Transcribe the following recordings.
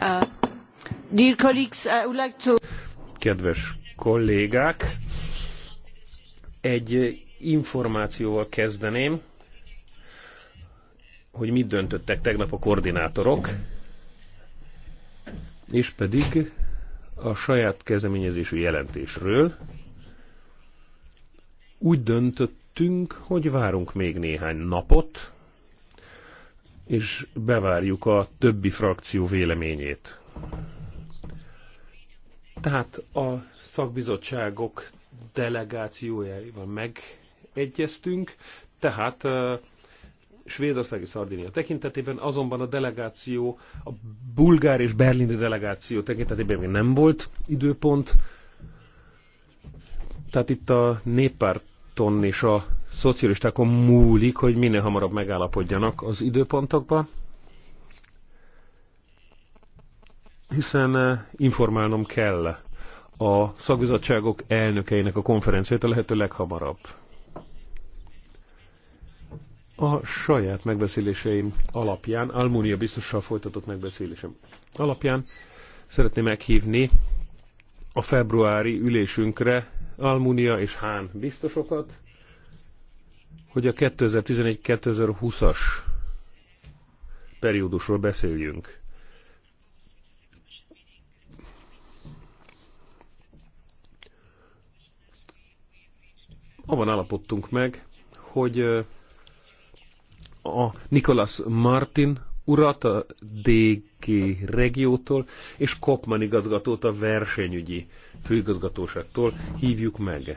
Uh, Kedves kollégák, egy információval kezdeném, hogy mit döntöttek tegnap a koordinátorok, és pedig a saját kezdeményezésű jelentésről. Úgy döntöttünk, hogy várunk még néhány napot, és bevárjuk a többi frakció véleményét. Tehát a szakbizottságok delegációjával megegyeztünk, tehát Svédországi Szardinia tekintetében, azonban a delegáció, a bulgár és berlini delegáció tekintetében még nem volt időpont. Tehát itt a néppárton és a szocialistákon múlik, hogy minél hamarabb megállapodjanak az időpontokba, hiszen eh, informálnom kell a szakbizottságok elnökeinek a konferenciát a lehető leghamarabb. A saját megbeszéléseim alapján, Almúnia biztossal folytatott megbeszélésem alapján szeretném meghívni a februári ülésünkre Almunia és Hán biztosokat, hogy a 2011-2020-as periódusról beszéljünk. Abban állapodtunk meg, hogy a Nikolas Martin urat a DG regiótól, és Kopman igazgatót a versenyügyi főigazgatóságtól hívjuk meg.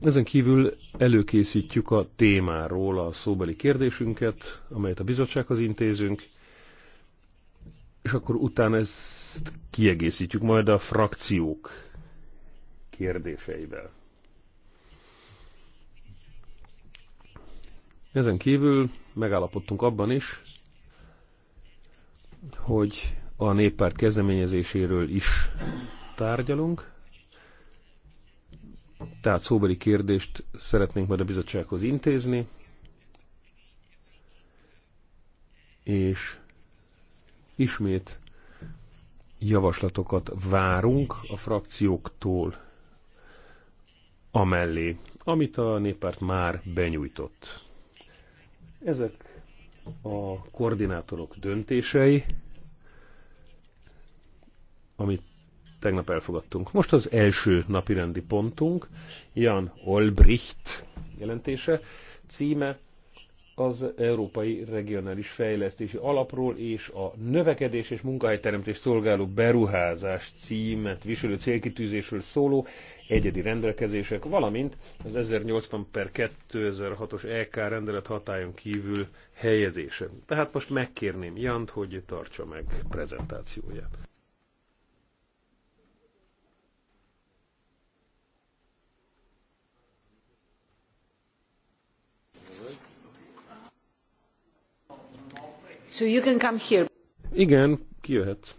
Ezen kívül előkészítjük a témáról a szóbeli kérdésünket, amelyet a bizottsághoz intézünk, és akkor utána ezt kiegészítjük majd a frakciók kérdéseivel. Ezen kívül megállapodtunk abban is, hogy a néppárt kezdeményezéséről is tárgyalunk, tehát szóbeli kérdést szeretnénk majd a bizottsághoz intézni, és ismét javaslatokat várunk a frakcióktól amellé, amit a néppárt már benyújtott. Ezek a koordinátorok döntései, amit tegnap elfogadtunk. Most az első napirendi pontunk, Jan Olbricht jelentése, címe az Európai Regionális Fejlesztési Alapról és a Növekedés és Munkahelyteremtés Szolgáló Beruházás címet viselő célkitűzésről szóló egyedi rendelkezések, valamint az 1080 per 2006-os EK rendelet hatályon kívül helyezése. Tehát most megkérném Jant, hogy tartsa meg prezentációját. So you can come here. Igen, kijöhetsz.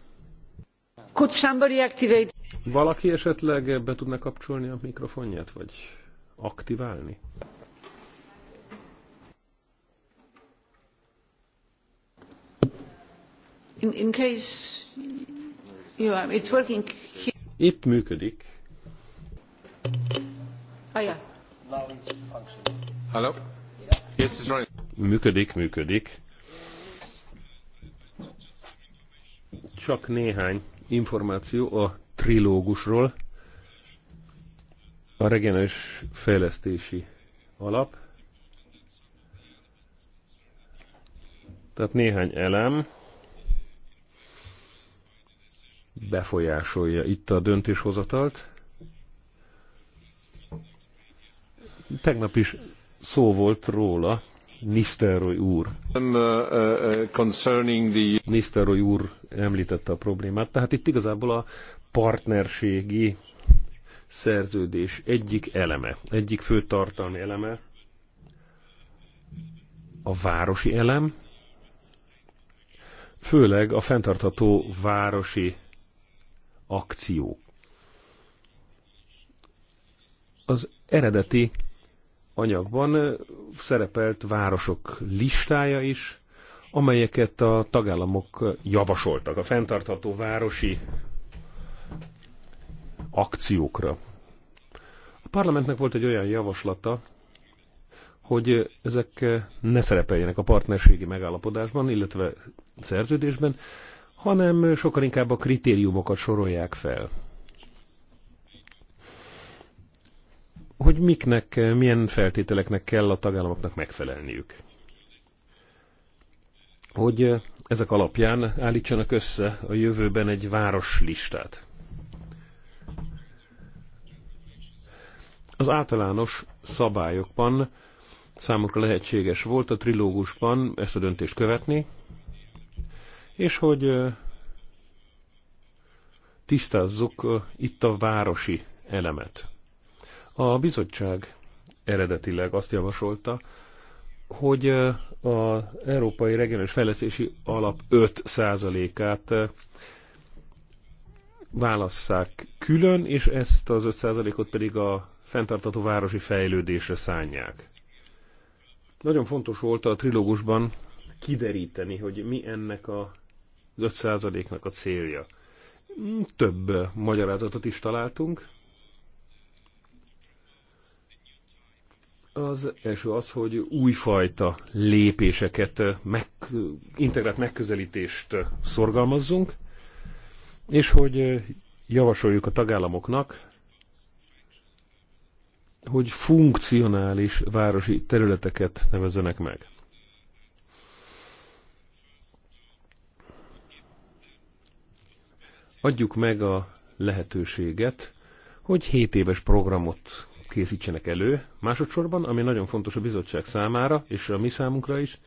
Could somebody activate... Valaki esetleg be tudna kapcsolni a mikrofonját, vagy aktiválni? In, in case you are, it's working here. Itt működik. Ah, yeah. Hello? Yes, it's right. Működik, működik. Csak néhány információ a trilógusról. A regionális fejlesztési alap. Tehát néhány elem befolyásolja itt a döntéshozatalt. Tegnap is szó volt róla, Nisztelrooy úr. Um, uh, uh, Nisztelrooy úr említette a problémát. Tehát itt igazából a partnerségi szerződés egyik eleme, egyik fő tartalmi eleme a városi elem, főleg a fenntartható városi akciók. Az eredeti anyagban szerepelt városok listája is, amelyeket a tagállamok javasoltak a fenntartható városi akciókra. A parlamentnek volt egy olyan javaslata, hogy ezek ne szerepeljenek a partnerségi megállapodásban, illetve szerződésben, hanem sokkal inkább a kritériumokat sorolják fel. hogy miknek, milyen feltételeknek kell a tagállamoknak megfelelniük. Hogy ezek alapján állítsanak össze a jövőben egy város listát. Az általános szabályokban számukra lehetséges volt a trilógusban ezt a döntést követni, és hogy tisztázzuk itt a városi elemet. A bizottság eredetileg azt javasolta, hogy az Európai Regionális Fejlesztési Alap 5%-át válasszák külön, és ezt az 5%-ot pedig a fenntartató városi fejlődésre szánják. Nagyon fontos volt a trilógusban kideríteni, hogy mi ennek a 5%-nak a célja. Több magyarázatot is találtunk, Az első az, hogy újfajta lépéseket, meg, integrált megközelítést szorgalmazzunk, és hogy javasoljuk a tagállamoknak, hogy funkcionális városi területeket nevezzenek meg. Adjuk meg a lehetőséget, hogy 7 éves programot készítsenek elő. Másodszorban, ami nagyon fontos a bizottság számára, és a mi számunkra is,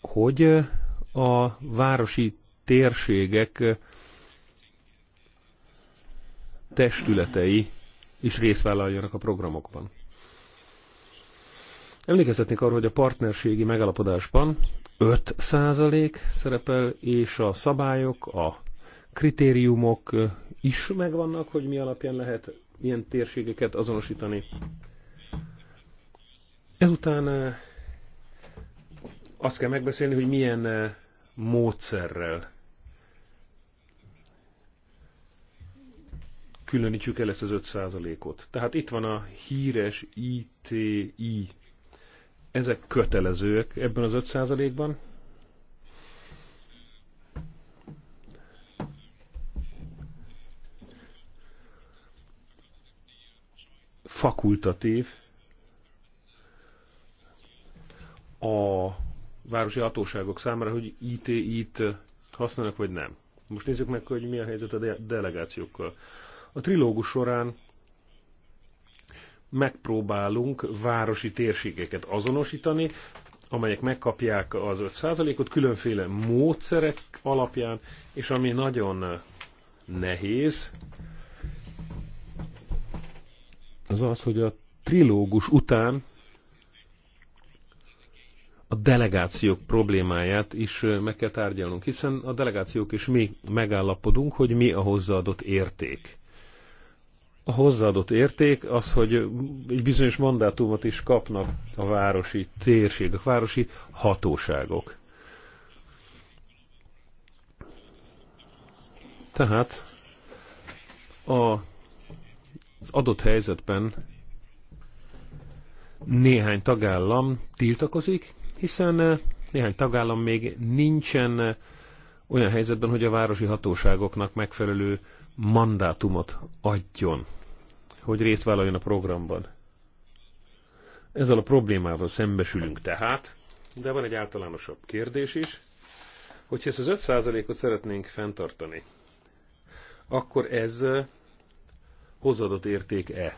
hogy a városi térségek testületei is részt vállaljanak a programokban. Emlékezhetnék arra, hogy a partnerségi megalapodásban 5% szerepel, és a szabályok, a kritériumok is megvannak, hogy mi alapján lehet ilyen térségeket azonosítani. Ezután azt kell megbeszélni, hogy milyen módszerrel különítsük el ezt az 5%-ot. Tehát itt van a híres ITI. Ezek kötelezőek ebben az 5%-ban, fakultatív a városi hatóságok számára, hogy IT-t használnak, vagy nem. Most nézzük meg, hogy mi a helyzet a de delegációkkal. A trilógus során megpróbálunk városi térségeket azonosítani, amelyek megkapják az 5%-ot különféle módszerek alapján, és ami nagyon nehéz, az az, hogy a trilógus után a delegációk problémáját is meg kell tárgyalnunk, hiszen a delegációk is mi megállapodunk, hogy mi a hozzáadott érték. A hozzáadott érték az, hogy egy bizonyos mandátumot is kapnak a városi térségek, városi hatóságok. Tehát a az adott helyzetben néhány tagállam tiltakozik, hiszen eh, néhány tagállam még nincsen eh, olyan helyzetben, hogy a városi hatóságoknak megfelelő mandátumot adjon, hogy részt vállaljon a programban. Ezzel a problémával szembesülünk tehát, de van egy általánosabb kérdés is, hogyha ezt az 5%-ot szeretnénk fenntartani, akkor ez eh, hozzáadott érték-e.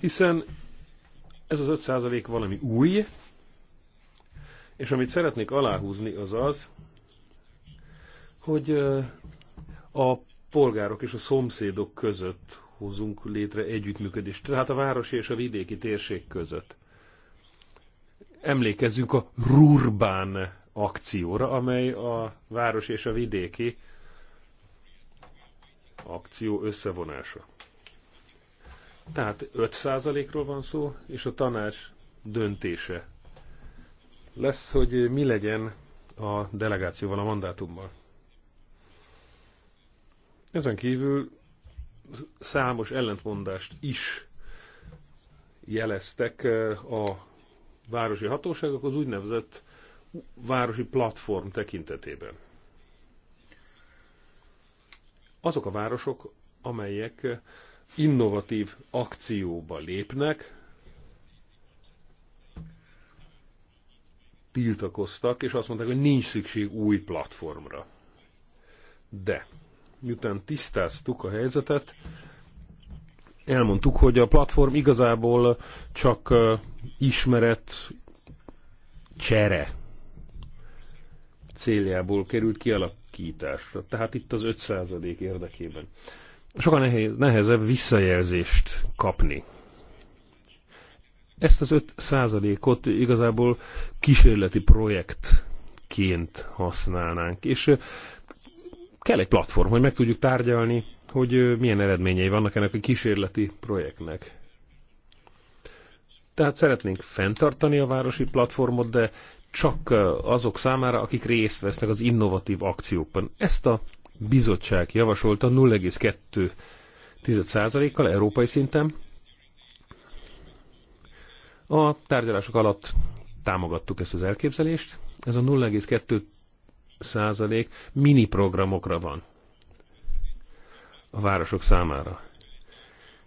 Hiszen ez az 5% valami új, és amit szeretnék aláhúzni az az, hogy a polgárok és a szomszédok között hozunk létre együttműködést, tehát a városi és a vidéki térség között. Emlékezzünk a Rurbán akcióra, amely a városi és a vidéki akció összevonása. Tehát 5%-ról van szó, és a tanács döntése lesz, hogy mi legyen a delegációval, a mandátummal. Ezen kívül számos ellentmondást is jeleztek eh, a városi hatóságok az úgynevezett városi platform tekintetében azok a városok, amelyek innovatív akcióba lépnek, tiltakoztak, és azt mondták, hogy nincs szükség új platformra. De miután tisztáztuk a helyzetet, elmondtuk, hogy a platform igazából csak ismeret csere céljából került kialak, kiításra. Tehát itt az 5% érdekében. Sokan nehéz, nehezebb visszajelzést kapni. Ezt az 5%-ot igazából kísérleti projektként használnánk, és kell egy platform, hogy meg tudjuk tárgyalni, hogy milyen eredményei vannak ennek a kísérleti projektnek. Tehát szeretnénk fenntartani a városi platformot, de csak azok számára, akik részt vesznek az innovatív akciókban. Ezt a bizottság javasolta 0,2%-kal európai szinten. A tárgyalások alatt támogattuk ezt az elképzelést. Ez a 0,2% mini programokra van a városok számára.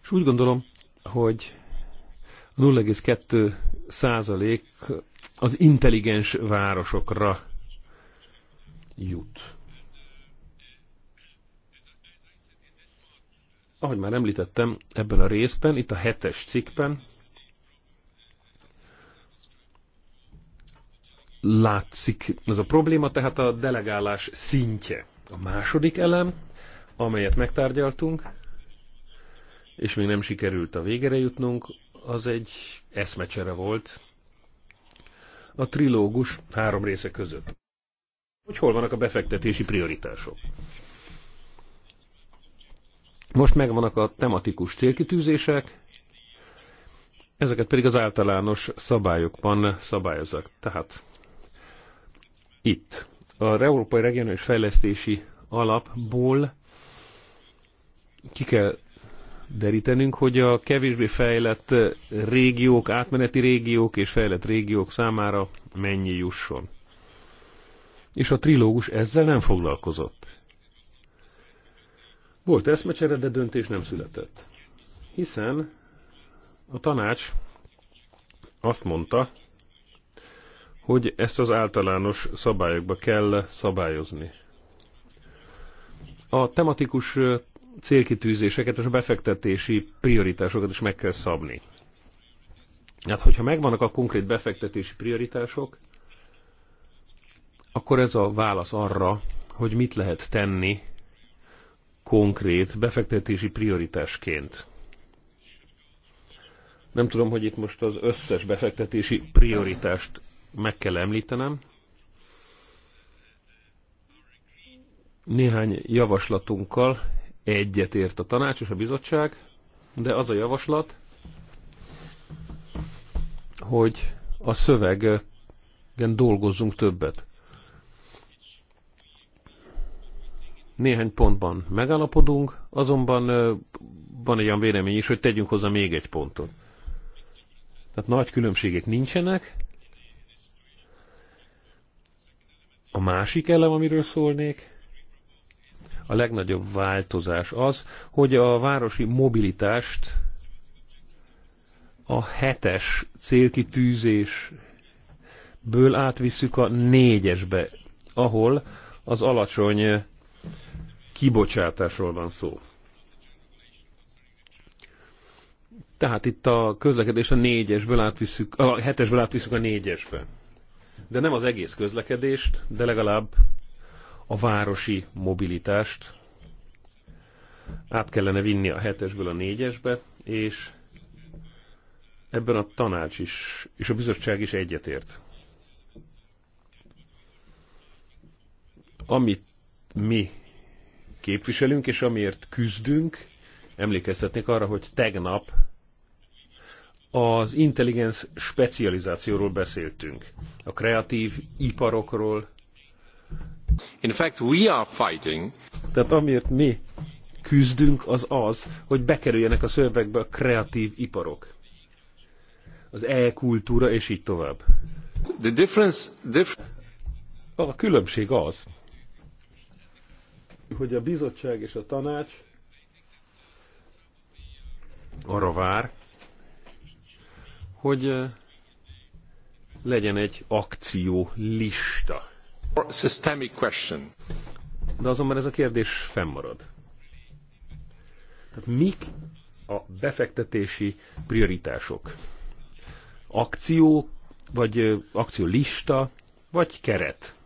És úgy gondolom, hogy 0,2 százalék az intelligens városokra jut. Ahogy már említettem, ebben a részben, itt a hetes cikkben látszik ez a probléma, tehát a delegálás szintje. A második elem, amelyet megtárgyaltunk, és még nem sikerült a végére jutnunk, az egy eszmecsere volt a trilógus három része között. Hogy hol vannak a befektetési prioritások? Most megvannak a tematikus célkitűzések, ezeket pedig az általános szabályokban szabályozzák. Tehát itt a Európai Regionális Fejlesztési Alapból ki kell derítenünk, hogy a kevésbé fejlett régiók, átmeneti régiók és fejlett régiók számára mennyi jusson. És a trilógus ezzel nem foglalkozott. Volt eszmecsere, de döntés nem született. Hiszen a tanács azt mondta, hogy ezt az általános szabályokba kell szabályozni. A tematikus célkitűzéseket és a befektetési prioritásokat is meg kell szabni. Hát, hogyha megvannak a konkrét befektetési prioritások, akkor ez a válasz arra, hogy mit lehet tenni konkrét befektetési prioritásként. Nem tudom, hogy itt most az összes befektetési prioritást meg kell említenem. Néhány javaslatunkkal egyet ért a tanács és a bizottság, de az a javaslat, hogy a szövegen dolgozzunk többet. Néhány pontban megállapodunk, azonban van egy olyan vélemény is, hogy tegyünk hozzá még egy pontot. Tehát nagy különbségek nincsenek. A másik elem, amiről szólnék, a legnagyobb változás az, hogy a városi mobilitást a hetes célkitűzésből átvisszük a négyesbe, ahol az alacsony kibocsátásról van szó. Tehát itt a közlekedés a négyesből átvisszük, a hetesből átvisszük a négyesbe. De nem az egész közlekedést, de legalább a városi mobilitást. Át kellene vinni a hetesből a négyesbe, és ebben a tanács is, és a bizottság is egyetért. Amit mi képviselünk, és amiért küzdünk, emlékeztetnék arra, hogy tegnap az intelligens specializációról beszéltünk, a kreatív iparokról, In fact, we are fighting. Tehát amiért mi küzdünk, az az, hogy bekerüljenek a szövegbe a kreatív iparok. Az e-kultúra, és így tovább. The difference, diff- a különbség az, hogy a bizottság és a tanács arra vár, hogy eh, legyen egy akció lista. De azonban ez a kérdés fennmarad. Tehát mik a befektetési prioritások? Akció, vagy akciólista, vagy keret?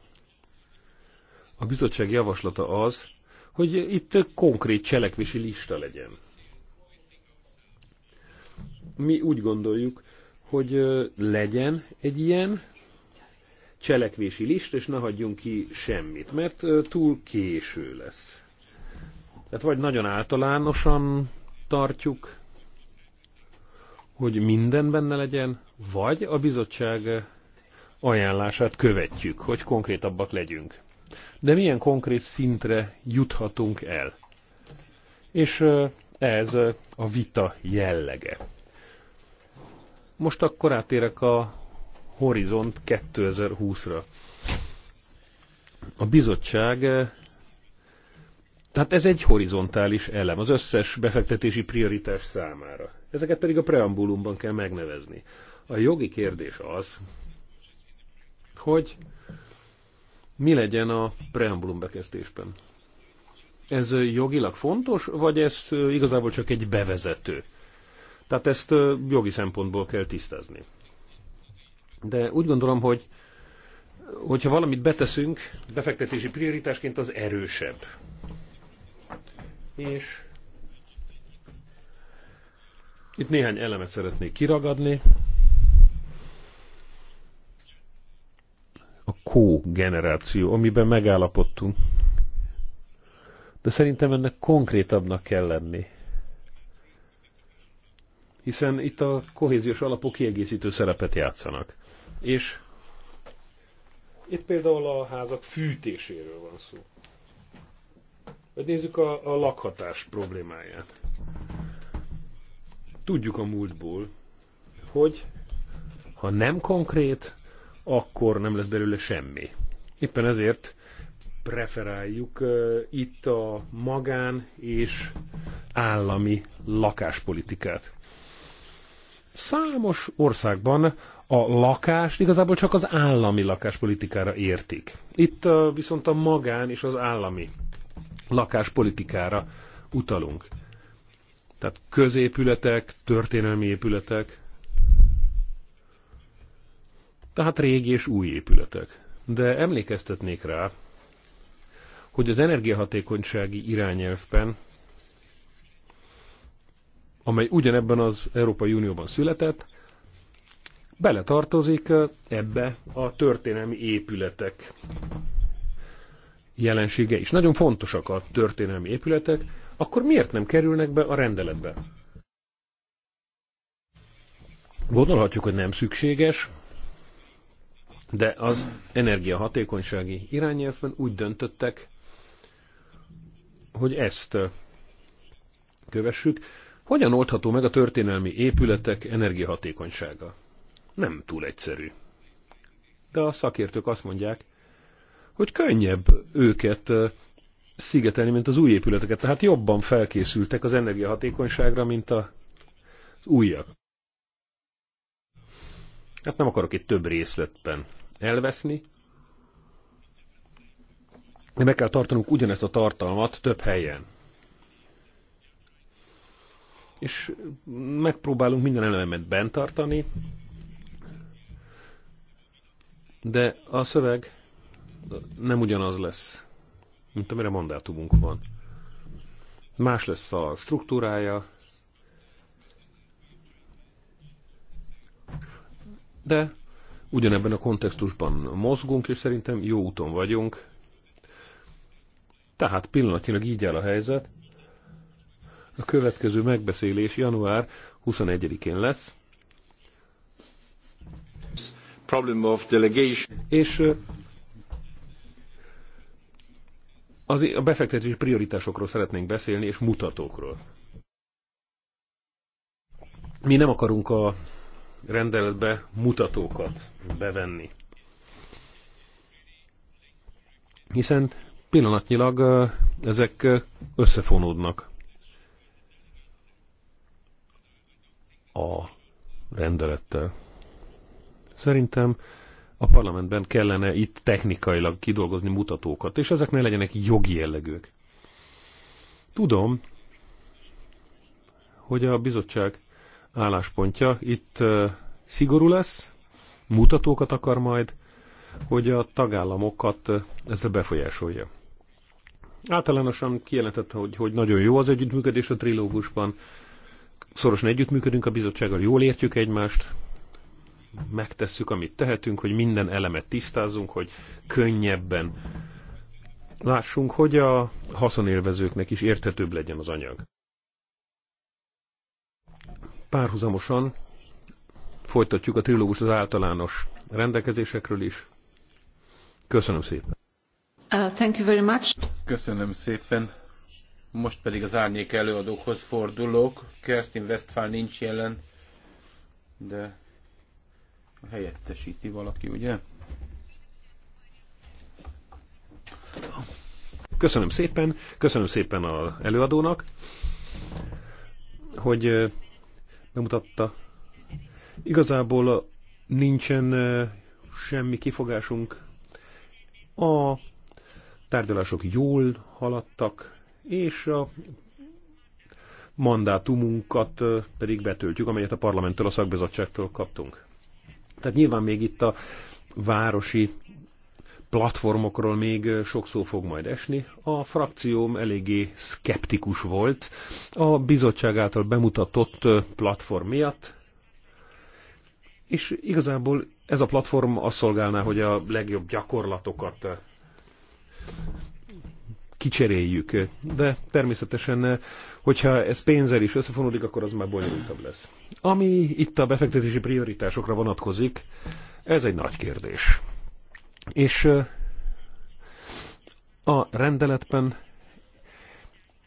A bizottság javaslata az, hogy itt konkrét cselekvési lista legyen. Mi úgy gondoljuk, hogy legyen egy ilyen, cselekvési list, és ne hagyjunk ki semmit, mert túl késő lesz. Tehát vagy nagyon általánosan tartjuk, hogy minden benne legyen, vagy a bizottság ajánlását követjük, hogy konkrétabbak legyünk. De milyen konkrét szintre juthatunk el? És ez a vita jellege. Most akkor átérek a Horizont 2020-ra. A bizottság, eh, tehát ez egy horizontális elem az összes befektetési prioritás számára. Ezeket pedig a preambulumban kell megnevezni. A jogi kérdés az, hogy mi legyen a preambulum bekezdésben. Ez eh, jogilag fontos, vagy ez eh, igazából csak egy bevezető? Tehát ezt jogi szempontból kell tisztázni. De úgy gondolom, hogy hogyha valamit beteszünk, befektetési prioritásként az erősebb. És itt néhány elemet szeretnék kiragadni. A kó generáció amiben megállapodtunk. De szerintem ennek konkrétabbnak kell lenni. Hiszen itt a kohéziós alapok kiegészítő szerepet játszanak. És itt például a házak fűtéséről van szó. Vagy nézzük a, a lakhatás problémáját. Tudjuk a múltból, hogy ha nem konkrét, akkor nem lesz belőle semmi. Éppen ezért preferáljuk uh, itt a magán és állami lakáspolitikát. Számos országban a lakást igazából csak az állami lakáspolitikára értik. Itt viszont a magán és az állami lakáspolitikára utalunk. Tehát középületek, történelmi épületek, tehát régi és új épületek. De emlékeztetnék rá, hogy az energiahatékonysági irányelvben amely ugyanebben az Európai Unióban született, beletartozik ebbe a történelmi épületek jelensége is. Nagyon fontosak a történelmi épületek, akkor miért nem kerülnek be a rendeletbe? Gondolhatjuk, hogy nem szükséges, de az energiahatékonysági irányelvben úgy döntöttek, hogy ezt kövessük. Hogyan oldható meg a történelmi épületek energiahatékonysága? Nem túl egyszerű. De a szakértők azt mondják, hogy könnyebb őket szigetelni, mint az új épületeket. Tehát jobban felkészültek az energiahatékonyságra, mint a, az újak. Hát nem akarok itt több részletben elveszni, de meg kell tartanunk ugyanezt a tartalmat több helyen és megpróbálunk minden elemet bent tartani, de a szöveg nem ugyanaz lesz, mint amire mandátumunk van. Más lesz a struktúrája, de ugyanebben a kontextusban mozgunk, és szerintem jó úton vagyunk. Tehát pillanatilag így áll a helyzet. A következő megbeszélés január 21-én lesz. Problem of delegation. És az, a befektetési prioritásokról szeretnénk beszélni, és mutatókról. Mi nem akarunk a rendeletbe mutatókat bevenni. Hiszen pillanatnyilag ezek összefonódnak. a rendelettel. Szerintem a parlamentben kellene itt technikailag kidolgozni mutatókat, és ezek ne legyenek jogi jellegűek. Tudom, hogy a bizottság álláspontja itt szigorú lesz, mutatókat akar majd, hogy a tagállamokat ezzel befolyásolja. Általánosan kijelentette, hogy, hogy nagyon jó az együttműködés a trilógusban, Szorosan együttműködünk a bizottsággal, jól értjük egymást, megtesszük, amit tehetünk, hogy minden elemet tisztázzunk, hogy könnyebben lássunk, hogy a haszonélvezőknek is érthetőbb legyen az anyag. Párhuzamosan folytatjuk a trilógus az általános rendelkezésekről is. Köszönöm szépen. Uh, thank you very much. Köszönöm szépen. Most pedig az árnyék előadókhoz fordulok. Kerstin Westphal nincs jelen, de helyettesíti valaki, ugye? Köszönöm szépen, köszönöm szépen az előadónak, hogy bemutatta. Igazából nincsen semmi kifogásunk. A tárgyalások jól haladtak, és a mandátumunkat pedig betöltjük, amelyet a parlamenttől, a szakbizottságtól kaptunk. Tehát nyilván még itt a városi platformokról még sok szó fog majd esni. A frakcióm eléggé szkeptikus volt a bizottság által bemutatott platform miatt, és igazából ez a platform azt szolgálná, hogy a legjobb gyakorlatokat kicseréljük. De természetesen, hogyha ez pénzzel is összefonódik, akkor az már bonyolultabb lesz. Ami itt a befektetési prioritásokra vonatkozik, ez egy nagy kérdés. És eh, a rendeletben,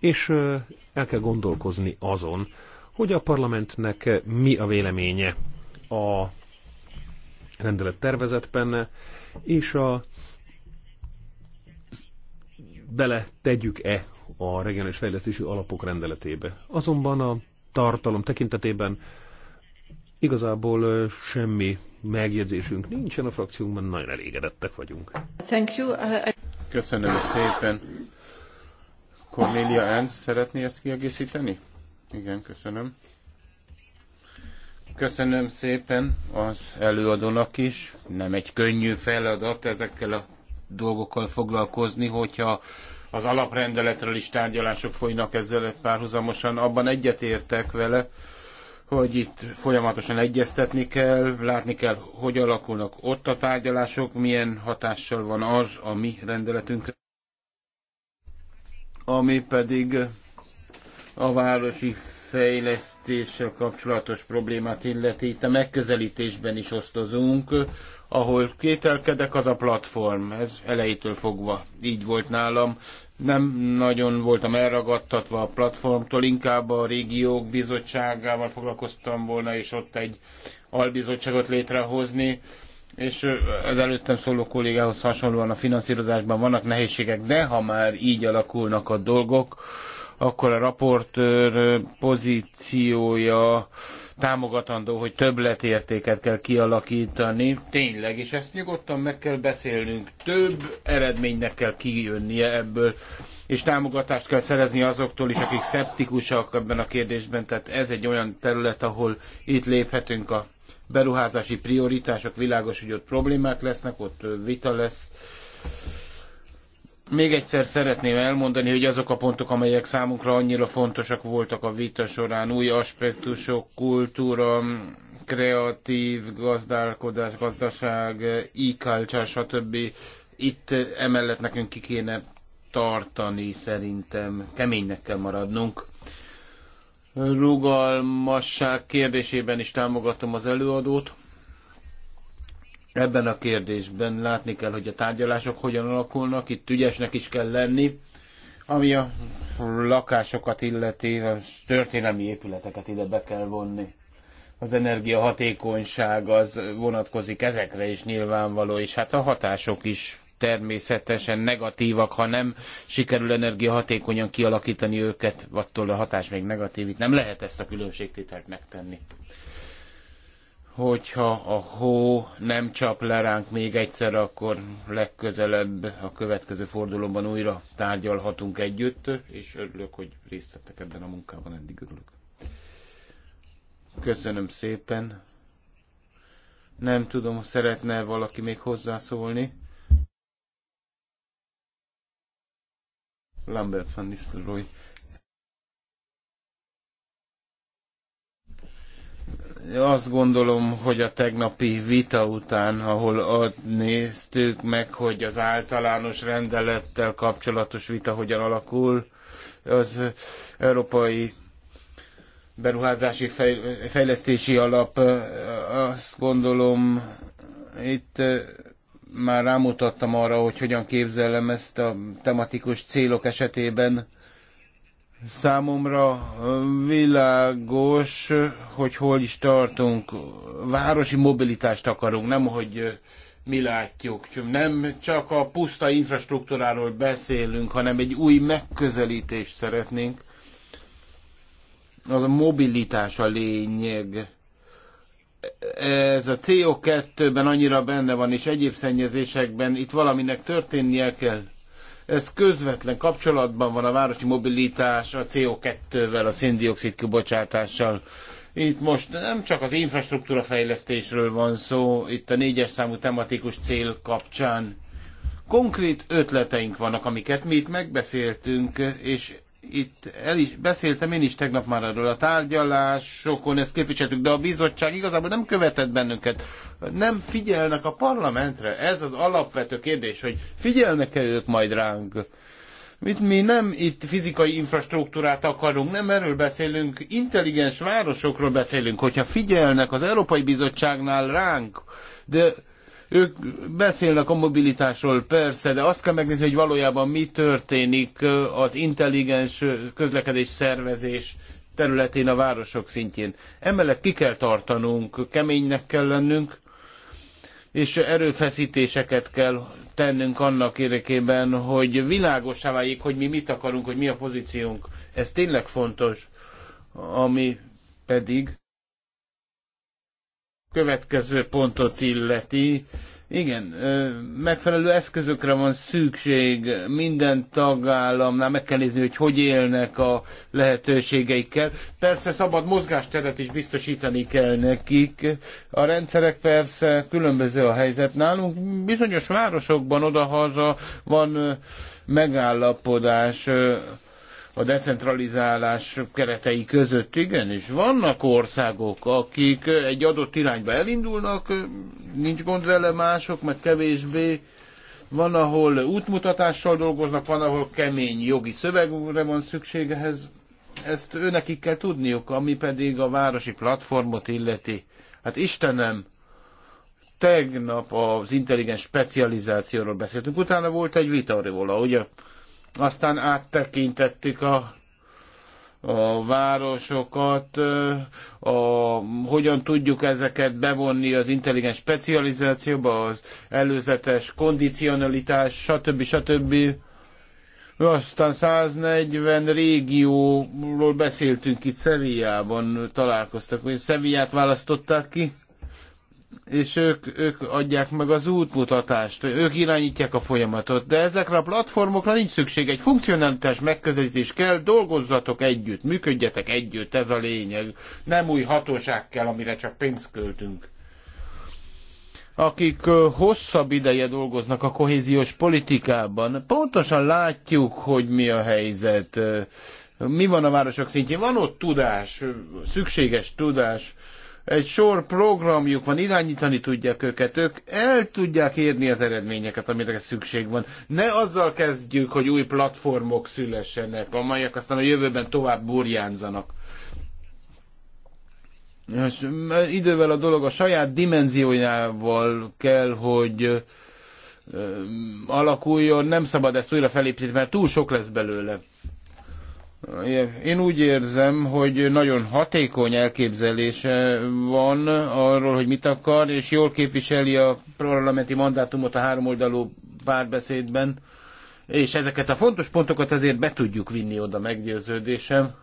és eh, el kell gondolkozni azon, hogy a parlamentnek eh, mi a véleménye a rendelet tervezetben, és a bele tegyük-e a regionális fejlesztési alapok rendeletébe. Azonban a tartalom tekintetében igazából semmi megjegyzésünk nincsen, a frakciónkban nagyon elégedettek vagyunk. Thank you. Köszönöm szépen. Cornelia Ernst szeretné ezt kiegészíteni? Igen, köszönöm. Köszönöm szépen az előadónak is. Nem egy könnyű feladat ezekkel a dolgokkal foglalkozni, hogyha az alaprendeletről is tárgyalások folynak ezzel párhuzamosan. Abban egyetértek vele, hogy itt folyamatosan egyeztetni kell, látni kell, hogy alakulnak ott a tárgyalások, milyen hatással van az a mi rendeletünkre. Ami pedig a városi fejlesztéssel kapcsolatos problémát illeti, itt a megközelítésben is osztozunk ahol kételkedek, az a platform. Ez elejétől fogva így volt nálam. Nem nagyon voltam elragadtatva a platformtól, inkább a régiók bizottságával foglalkoztam volna, és ott egy albizottságot létrehozni és az előttem szóló kollégához hasonlóan a finanszírozásban vannak nehézségek, de ha már így alakulnak a dolgok, akkor a raportőr pozíciója támogatandó, hogy többletértéket kell kialakítani. Tényleg, és ezt nyugodtan meg kell beszélnünk. Több eredménynek kell kijönnie ebből, és támogatást kell szerezni azoktól is, akik szeptikusak ebben a kérdésben. Tehát ez egy olyan terület, ahol itt léphetünk a beruházási prioritások, világos, hogy ott problémák lesznek, ott vita lesz még egyszer szeretném elmondani, hogy azok a pontok, amelyek számunkra annyira fontosak voltak a vita során, új aspektusok, kultúra, kreatív gazdálkodás, gazdaság, e-culture, stb. Itt emellett nekünk ki kéne tartani szerintem, keménynek kell maradnunk. Rugalmasság kérdésében is támogatom az előadót ebben a kérdésben látni kell, hogy a tárgyalások hogyan alakulnak, itt ügyesnek is kell lenni, ami a lakásokat illeti, a történelmi épületeket ide be kell vonni. Az energiahatékonyság az vonatkozik ezekre is nyilvánvaló, és hát a hatások is természetesen negatívak, ha nem sikerül energiahatékonyan kialakítani őket, attól a hatás még negatív, itt nem lehet ezt a különbségtételt megtenni hogyha a hó nem csap le ránk még egyszer, akkor legközelebb a következő fordulóban újra tárgyalhatunk együtt, és örülök, hogy részt vettek ebben a munkában, eddig örülök. Köszönöm szépen. Nem tudom, szeretne valaki még hozzászólni? Lambert van Nistelrooy. azt gondolom, hogy a tegnapi vita után, ahol azt néztük meg, hogy az általános rendelettel kapcsolatos vita hogyan alakul, az európai beruházási fejlesztési alap, azt gondolom, itt már rámutattam arra, hogy hogyan képzelem ezt a tematikus célok esetében Számomra világos, hogy hol is tartunk. Városi mobilitást akarunk, nem hogy mi látjuk. Nem csak a puszta infrastruktúráról beszélünk, hanem egy új megközelítést szeretnénk. Az a mobilitás a lényeg. Ez a CO2-ben annyira benne van, és egyéb szennyezésekben itt valaminek történnie kell ez közvetlen kapcsolatban van a városi mobilitás a CO2-vel, a széndiokszid kibocsátással. Itt most nem csak az infrastruktúra fejlesztésről van szó, itt a négyes számú tematikus cél kapcsán. Konkrét ötleteink vannak, amiket mi itt megbeszéltünk, és itt el is beszéltem én is tegnap már erről a tárgyalásokon, ezt képviseltük, de a bizottság igazából nem követett bennünket. Nem figyelnek a parlamentre. Ez az alapvető kérdés, hogy figyelnek-e ők majd ránk. Mit mi nem itt fizikai infrastruktúrát akarunk, nem erről beszélünk, intelligens városokról beszélünk, hogyha figyelnek az Európai Bizottságnál ránk, de ők beszélnek a mobilitásról, persze, de azt kell megnézni, hogy valójában mi történik az intelligens közlekedés szervezés területén a városok szintjén. Emellett ki kell tartanunk, keménynek kell lennünk, és erőfeszítéseket kell tennünk annak érdekében, hogy világosá váljék, hogy mi mit akarunk, hogy mi a pozíciónk. Ez tényleg fontos, ami pedig következő pontot illeti, igen, megfelelő eszközökre van szükség minden tagállamnál, meg kell nézni, hogy hogy élnek a lehetőségeikkel. Persze szabad mozgásteret is biztosítani kell nekik. A rendszerek persze különböző a helyzet nálunk. Bizonyos városokban odahaza van megállapodás a decentralizálás keretei között igenis vannak országok, akik egy adott irányba elindulnak, nincs gond vele mások, meg kevésbé. Van, ahol útmutatással dolgoznak, van, ahol kemény jogi szövegre van szükségehez. Ezt őnekik kell tudniuk, ami pedig a városi platformot illeti. Hát Istenem, tegnap az intelligens specializációról beszéltünk, utána volt egy vita róla, ugye? Aztán áttekintettük a a városokat, a, hogyan tudjuk ezeket bevonni az intelligens specializációba, az előzetes kondicionalitás, stb. stb. Aztán 140 régióról beszéltünk itt Szevijában, találkoztak, hogy Szeviját választották ki és ők, ők adják meg az útmutatást, ők irányítják a folyamatot, de ezekre a platformokra nincs szükség. Egy funkcionalitás megközelítés kell, dolgozzatok együtt, működjetek együtt, ez a lényeg. Nem új hatóság kell, amire csak pénzt költünk. Akik hosszabb ideje dolgoznak a kohéziós politikában, pontosan látjuk, hogy mi a helyzet, mi van a városok szintjén. Van ott tudás, szükséges tudás, egy sor programjuk van, irányítani tudják őket, ők el tudják érni az eredményeket, amire szükség van. Ne azzal kezdjük, hogy új platformok szülessenek, amelyek aztán a jövőben tovább burjánzanak. És idővel a dolog a saját dimenziójával kell, hogy alakuljon, nem szabad ezt újra felépíteni, mert túl sok lesz belőle. Én úgy érzem, hogy nagyon hatékony elképzelése van arról, hogy mit akar, és jól képviseli a parlamenti mandátumot a háromoldalú párbeszédben, és ezeket a fontos pontokat azért be tudjuk vinni oda meggyőződésem.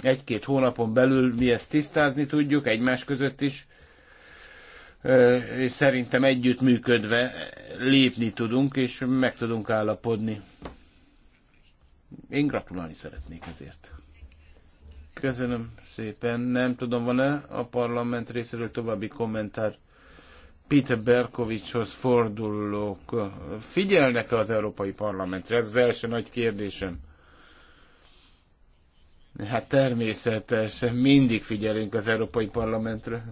Egy-két hónapon belül mi ezt tisztázni tudjuk egymás között is, és szerintem együttműködve lépni tudunk, és meg tudunk állapodni. Én gratulálni szeretnék ezért. Köszönöm szépen. Nem tudom, van-e a parlament részéről további kommentár? Peter Berkovicshoz fordulók figyelnek-e az Európai Parlamentre? Ez az első nagy kérdésem. Hát természetesen mindig figyelünk az Európai Parlamentre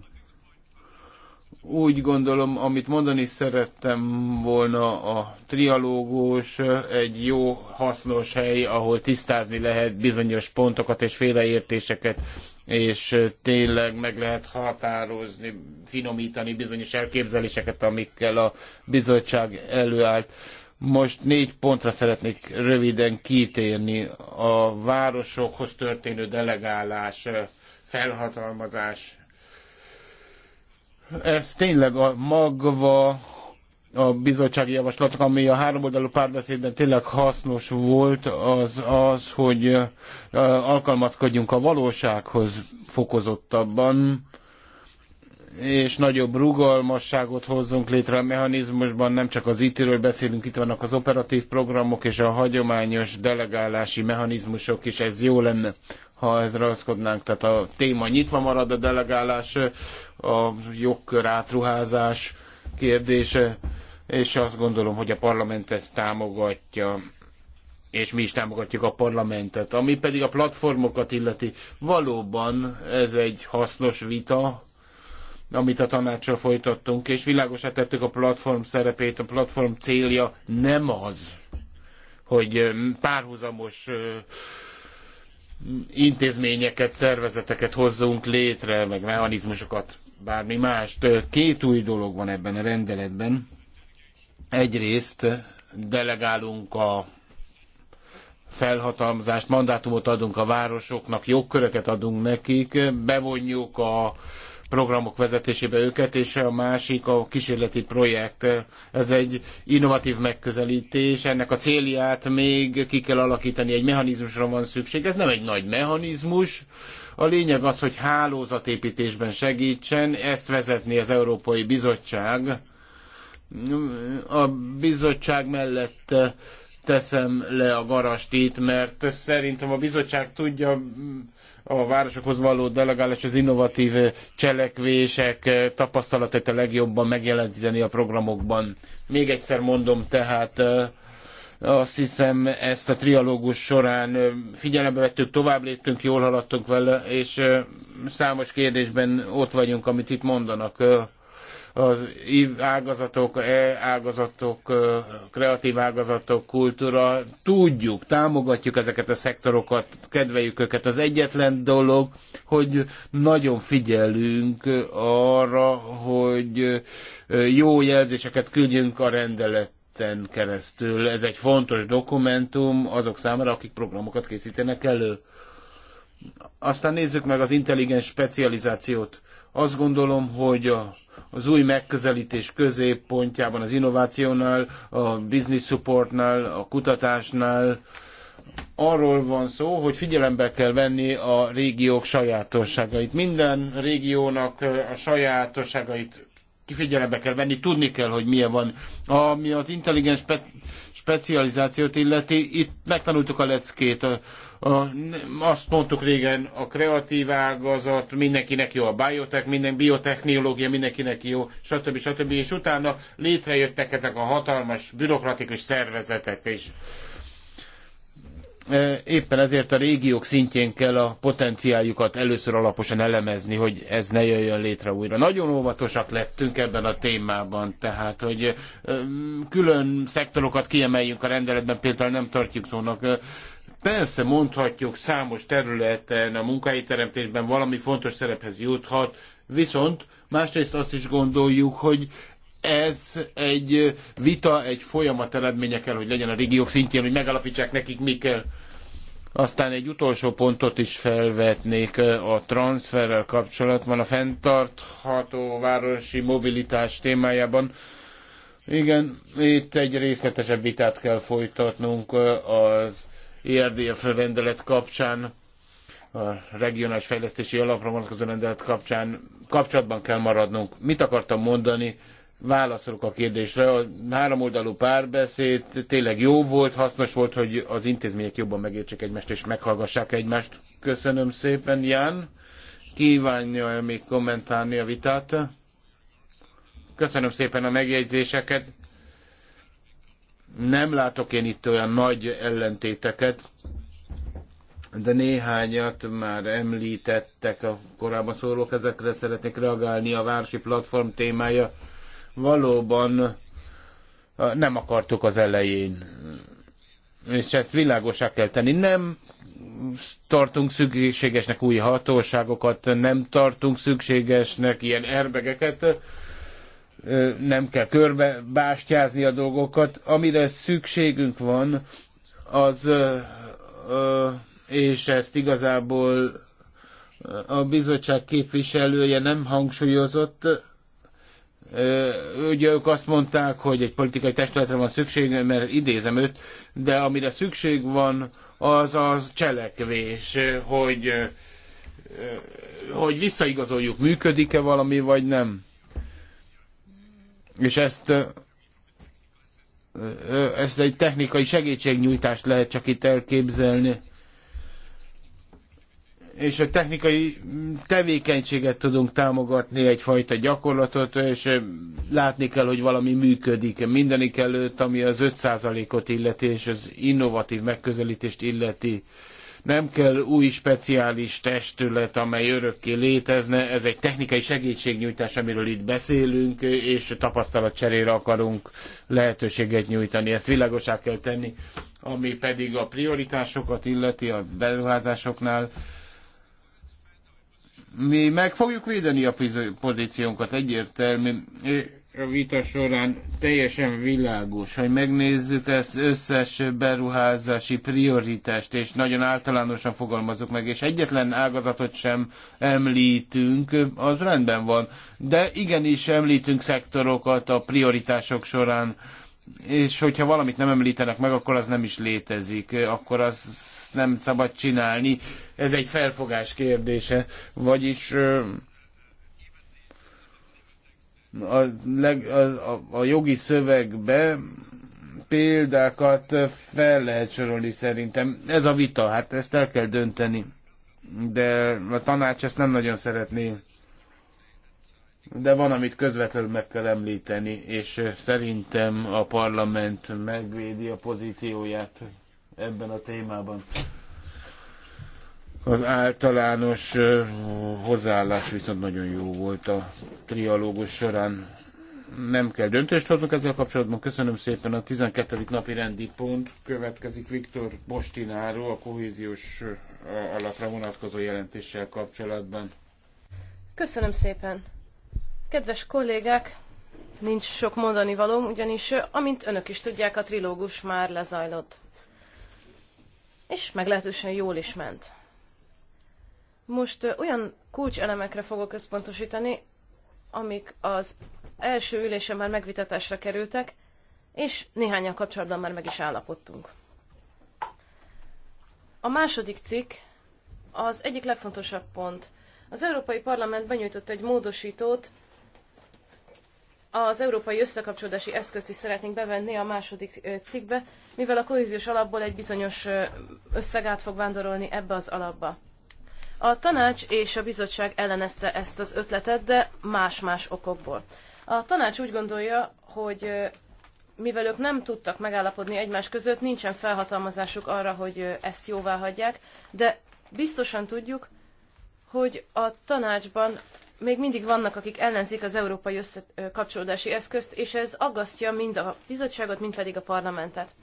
úgy gondolom, amit mondani szerettem volna a trialógus egy jó, hasznos hely, ahol tisztázni lehet bizonyos pontokat és félreértéseket, és tényleg meg lehet határozni, finomítani bizonyos elképzeléseket, amikkel a bizottság előállt. Most négy pontra szeretnék röviden kitérni. A városokhoz történő delegálás, felhatalmazás, ez tényleg a magva a bizottsági javaslatnak, ami a háromoldalú párbeszédben tényleg hasznos volt, az az, hogy alkalmazkodjunk a valósághoz fokozottabban, és nagyobb rugalmasságot hozzunk létre a mechanizmusban, nem csak az IT-ről beszélünk, itt vannak az operatív programok és a hagyományos delegálási mechanizmusok is, ez jó lenne, ha ezre raszkodnánk. Tehát a téma nyitva marad, a delegálás, a jogkör átruházás kérdése, és azt gondolom, hogy a parlament ezt támogatja és mi is támogatjuk a parlamentet. Ami pedig a platformokat illeti, valóban ez egy hasznos vita, amit a tanácsra folytattunk, és világosá tettük a platform szerepét, a platform célja nem az, hogy um, párhuzamos uh, intézményeket, szervezeteket hozzunk létre, meg mechanizmusokat, bármi mást. Uh, két új dolog van ebben a rendeletben. Egyrészt uh, delegálunk a felhatalmazást, mandátumot adunk a városoknak, jogköröket adunk nekik, bevonjuk a programok vezetésébe őket, és a másik a kísérleti projekt. Ez egy innovatív megközelítés, ennek a célját még ki kell alakítani, egy mechanizmusra van szükség. Ez nem egy nagy mechanizmus, a lényeg az, hogy hálózatépítésben segítsen, ezt vezetné az Európai Bizottság. A bizottság mellett teszem le a garastét, mert szerintem a bizottság tudja mm, a városokhoz való delegálás, az innovatív cselekvések tapasztalatait a legjobban megjeleníteni a programokban. Még egyszer mondom, tehát azt hiszem ezt a trialógus során figyelembe vettük, tovább léptünk, jól haladtunk vele, és számos kérdésben ott vagyunk, amit itt mondanak az ágazatok, e ágazatok, kreatív ágazatok, kultúra, tudjuk, támogatjuk ezeket a szektorokat, kedveljük őket. Az egyetlen dolog, hogy nagyon figyelünk arra, hogy jó jelzéseket küldjünk a rendelet keresztül. Ez egy fontos dokumentum azok számára, akik programokat készítenek elő. Aztán nézzük meg az intelligens specializációt. Azt gondolom, hogy a az új megközelítés középpontjában, az innovációnál, a business supportnál, a kutatásnál. Arról van szó, hogy figyelembe kell venni a régiók sajátosságait. Minden régiónak a sajátosságait kifigyelembe kell venni, tudni kell, hogy milyen van. Ami az intelligens specializációt illeti, itt megtanultuk a leckét. A, a, azt mondtuk régen, a kreatív ágazat, mindenkinek jó a biotech, minden biotechnológia, mindenkinek jó, stb. stb. És utána létrejöttek ezek a hatalmas bürokratikus szervezetek, és E, éppen ezért a régiók szintjén kell a potenciáljukat először alaposan elemezni, hogy ez ne jöjjön létre újra. Nagyon óvatosak lettünk ebben a témában, tehát hogy e, külön szektorokat kiemeljünk a rendeletben, például nem tartjuk szónak. E, persze mondhatjuk, számos területen a munkahelyteremtésben valami fontos szerephez juthat, viszont másrészt azt is gondoljuk, hogy ez egy vita, egy folyamat eredménye kell, hogy legyen a régiók szintjén, hogy megalapítsák nekik, mi kell. Aztán egy utolsó pontot is felvetnék a transferrel kapcsolatban, a fenntartható városi mobilitás témájában. Igen, itt egy részletesebb vitát kell folytatnunk az ERDF rendelet kapcsán, a regionális fejlesztési alapra vonatkozó rendelet kapcsán kapcsolatban kell maradnunk. Mit akartam mondani? válaszolok a kérdésre. A háromoldalú párbeszéd tényleg jó volt, hasznos volt, hogy az intézmények jobban megértsék egymást és meghallgassák egymást. Köszönöm szépen, Ján. Kívánja -e még kommentálni a vitát? Köszönöm szépen a megjegyzéseket. Nem látok én itt olyan nagy ellentéteket, de néhányat már említettek a korábban szólók, ezekre szeretnék reagálni a Vársi Platform témája valóban nem akartuk az elején. És ezt világosá kell tenni. Nem tartunk szükségesnek új hatóságokat, nem tartunk szükségesnek ilyen erbegeket, nem kell körbe bástyázni a dolgokat. Amire szükségünk van, az, és ezt igazából a bizottság képviselője nem hangsúlyozott, Ugye ők azt mondták, hogy egy politikai testületre van szükség, mert idézem őt, de amire szükség van, az az cselekvés, hogy, hogy visszaigazoljuk, működik-e valami, vagy nem. És ezt ezt egy technikai segítségnyújtást lehet csak itt elképzelni és a technikai tevékenységet tudunk támogatni, egyfajta gyakorlatot, és látni kell, hogy valami működik. Mindenik előtt, ami az 5%-ot illeti, és az innovatív megközelítést illeti. Nem kell új speciális testület, amely örökké létezne, ez egy technikai segítségnyújtás, amiről itt beszélünk, és tapasztalatcserére akarunk lehetőséget nyújtani. Ezt világosá kell tenni, ami pedig a prioritásokat illeti a beruházásoknál mi meg fogjuk védeni a pozíciónkat egyértelmű. A vita során teljesen világos, hogy megnézzük ezt összes beruházási prioritást, és nagyon általánosan fogalmazok meg, és egyetlen ágazatot sem említünk, az rendben van. De igenis említünk szektorokat a prioritások során és hogyha valamit nem említenek meg, akkor az nem is létezik, akkor az nem szabad csinálni. Ez egy felfogás kérdése. Vagyis a, leg, a, a jogi szövegbe példákat fel lehet sorolni szerintem. Ez a vita, hát ezt el kell dönteni. De a tanács ezt nem nagyon szeretné de van, amit közvetlenül meg kell említeni, és eh, szerintem a parlament megvédi a pozícióját ebben a témában. Az általános eh, hozzáállás viszont nagyon jó volt a trialógus során. Nem kell döntést hoznunk ezzel kapcsolatban. Köszönöm szépen. A 12. napi rendi pont következik Viktor Bostináró a kohéziós eh, alapra vonatkozó jelentéssel kapcsolatban. Köszönöm szépen. Kedves kollégák, nincs sok mondani valóm, ugyanis amint önök is tudják, a trilógus már lezajlott. És meglehetősen jól is ment. Most olyan kulcselemekre fogok összpontosítani, amik az első ülésen már megvitatásra kerültek, és néhányan kapcsolatban már meg is állapodtunk. A második cikk az egyik legfontosabb pont. Az Európai Parlament benyújtott egy módosítót az európai összekapcsolódási eszközt is szeretnénk bevenni a második cikkbe, mivel a kohéziós alapból egy bizonyos összeg át fog vándorolni ebbe az alapba. A tanács és a bizottság ellenezte ezt az ötletet, de más-más okokból. A tanács úgy gondolja, hogy mivel ők nem tudtak megállapodni egymás között, nincsen felhatalmazásuk arra, hogy ezt jóvá hagyják, de biztosan tudjuk, hogy a tanácsban még mindig vannak, akik ellenzik az európai összekapcsolódási eszközt, és ez aggasztja mind a bizottságot, mind pedig a parlamentet.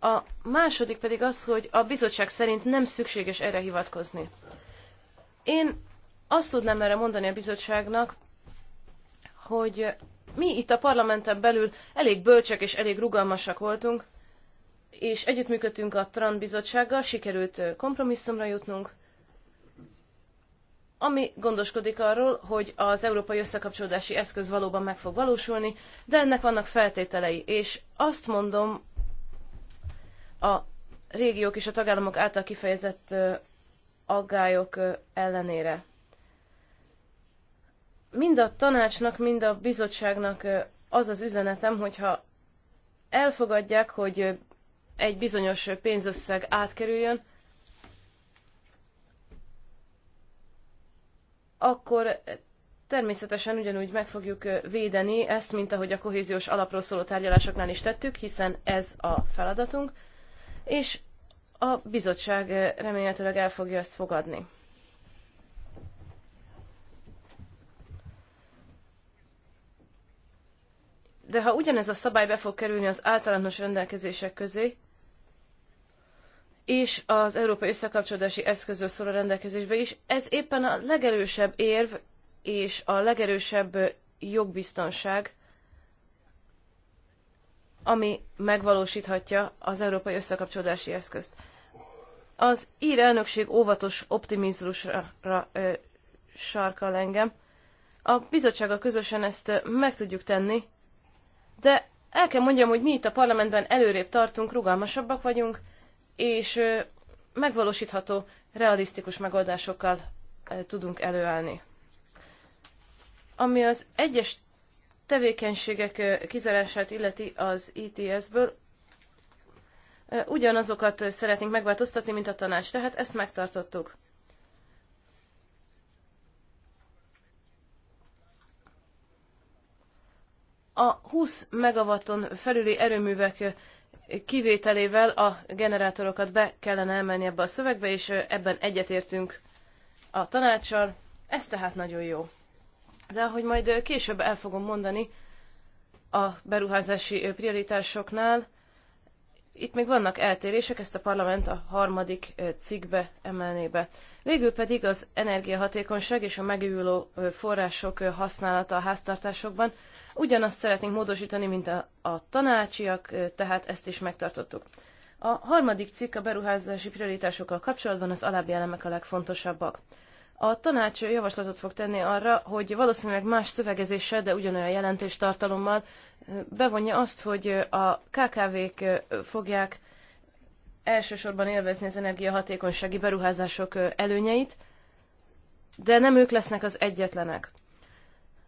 A második pedig az, hogy a bizottság szerint nem szükséges erre hivatkozni. Én azt tudnám erre mondani a bizottságnak, hogy mi itt a parlamenten belül elég bölcsek és elég rugalmasak voltunk, és együttműködtünk a TRAN bizottsággal, sikerült kompromisszumra jutnunk, ami gondoskodik arról, hogy az európai összekapcsolódási eszköz valóban meg fog valósulni, de ennek vannak feltételei, és azt mondom a régiók és a tagállamok által kifejezett aggályok ellenére. Mind a tanácsnak, mind a bizottságnak az az üzenetem, hogyha elfogadják, hogy egy bizonyos pénzösszeg átkerüljön, akkor természetesen ugyanúgy meg fogjuk védeni ezt, mint ahogy a kohéziós alapról szóló tárgyalásoknál is tettük, hiszen ez a feladatunk, és a bizottság remélhetőleg el fogja ezt fogadni. De ha ugyanez a szabály be fog kerülni az általános rendelkezések közé, és az Európai Összekapcsolódási Eszközről szóló rendelkezésbe is. Ez éppen a legerősebb érv és a legerősebb jogbiztonság, ami megvalósíthatja az Európai Összekapcsolódási Eszközt. Az ír elnökség óvatos optimizmusra ö, sarkal engem. A bizottsággal közösen ezt meg tudjuk tenni, de el kell mondjam, hogy mi itt a parlamentben előrébb tartunk, rugalmasabbak vagyunk, és megvalósítható, realisztikus megoldásokkal tudunk előállni. Ami az egyes tevékenységek kizárását illeti az ETS-ből, ugyanazokat szeretnénk megváltoztatni, mint a tanács, tehát ezt megtartottuk. A 20 megawatton felüli erőművek kivételével a generátorokat be kellene emelni ebbe a szövegbe, és ebben egyetértünk a tanácssal. Ez tehát nagyon jó. De ahogy majd később el fogom mondani, a beruházási prioritásoknál, itt még vannak eltérések, ezt a parlament a harmadik cikkbe emelné be. Végül pedig az energiahatékonyság és a megújuló források használata a háztartásokban. Ugyanazt szeretnénk módosítani, mint a, a tanácsiak, tehát ezt is megtartottuk. A harmadik cikk a beruházási prioritásokkal kapcsolatban az alábbi elemek a legfontosabbak. A tanács javaslatot fog tenni arra, hogy valószínűleg más szövegezéssel, de ugyanolyan jelentéstartalommal bevonja azt, hogy a KKV-k fogják elsősorban élvezni az energiahatékonysági beruházások előnyeit, de nem ők lesznek az egyetlenek.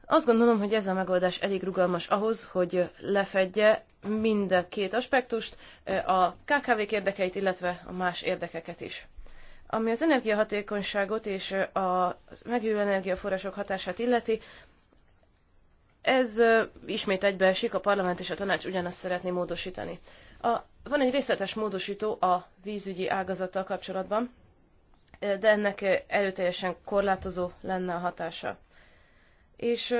Azt gondolom, hogy ez a megoldás elég rugalmas ahhoz, hogy lefedje mind a két aspektust, a KKV-k érdekeit, illetve a más érdekeket is. Ami az energiahatékonyságot és a megújuló energiaforrások hatását illeti, ez ismét egybeesik, a parlament és a tanács ugyanazt szeretné módosítani. A van egy részletes módosító a vízügyi ágazattal kapcsolatban, de ennek erőteljesen korlátozó lenne a hatása. És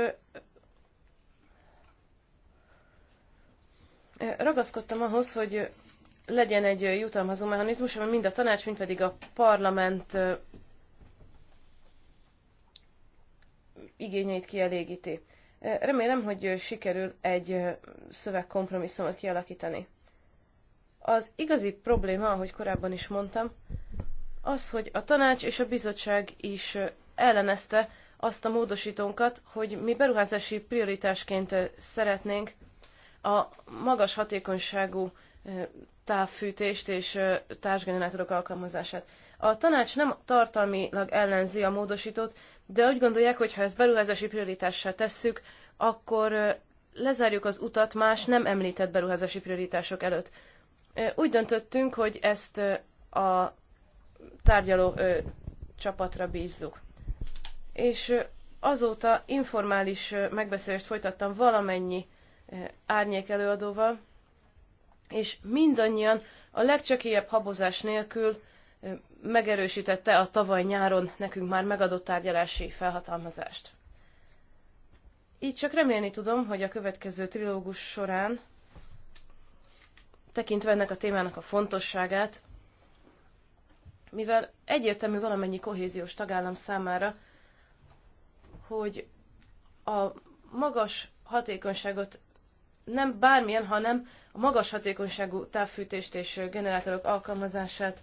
ragaszkodtam ahhoz, hogy legyen egy jutalmazó mechanizmus, ami mind a tanács, mind pedig a parlament igényeit kielégíti. Remélem, hogy sikerül egy szövegkompromisszumot kialakítani. Az igazi probléma, ahogy korábban is mondtam, az, hogy a tanács és a bizottság is ellenezte azt a módosítónkat, hogy mi beruházási prioritásként szeretnénk a magas hatékonyságú távfűtést és társgenerátorok alkalmazását. A tanács nem tartalmilag ellenzi a módosítót, de úgy gondolják, hogy ha ezt beruházási prioritássá tesszük, akkor lezárjuk az utat más nem említett beruházási prioritások előtt. Úgy döntöttünk, hogy ezt a tárgyaló csapatra bízzuk. És azóta informális megbeszélést folytattam valamennyi árnyék előadóval, és mindannyian a legcsekélyebb habozás nélkül megerősítette a tavaly nyáron nekünk már megadott tárgyalási felhatalmazást. Így csak remélni tudom, hogy a következő trilógus során tekintve ennek a témának a fontosságát, mivel egyértelmű valamennyi kohéziós tagállam számára, hogy a magas hatékonyságot nem bármilyen, hanem a magas hatékonyságú távfűtést és generátorok alkalmazását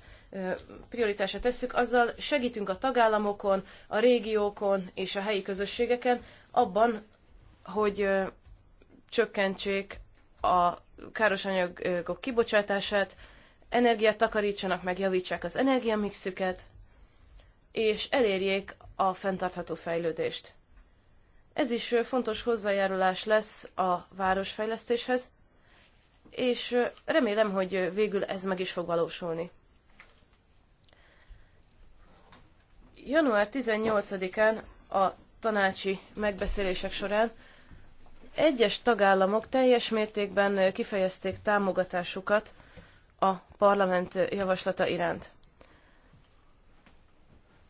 prioritásra tesszük, azzal segítünk a tagállamokon, a régiókon és a helyi közösségeken abban, hogy csökkentsék a káros anyagok kibocsátását, energiát takarítsanak meg, javítsák az energiamixüket, és elérjék a fenntartható fejlődést. Ez is fontos hozzájárulás lesz a városfejlesztéshez, és remélem, hogy végül ez meg is fog valósulni. Január 18-án a tanácsi megbeszélések során egyes tagállamok teljes mértékben kifejezték támogatásukat a parlament javaslata iránt.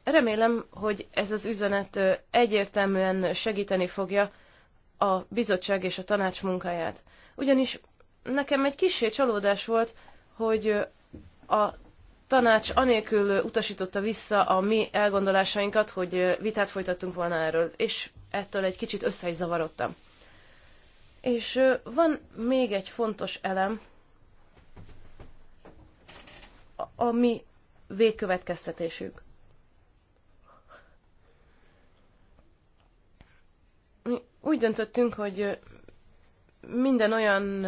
Remélem, hogy ez az üzenet egyértelműen segíteni fogja a bizottság és a tanács munkáját. Ugyanis nekem egy kissé csalódás volt, hogy a tanács anélkül utasította vissza a mi elgondolásainkat, hogy vitát folytattunk volna erről, és ettől egy kicsit össze is zavarodtam. És van még egy fontos elem, ami végkövetkeztetésük. Mi úgy döntöttünk, hogy minden olyan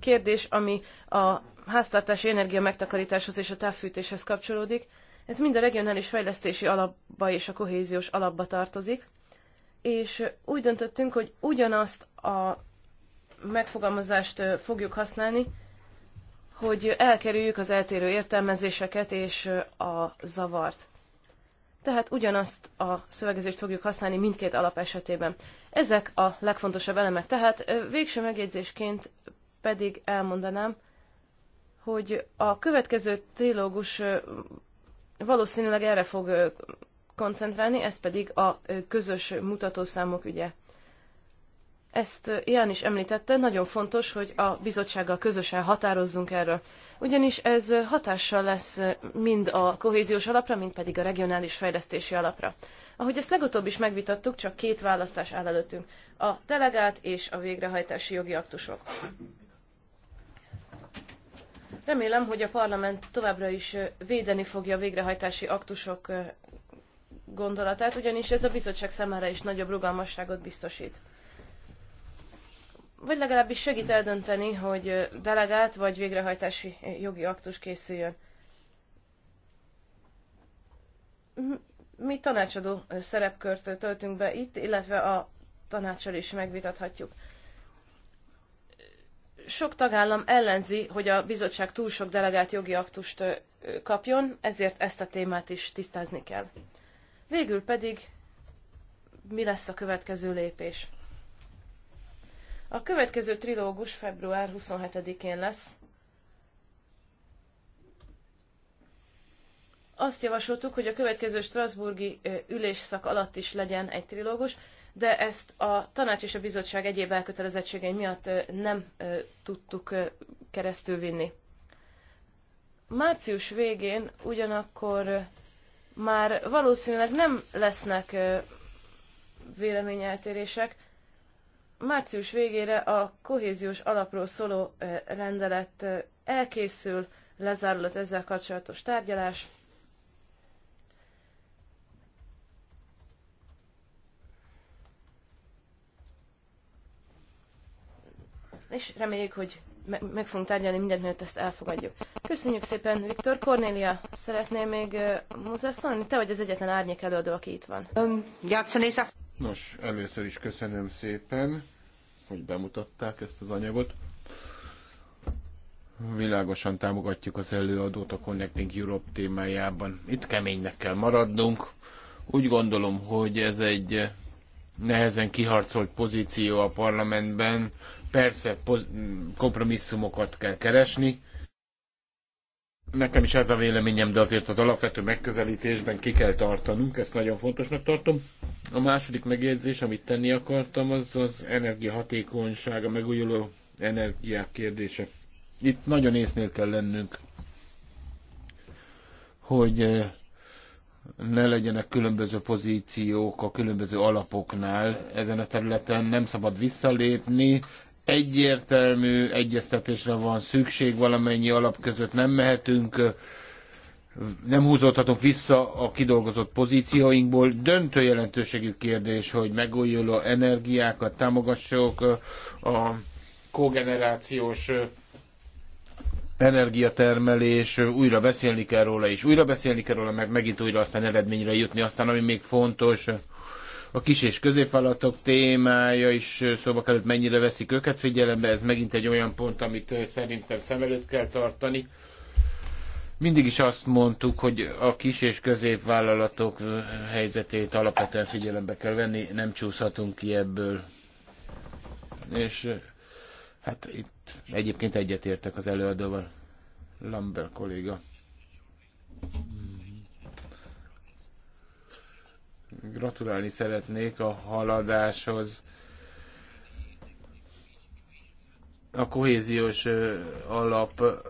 kérdés, ami a háztartási energia megtakarításhoz és a távfűtéshez kapcsolódik, ez mind a regionális fejlesztési alapba és a kohéziós alapba tartozik, és úgy döntöttünk, hogy ugyanazt a megfogalmazást fogjuk használni, hogy elkerüljük az eltérő értelmezéseket és a zavart. Tehát ugyanazt a szövegezést fogjuk használni mindkét alap esetében. Ezek a legfontosabb elemek. Tehát végső megjegyzésként pedig elmondanám, hogy a következő trilógus valószínűleg erre fog koncentrálni, ez pedig a közös mutatószámok ügye. Ezt Ján is említette, nagyon fontos, hogy a bizottsággal közösen határozzunk erről. Ugyanis ez hatással lesz mind a kohéziós alapra, mind pedig a regionális fejlesztési alapra. Ahogy ezt legutóbb is megvitattuk, csak két választás áll előttünk. A delegált és a végrehajtási jogi aktusok. Remélem, hogy a parlament továbbra is védeni fogja a végrehajtási aktusok gondolatát, ugyanis ez a bizottság számára is nagyobb rugalmasságot biztosít vagy legalábbis segít eldönteni, hogy delegált vagy végrehajtási jogi aktus készüljön. Mi tanácsadó szerepkört töltünk be itt, illetve a tanácsal is megvitathatjuk. Sok tagállam ellenzi, hogy a bizottság túl sok delegált jogi aktust kapjon, ezért ezt a témát is tisztázni kell. Végül pedig mi lesz a következő lépés? A következő trilógus február 27-én lesz. Azt javasoltuk, hogy a következő Strasburgi ülésszak alatt is legyen egy trilógus, de ezt a tanács és a bizottság egyéb elkötelezettségei miatt nem tudtuk keresztülvinni. Március végén ugyanakkor már valószínűleg nem lesznek véleményeltérések, március végére a kohéziós alapról szóló rendelet elkészül, lezárul az ezzel kapcsolatos tárgyalás. És reméljük, hogy meg fogunk tárgyalni mindent, mielőtt ezt elfogadjuk. Köszönjük szépen, Viktor. Kornélia, szeretném még hozzászólni? Te vagy az egyetlen árnyék előadó, aki itt van. Nos, először is köszönöm szépen hogy bemutatták ezt az anyagot. Világosan támogatjuk az előadót a Connecting Europe témájában. Itt keménynek kell maradnunk. Úgy gondolom, hogy ez egy nehezen kiharcolt pozíció a parlamentben. Persze kompromisszumokat kell keresni, Nekem is ez a véleményem, de azért az alapvető megközelítésben ki kell tartanunk, ezt nagyon fontosnak tartom. A második megjegyzés, amit tenni akartam, az az energiahatékonyság, a megújuló energiák kérdése. Itt nagyon észnél kell lennünk, hogy eh, ne legyenek különböző pozíciók a különböző alapoknál ezen a területen, nem szabad visszalépni, egyértelmű egyeztetésre van szükség, valamennyi alap között nem mehetünk, nem húzódhatunk vissza a kidolgozott pozícióinkból. Döntő jelentőségű kérdés, hogy megújuló energiákat támogassuk, a kogenerációs energiatermelés, újra beszélni kell róla, és újra beszélni kell róla, meg megint újra aztán eredményre jutni. Aztán ami még fontos, a kis és középvállalatok témája is szóba került, mennyire veszik őket figyelembe, ez megint egy olyan pont, amit szerintem szem előtt kell tartani. Mindig is azt mondtuk, hogy a kis és középvállalatok helyzetét alapvetően figyelembe kell venni, nem csúszhatunk ki ebből. És hát itt egyébként egyetértek az előadóval, Lambert kolléga. Hmm gratulálni szeretnék a haladáshoz. A kohéziós alap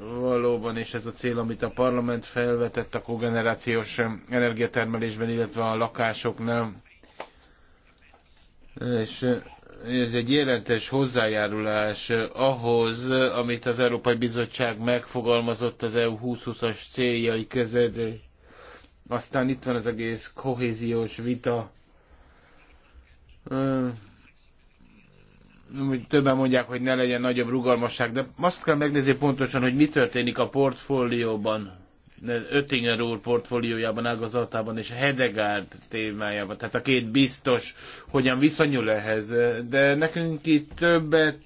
valóban, és ez a cél, amit a parlament felvetett a kogenerációs energiatermelésben, illetve a lakásoknál. És ez egy jelentős hozzájárulás ahhoz, amit az Európai Bizottság megfogalmazott az EU 2020-as céljai között. Aztán itt van az egész kohéziós vita. többen mondják, hogy ne legyen nagyobb rugalmasság, de azt kell megnézni pontosan, hogy mi történik a portfólióban, Öttinger úr portfóliójában, ágazatában és Hedegard témájában, tehát a két biztos, hogyan viszonyul ehhez, de nekünk itt többet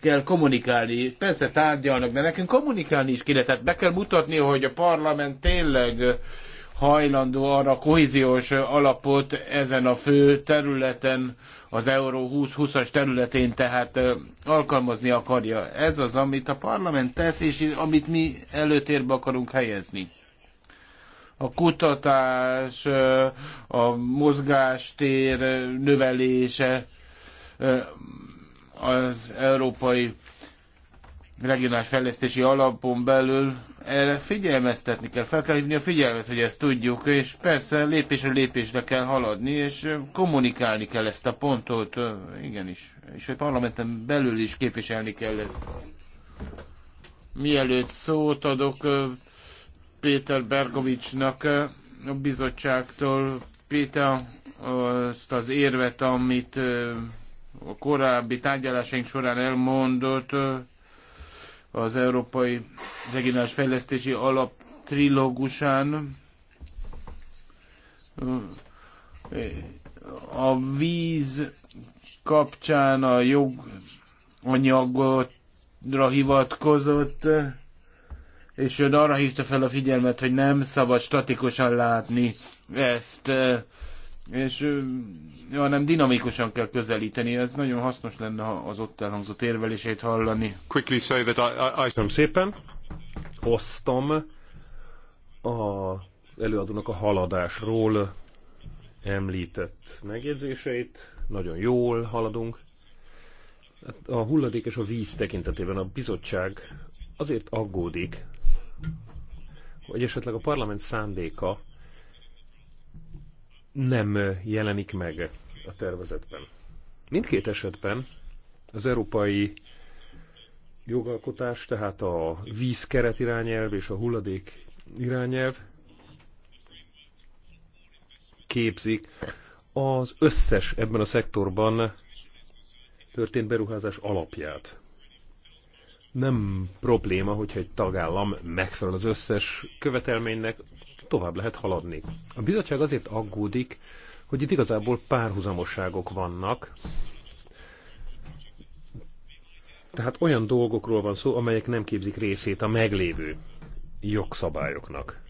kell kommunikálni. Persze tárgyalnak, de nekünk kommunikálni is kéne, tehát be kell mutatni, hogy a parlament tényleg hajlandó arra a kohéziós alapot ezen a fő területen, az Euró 2020-as területén, tehát alkalmazni akarja. Ez az, amit a parlament tesz, és amit mi előtérbe akarunk helyezni. A kutatás, a mozgástér növelése, az európai regionális fejlesztési alapon belül erre figyelmeztetni kell, fel kell hívni a figyelmet, hogy ezt tudjuk, és persze lépésről lépésre kell haladni, és kommunikálni kell ezt a pontot, igenis, és hogy parlamenten belül is képviselni kell ezt. Mielőtt szót adok Péter Bergovicsnak a bizottságtól, Péter azt az érvet, amit a korábbi tárgyalásaink során elmondott, az Európai Regionális Fejlesztési Alap trilógusán a víz kapcsán a joganyagra hivatkozott, és ön arra hívta fel a figyelmet, hogy nem szabad statikusan látni ezt és nem dinamikusan kell közelíteni. Ez nagyon hasznos lenne, ha az ott elhangzott érvelését hallani. Quickly say that I, I, I... Nem szépen. Hoztam a előadónak a haladásról említett megjegyzéseit. Nagyon jól haladunk. Hát a hulladék és a víz tekintetében a bizottság azért aggódik, hogy esetleg a parlament szándéka nem jelenik meg a tervezetben. Mindkét esetben az európai jogalkotás, tehát a vízkeret irányelv és a hulladék irányelv képzik az összes ebben a szektorban történt beruházás alapját. Nem probléma, hogyha egy tagállam megfelel az összes követelménynek, tovább lehet haladni. A bizottság azért aggódik, hogy itt igazából párhuzamosságok vannak, tehát olyan dolgokról van szó, amelyek nem képzik részét a meglévő jogszabályoknak.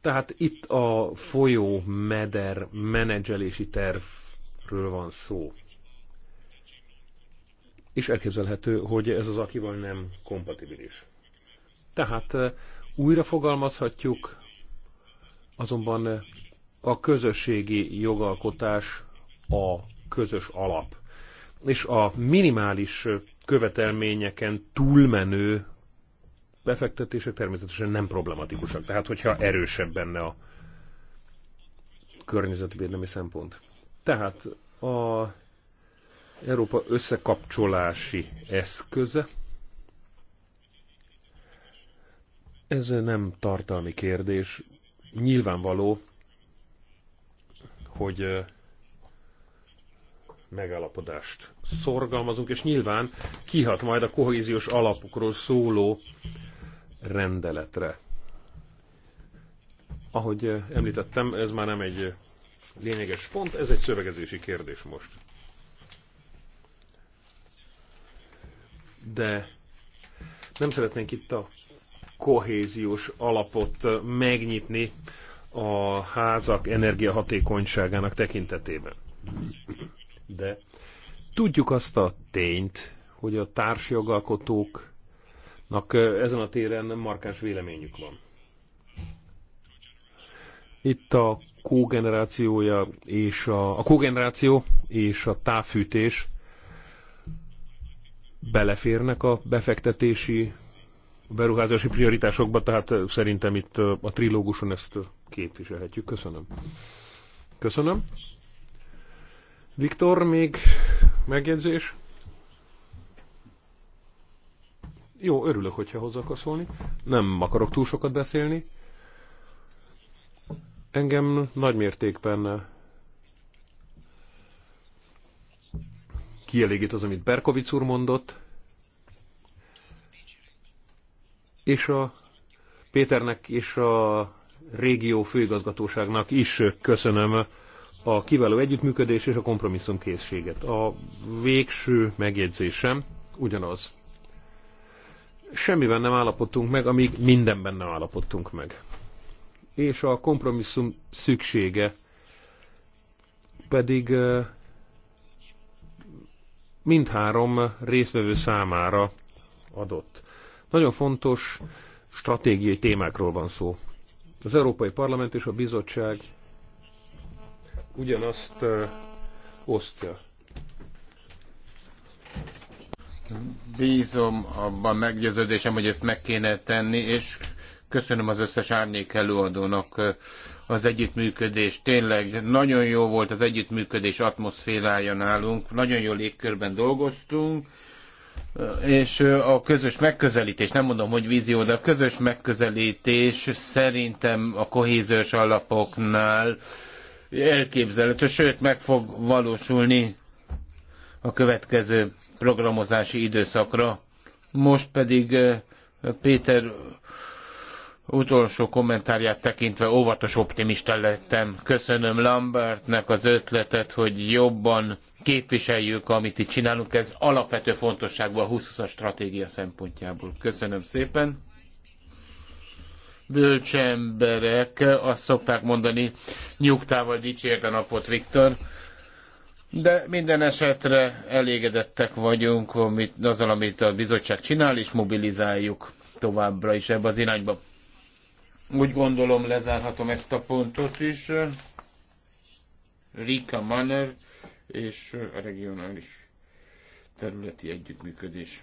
Tehát itt a folyó meder menedzselési tervről van szó. És elképzelhető, hogy ez az akival nem kompatibilis. Tehát eh, újra fogalmazhatjuk, azonban eh, a közösségi jogalkotás a közös alap. És a minimális eh, követelményeken túlmenő befektetések természetesen nem problematikusak. Tehát, hogyha erősebb benne a környezetvédelmi szempont. Tehát a Európa összekapcsolási eszköze Ez nem tartalmi kérdés. Nyilvánvaló, hogy megállapodást szorgalmazunk, és nyilván kihat majd a kohéziós alapokról szóló rendeletre. Ahogy említettem, ez már nem egy lényeges pont, ez egy szövegezési kérdés most. De nem szeretnénk itt a kohéziós alapot megnyitni a házak energiahatékonyságának tekintetében. De tudjuk azt a tényt, hogy a társjogalkotóknak ezen a téren markáns véleményük van. Itt a kogenerációja és a, a kogeneráció és a távfűtés beleférnek a befektetési a beruházási prioritásokba, tehát szerintem itt a trilóguson ezt képviselhetjük. Köszönöm. Köszönöm. Viktor, még megjegyzés? Jó, örülök, hogyha hozzá akarsz szólni. Nem akarok túl sokat beszélni. Engem nagy mértékben kielégít az, amit Berkovic úr mondott, és a Péternek és a régió főigazgatóságnak is köszönöm a kiváló együttműködés és a kompromisszum készséget. A végső megjegyzésem ugyanaz. Semmiben nem állapodtunk meg, amíg mindenben nem állapodtunk meg. És a kompromisszum szüksége pedig mindhárom részvevő számára adott. Nagyon fontos stratégiai témákról van szó. Az Európai Parlament és a Bizottság ugyanazt osztja. Bízom abban meggyőződésem, hogy ezt meg kéne tenni, és köszönöm az összes árnyék előadónak az együttműködés. Tényleg nagyon jó volt az együttműködés atmoszférája nálunk, nagyon jó légkörben dolgoztunk, és a közös megközelítés, nem mondom, hogy vízió, de a közös megközelítés szerintem a kohéziós alapoknál elképzelhető, sőt meg fog valósulni a következő programozási időszakra. Most pedig Péter utolsó kommentárját tekintve óvatos optimista lettem. Köszönöm Lambertnek az ötletet, hogy jobban képviseljük, amit itt csinálunk. Ez alapvető fontosságú a 20-as stratégia szempontjából. Köszönöm szépen. Bölcs emberek, azt szokták mondani, nyugtával dicsért a napot, Viktor. De minden esetre elégedettek vagyunk amit, azzal, amit a bizottság csinál, és mobilizáljuk továbbra is ebbe az irányba. Úgy gondolom lezárhatom ezt a pontot is. Rika Manner és a regionális területi együttműködés.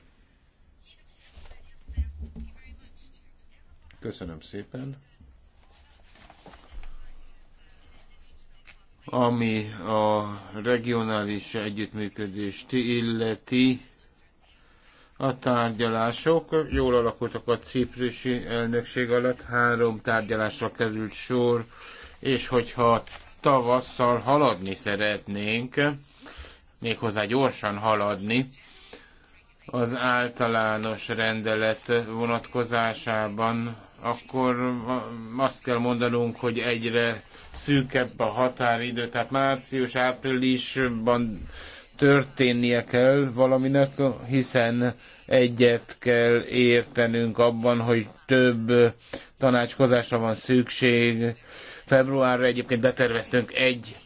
Köszönöm szépen. Ami a regionális együttműködést illeti, a tárgyalások jól alakultak a ciprusi elnökség alatt, három tárgyalásra került sor, és hogyha tavasszal haladni szeretnénk, méghozzá gyorsan haladni, az általános rendelet vonatkozásában, akkor azt kell mondanunk, hogy egyre szűkebb a határidő, tehát március-áprilisban történnie kell valaminek, hiszen egyet kell értenünk abban, hogy több tanácskozásra van szükség. Februárra egyébként beterveztünk egy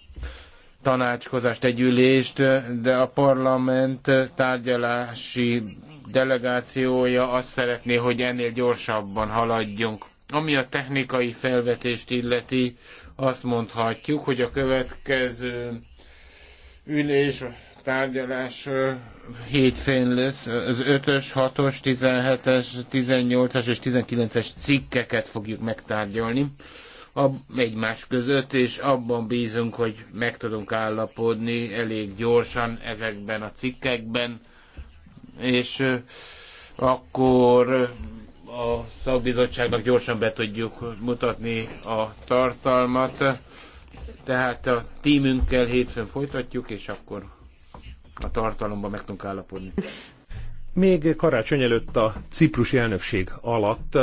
tanácskozást, egy ülést, de a parlament tárgyalási delegációja azt szeretné, hogy ennél gyorsabban haladjunk. Ami a technikai felvetést illeti, azt mondhatjuk, hogy a következő ülés tárgyalás hétfőn lesz, az 5-ös, 6-os, 17-es, 18-as és 19-es cikkeket fogjuk megtárgyalni a egymás között, és abban bízunk, hogy meg tudunk állapodni elég gyorsan ezekben a cikkekben, és akkor a szakbizottságnak gyorsan be tudjuk mutatni a tartalmat. Tehát a tímünkkel hétfőn folytatjuk, és akkor a tartalomban meg tudunk állapodni. Még karácsony előtt a ciprusi elnökség alatt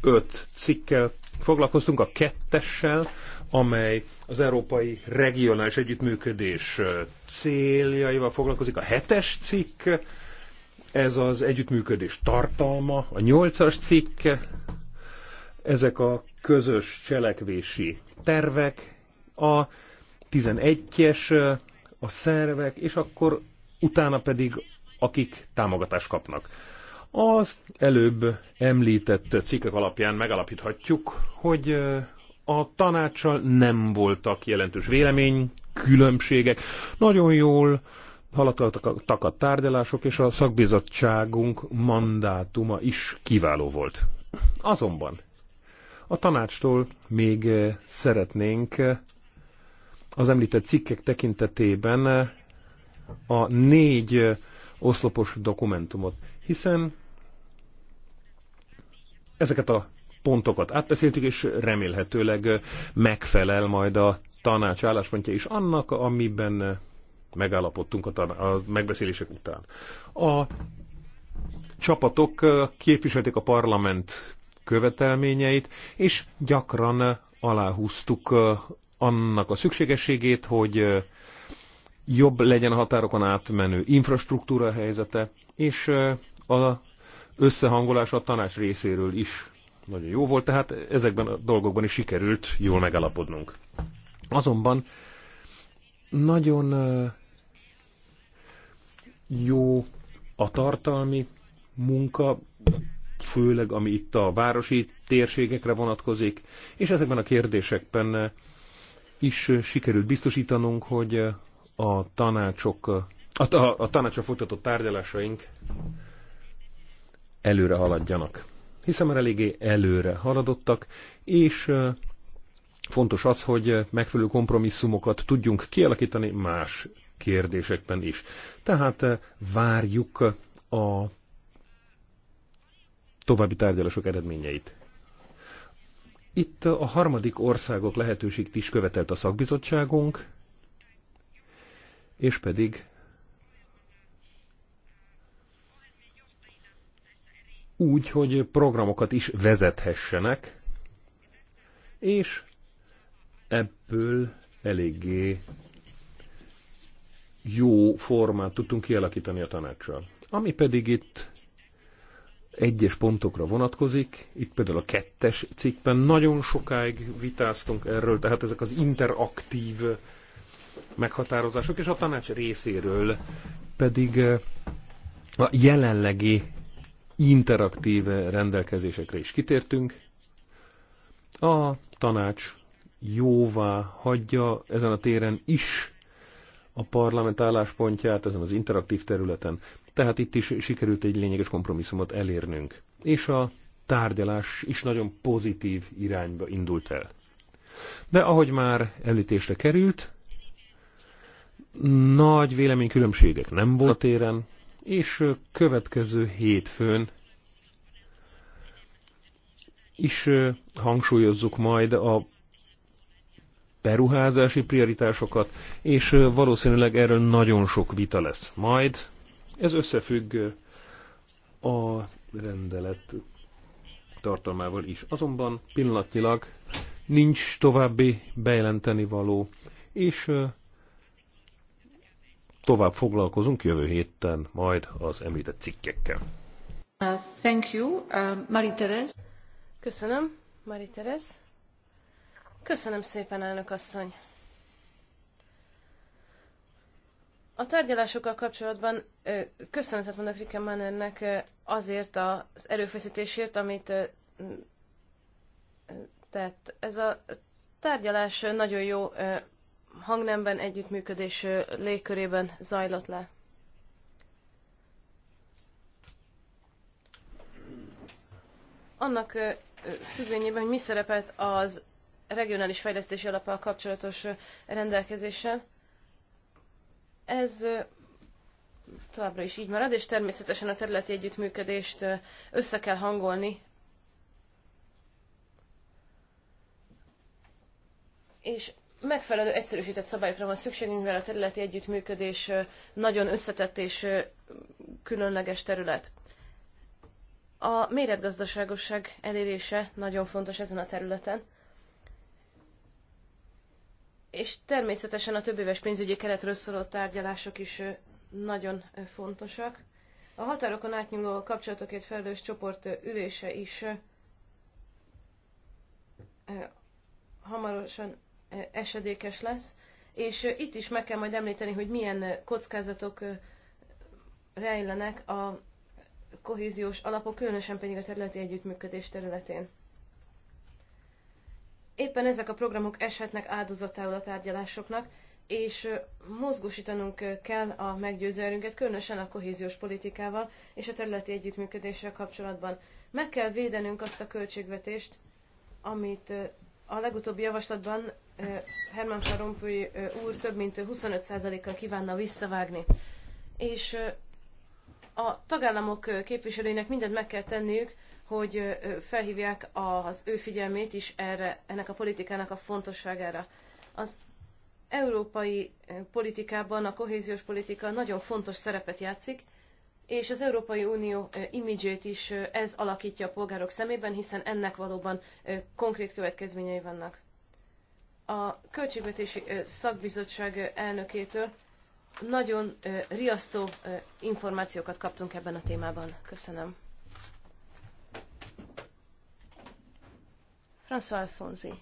öt cikkel foglalkoztunk, a kettessel, amely az európai regionális együttműködés céljaival foglalkozik, a hetes cikk, ez az együttműködés tartalma, a nyolcas cikk, ezek a közös cselekvési tervek, a 11-es, a szervek, és akkor utána pedig akik támogatást kapnak. Az előbb említett cikkek alapján megalapíthatjuk, hogy a tanácssal nem voltak jelentős vélemény, különbségek. Nagyon jól haladtak a tárgyalások, és a szakbizottságunk mandátuma is kiváló volt. Azonban a tanácstól még szeretnénk az említett cikkek tekintetében a négy oszlopos dokumentumot, hiszen ezeket a pontokat átbeszéltük, és remélhetőleg megfelel majd a tanács álláspontja is annak, amiben megállapodtunk a, a megbeszélések után. A csapatok képviselték a parlament követelményeit, és gyakran aláhúztuk annak a szükségességét, hogy jobb legyen a határokon átmenő infrastruktúra helyzete, és a összehangolás a tanács részéről is nagyon jó volt, tehát ezekben a dolgokban is sikerült jól megalapodnunk. Azonban nagyon jó a tartalmi munka, főleg ami itt a városi térségekre vonatkozik, és ezekben a kérdésekben is sikerült biztosítanunk, hogy a tanácsok, a, a, a tanácsok folytatott tárgyalásaink előre haladjanak. Hiszen már eléggé előre haladottak, és fontos az, hogy megfelelő kompromisszumokat tudjunk kialakítani más kérdésekben is. Tehát várjuk a további tárgyalások eredményeit. Itt a harmadik országok lehetőségt is követelt a szakbizottságunk, és pedig úgy, hogy programokat is vezethessenek, és ebből eléggé jó formát tudtunk kialakítani a tanácssal. Ami pedig itt egyes pontokra vonatkozik, itt például a kettes cikkben nagyon sokáig vitáztunk erről, tehát ezek az interaktív meghatározások, és a tanács részéről pedig eh, a jelenlegi interaktív rendelkezésekre is kitértünk. A tanács jóvá hagyja ezen a téren is a parlament álláspontját, ezen az interaktív területen. Tehát itt is sikerült egy lényeges kompromisszumot elérnünk. És a tárgyalás is nagyon pozitív irányba indult el. De ahogy már említésre került, nagy véleménykülönbségek nem volt téren, és következő hétfőn is hangsúlyozzuk majd a beruházási prioritásokat, és valószínűleg erről nagyon sok vita lesz majd. Ez összefügg a rendelet tartalmával is. Azonban pillanatnyilag nincs további bejelenteni való, és tovább foglalkozunk jövő héten majd az említett cikkekkel. Uh, thank you, uh, Marie-Thérèse. Köszönöm, Marie-Thérèse. Köszönöm szépen, elnök asszony. A tárgyalásokkal kapcsolatban köszönetet mondok Rikke Mannernek azért az erőfeszítésért, amit tett. Ez a tárgyalás nagyon jó hangnemben, együttműködés légkörében zajlott le. Annak függvényében, hogy mi szerepelt az regionális fejlesztési alapal kapcsolatos rendelkezéssel, ez továbbra is így marad, és természetesen a területi együttműködést össze kell hangolni. És megfelelő egyszerűsített szabályokra van szükségünk, mivel a területi együttműködés nagyon összetett és különleges terület. A méretgazdaságosság elérése nagyon fontos ezen a területen, és természetesen a több éves pénzügyi keretről szóló tárgyalások is nagyon fontosak. A határokon átnyúló kapcsolatokért felelős csoport ülése is hamarosan esedékes lesz, és itt is meg kell majd említeni, hogy milyen kockázatok rejlenek a kohéziós alapok, különösen pedig a területi együttműködés területén. Éppen ezek a programok eshetnek áldozatául a tárgyalásoknak, és mozgósítanunk kell a meggyőzőerünket, különösen a kohéziós politikával és a területi együttműködéssel kapcsolatban. Meg kell védenünk azt a költségvetést, amit a legutóbbi javaslatban Herman Van Rompuy úr több mint 25%-kal kívánna visszavágni. És a tagállamok képviselőinek mindent meg kell tenniük, hogy felhívják az ő figyelmét is erre, ennek a politikának a fontosságára. Az európai politikában a kohéziós politika nagyon fontos szerepet játszik, és az Európai Unió imidzsét is ez alakítja a polgárok szemében, hiszen ennek valóban konkrét következményei vannak. A Költségvetési Szakbizottság elnökétől nagyon riasztó információkat kaptunk ebben a témában. Köszönöm. François Alfonzi.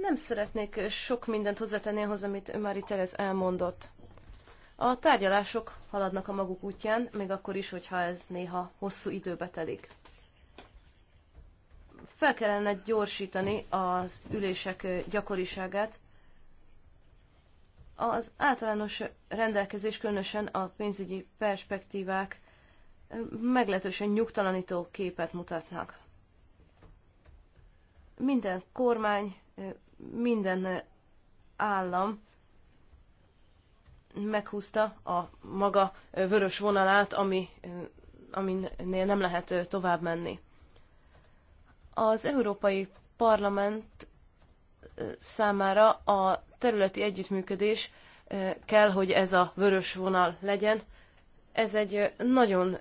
Nem szeretnék sok mindent hozzátenni ahhoz, amit Marie Terez elmondott a tárgyalások haladnak a maguk útján, még akkor is, hogyha ez néha hosszú időbe telik. Fel kellene gyorsítani az ülések gyakoriságát. Az általános rendelkezés, különösen a pénzügyi perspektívák meglehetősen nyugtalanító képet mutatnak. Minden kormány, minden állam meghúzta a maga vörös vonalát, ami, aminél nem lehet tovább menni. Az Európai Parlament számára a területi együttműködés kell, hogy ez a vörös vonal legyen. Ez egy nagyon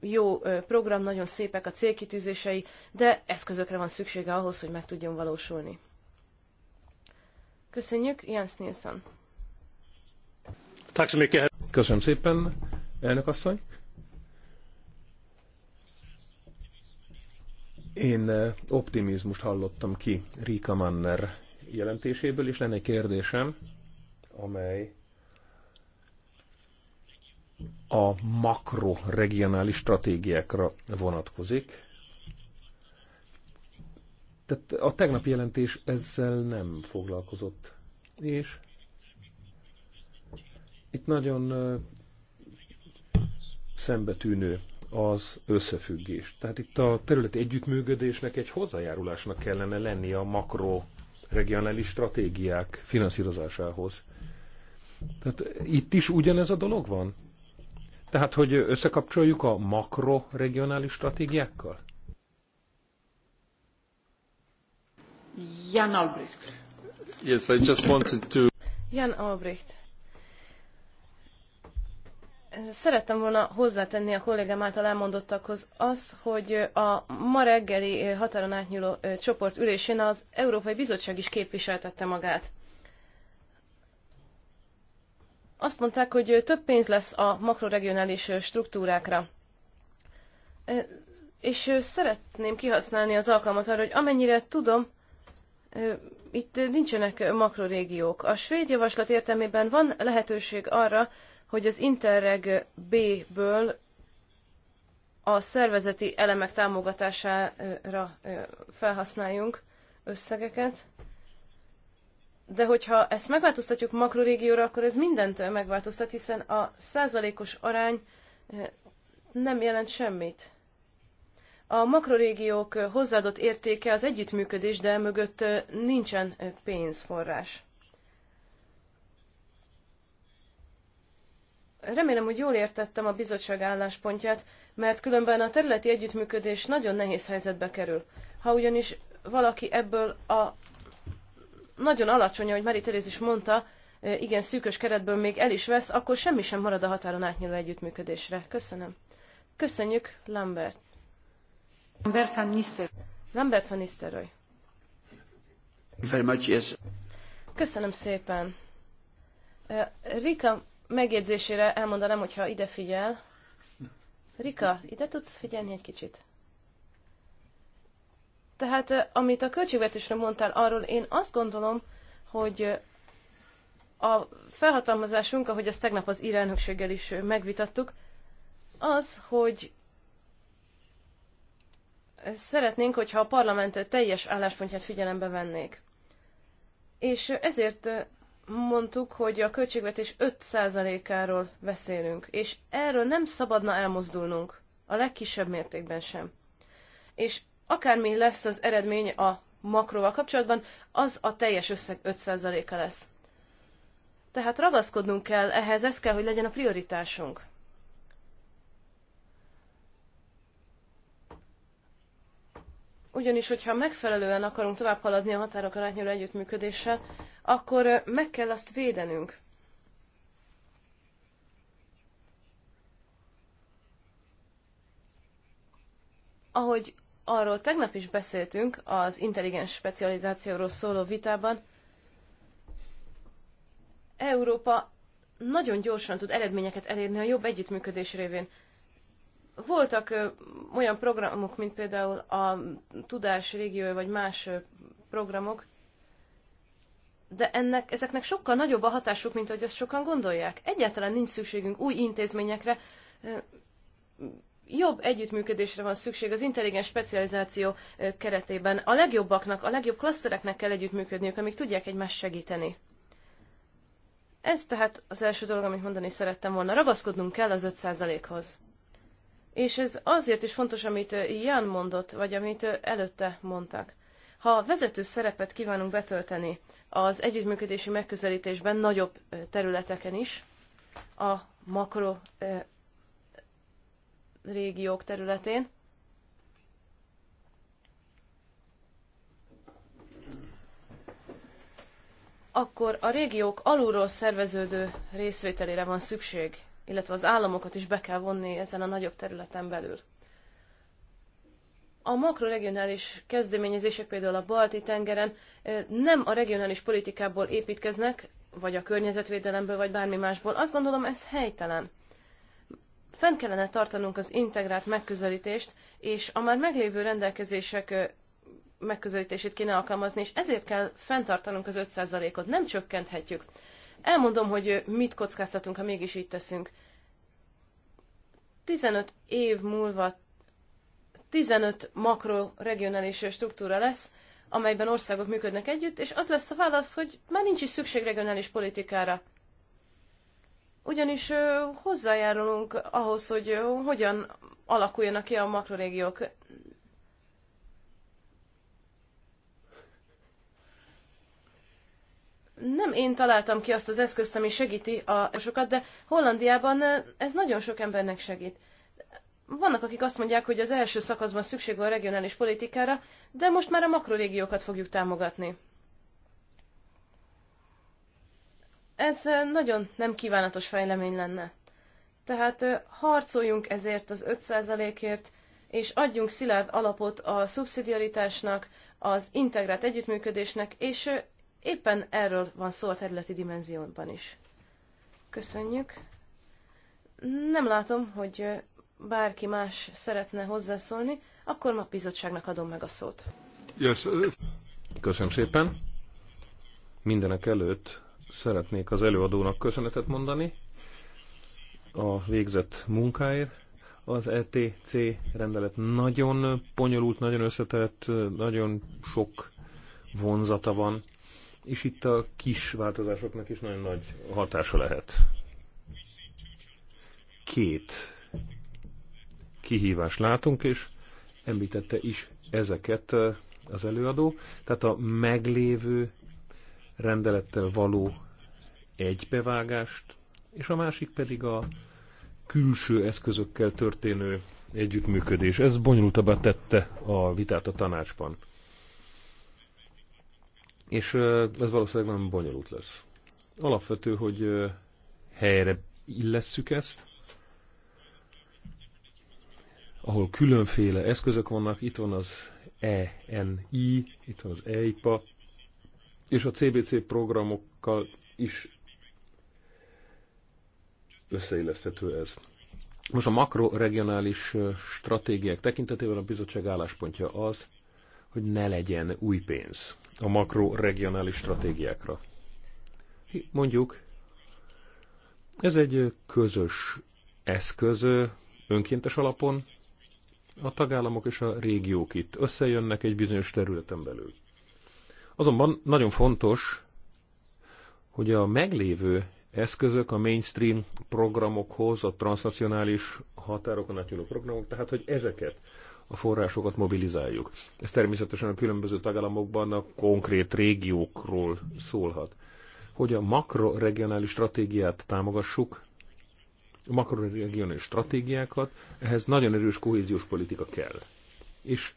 jó program, nagyon szépek a célkitűzései, de eszközökre van szüksége ahhoz, hogy meg tudjon valósulni. Köszönjük, Jens Nilsson! Köszönöm szépen, elnök asszony. Én eh, optimizmust hallottam ki Rika Manner jelentéséből, és lenne egy kérdésem, amely a makroregionális stratégiákra vonatkozik. Tehát a tegnapi jelentés ezzel nem foglalkozott. És itt nagyon szembetűnő az összefüggés. Tehát itt a területi együttműködésnek egy hozzájárulásnak kellene lenni a makro regionális stratégiák finanszírozásához. Tehát itt is ugyanez a dolog van? Tehát, hogy összekapcsoljuk a makroregionális stratégiákkal? Jan Albrecht. Yes, I just wanted to... Jan Albrecht. Szerettem volna hozzátenni a kollégám által elmondottakhoz azt, hogy a ma reggeli eh, határon átnyúló eh, csoport ülésén az Európai Bizottság is képviseltette magát. Azt mondták, hogy eh, több pénz lesz a makroregionális struktúrákra. És szeretném kihasználni az alkalmat arra, hogy amennyire tudom, itt nincsenek makrorégiók. A svéd javaslat értelmében van lehetőség arra, hogy az Interreg B-ből a szervezeti elemek támogatására felhasználjunk összegeket, de hogyha ezt megváltoztatjuk makrorégióra, akkor ez mindent megváltoztat, hiszen a százalékos arány nem jelent semmit. A makrorégiók hozzáadott értéke az együttműködés, de mögött nincsen pénzforrás. Remélem, hogy jól értettem a bizottság álláspontját, mert különben a területi együttműködés nagyon nehéz helyzetbe kerül. Ha ugyanis valaki ebből a nagyon alacsony, ahogy Mari Teréz is mondta, e, igen szűkös keretből még el is vesz, akkor semmi sem marad a határon átnyúló együttműködésre. Köszönöm. Köszönjük, Lambert. Lambert van Nistelrooy. Lambert van Nistelrooy. Very much, yes. Köszönöm szépen. E, Rika megjegyzésére elmondanám, hogyha ide figyel. Rika, ide tudsz figyelni egy kicsit? Tehát, eh, amit a költségvetésről mondtál, arról én azt gondolom, hogy eh, a felhatalmazásunk, ahogy ezt tegnap az irányokséggel is eh, megvitattuk, az, hogy szeretnénk, hogyha a parlament teljes álláspontját figyelembe vennék. És ezért mondtuk, hogy a költségvetés 5%-áról beszélünk, és erről nem szabadna elmozdulnunk, a legkisebb mértékben sem. És akármi lesz az eredmény a makroval kapcsolatban, az a teljes összeg 5%-a lesz. Tehát ragaszkodnunk kell ehhez, ez kell, hogy legyen a prioritásunk. Ugyanis, hogyha megfelelően akarunk tovább haladni a határok átnyúló együttműködéssel, akkor meg kell azt védenünk. Ahogy arról tegnap is beszéltünk az intelligens specializációról szóló vitában, Európa nagyon gyorsan tud eredményeket elérni a jobb együttműködés révén. Voltak olyan programok, mint például a Tudás Régió vagy más programok, de ennek, ezeknek sokkal nagyobb a hatásuk, mint ahogy azt sokan gondolják. Egyáltalán nincs szükségünk új intézményekre, jobb együttműködésre van szükség az intelligens specializáció keretében. A legjobbaknak, a legjobb klasztereknek kell együttműködniük, amik tudják egymást segíteni. Ez tehát az első dolog, amit mondani szerettem volna. Ragaszkodnunk kell az 5%-hoz. És ez azért is fontos, amit Jan mondott, vagy amit előtte mondtak. Ha vezető szerepet kívánunk betölteni az együttműködési megközelítésben nagyobb területeken is, a makro régiók területén, akkor a régiók alulról szerveződő részvételére van szükség illetve az államokat is be kell vonni ezen a nagyobb területen belül. A makroregionális kezdeményezések például a Balti-tengeren nem a regionális politikából építkeznek, vagy a környezetvédelemből, vagy bármi másból. Azt gondolom, ez helytelen. Fenn kellene tartanunk az integrált megközelítést, és a már meglévő rendelkezések megközelítését kéne alkalmazni, és ezért kell fenntartanunk az 5%-ot, nem csökkenthetjük. Elmondom, hogy mit kockáztatunk, ha mégis így teszünk. 15 év múlva 15 makroregionális struktúra lesz, amelyben országok működnek együtt, és az lesz a válasz, hogy már nincs is szükség regionális politikára. Ugyanis hozzájárulunk ahhoz, hogy hogyan alakuljanak ki a makrorégiók. nem én találtam ki azt az eszközt, ami segíti a sokat, de Hollandiában ez nagyon sok embernek segít. Vannak, akik azt mondják, hogy az első szakaszban szükség van a regionális politikára, de most már a makrorégiókat fogjuk támogatni. Ez nagyon nem kívánatos fejlemény lenne. Tehát harcoljunk ezért az 5%-ért, és adjunk szilárd alapot a szubszidiaritásnak, az integrált együttműködésnek, és Éppen erről van szó a területi dimenzióban is. Köszönjük. Nem látom, hogy bárki más szeretne hozzászólni, akkor ma bizottságnak adom meg a szót. Yes. Köszönöm szépen. Mindenek előtt szeretnék az előadónak köszönetet mondani a végzett munkáért. Az ETC rendelet nagyon ponyolult, nagyon összetett, nagyon sok vonzata van és itt a kis változásoknak is nagyon nagy hatása lehet. Két kihívást látunk, és említette is ezeket eh, az előadó, tehát a meglévő rendelettel való egybevágást, és a másik pedig a külső eszközökkel történő együttműködés. Ez bonyolultabbá tette a vitát a tanácsban. És ez valószínűleg nem bonyolult lesz. Alapvető, hogy helyre illesszük ezt, ahol különféle eszközök vannak, itt van az ENI, itt van az EIPA, és a CBC programokkal is összeilleszthető ez. Most a makroregionális stratégiák tekintetében a bizottság álláspontja az, hogy ne legyen új pénz a makroregionális stratégiákra. Mondjuk, ez egy közös eszköz önkéntes alapon, a tagállamok és a régiók itt összejönnek egy bizonyos területen belül. Azonban nagyon fontos, hogy a meglévő eszközök a mainstream programokhoz, a transnacionális határokon átnyúló programok, tehát hogy ezeket a forrásokat mobilizáljuk. Ez természetesen a különböző tagállamokban a konkrét régiókról szólhat. Hogy a makroregionális stratégiát támogassuk, a makroregionális stratégiákat, ehhez nagyon erős kohéziós politika kell. És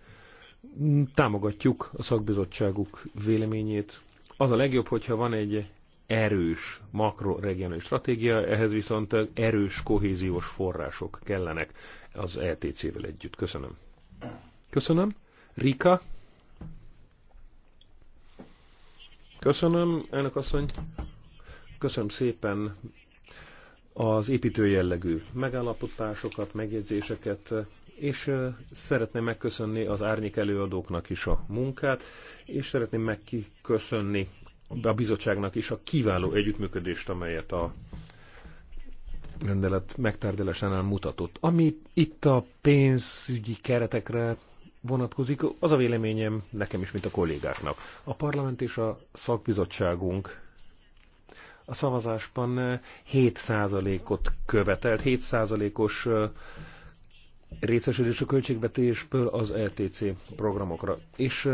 támogatjuk a szakbizottságuk véleményét. Az a legjobb, hogyha van egy erős makroregionális stratégia, ehhez viszont erős kohéziós források kellenek az ETC-vel együtt. Köszönöm. Köszönöm. Rika? Köszönöm, elnök asszony. Köszönöm szépen az építő jellegű megállapotásokat, megjegyzéseket, és szeretném megköszönni az árnyék előadóknak is a munkát, és szeretném megköszönni a bizottságnak is a kiváló együttműködést, amelyet a rendelet megtárgyalásánál mutatott. Ami itt a pénzügyi keretekre vonatkozik, az a véleményem nekem is, mint a kollégáknak. A parlament és a szakbizottságunk a szavazásban 7%-ot követelt, 7%-os részesedés a költségvetésből az LTC e programokra. És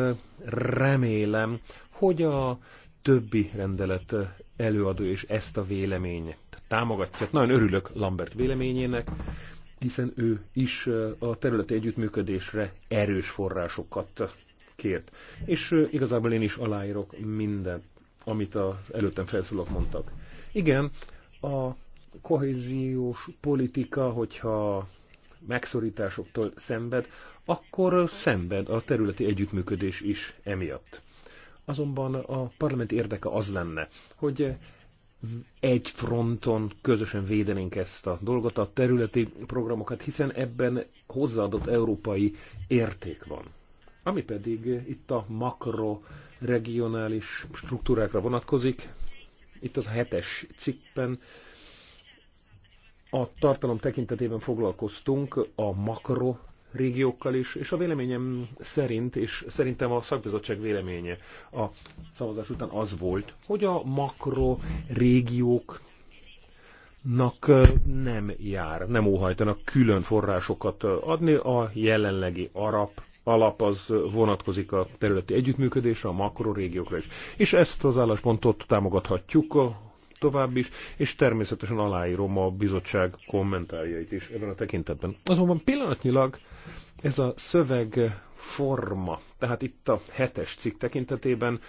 remélem, hogy a többi rendelet előadó és ezt a vélemény támogatja. Nagyon örülök Lambert véleményének, hiszen ő is a területi együttműködésre erős forrásokat kért. És igazából én is aláírok mindent, amit az előttem felszólók mondtak. Igen, a kohéziós politika, hogyha megszorításoktól szenved, akkor szenved a területi együttműködés is emiatt. Azonban a parlament érdeke az lenne, hogy egy fronton közösen védenénk ezt a dolgot, a területi programokat, hiszen ebben hozzáadott európai érték van. Ami pedig itt a makroregionális struktúrákra vonatkozik, itt az a hetes cikkben a tartalom tekintetében foglalkoztunk a makro régiókkal is, és a véleményem szerint, és szerintem a szakbizottság véleménye a szavazás után az volt, hogy a makro régiók nak nem jár, nem óhajtanak külön forrásokat adni. A jelenlegi arab alap az vonatkozik a területi együttműködésre, a makrorégiókra is. És ezt az álláspontot támogathatjuk tovább is, és természetesen aláírom a bizottság kommentárjait is ebben a tekintetben. Azonban pillanatnyilag ez a szöveg forma, tehát itt a hetes cikk tekintetében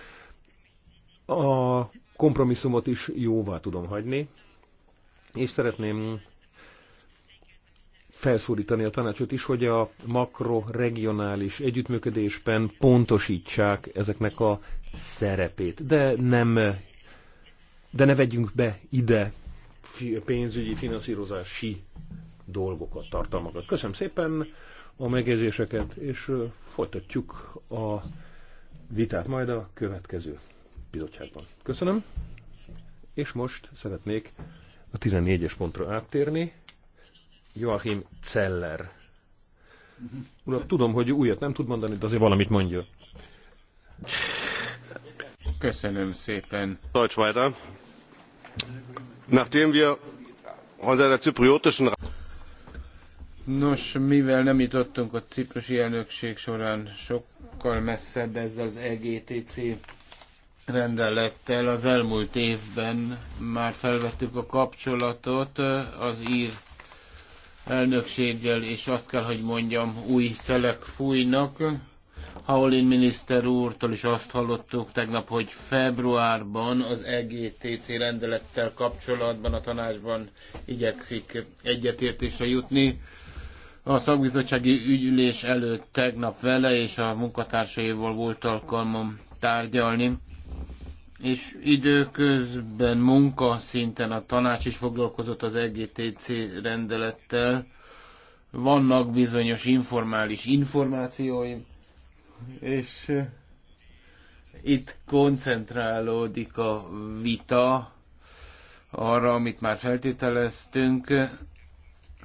a kompromisszumot is jóvá tudom hagyni, és szeretném felszólítani a tanácsot is, hogy a makroregionális együttműködésben pontosítsák ezeknek a szerepét. De nem, de ne vegyünk be ide pénzügyi finanszírozási dolgokat, tartalmakat. Köszönöm szépen! a megjegyzéseket, és folytatjuk a vitát majd a következő bizottságban. Köszönöm, és most szeretnék a 14-es pontra áttérni. Joachim Zeller. Uram, tudom, hogy újat nem tud mondani, de azért valamit mondja. Köszönöm szépen. Deutsch weiter. Nachdem wir unter zypriotischen Nos, mivel nem jutottunk a ciprusi elnökség során sokkal messzebb ezzel az EGTC rendelettel, az elmúlt évben már felvettük a kapcsolatot az ír elnökséggel, és azt kell, hogy mondjam, új szelek fújnak. Haulin miniszter úrtól is azt hallottuk tegnap, hogy februárban az EGTC rendelettel kapcsolatban a tanácsban igyekszik egyetértésre jutni a szakbizottsági ügyülés előtt tegnap vele és a munkatársaival volt alkalmam tárgyalni, és időközben munkaszinten a tanács is foglalkozott az EGTC rendelettel. Vannak bizonyos informális információim, és eh, itt koncentrálódik a vita arra, amit már feltételeztünk,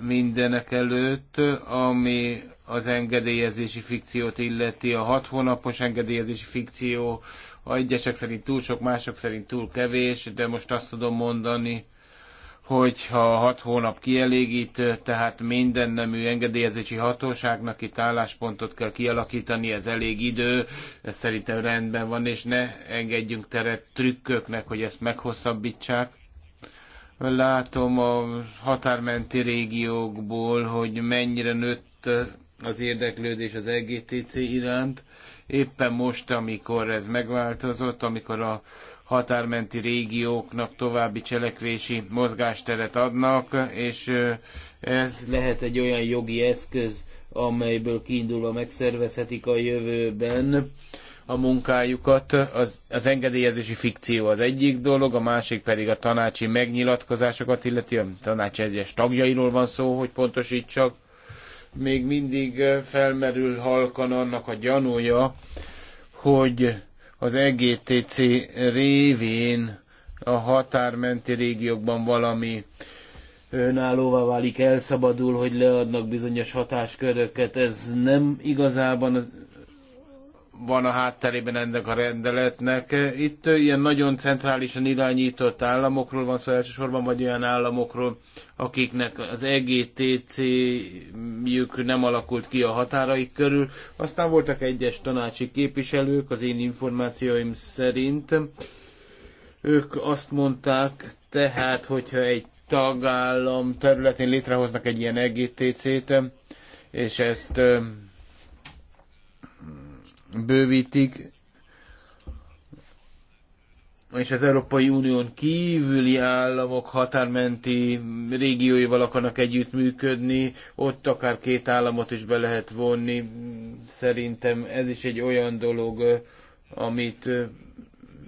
mindenek előtt, ami az engedélyezési fikciót illeti, a hat hónapos engedélyezési fikció, a egyesek szerint túl sok, mások szerint túl kevés, de most azt tudom mondani, hogy ha hat hónap kielégít, tehát minden nemű engedélyezési hatóságnak itt álláspontot kell kialakítani, ez elég idő, ez szerintem rendben van, és ne engedjünk teret trükköknek, hogy ezt meghosszabbítsák Látom a határmenti régiókból, hogy mennyire nőtt az érdeklődés az EGTC iránt. Éppen most, amikor ez megváltozott, amikor a határmenti régióknak további cselekvési mozgásteret adnak, és ez lehet egy olyan jogi eszköz, amelyből kiindulva megszervezhetik a jövőben a munkájukat. Az, az engedélyezési fikció az egyik dolog, a másik pedig a tanácsi megnyilatkozásokat illeti, a tanács egyes tagjairól van szó, hogy pontosítsak. Még mindig eh, felmerül halkan annak a gyanúja, hogy az EGTC révén a határmenti régiókban valami önállóvá válik, elszabadul, hogy leadnak bizonyos hatásköröket. Ez nem igazában van a hátterében ennek a rendeletnek. Itt ilyen nagyon centrálisan irányított államokról van szó szóval elsősorban, vagy olyan államokról, akiknek az EGTC-jük nem alakult ki a határaik körül. Aztán voltak egyes tanácsi képviselők, az én információim szerint. Ők azt mondták, tehát, hogyha egy tagállam területén létrehoznak egy ilyen EGTC-t, és ezt bővítik, és az Európai Unión kívüli államok határmenti régióival akarnak együttműködni, ott akár két államot is be lehet vonni. Szerintem ez is egy olyan dolog, amit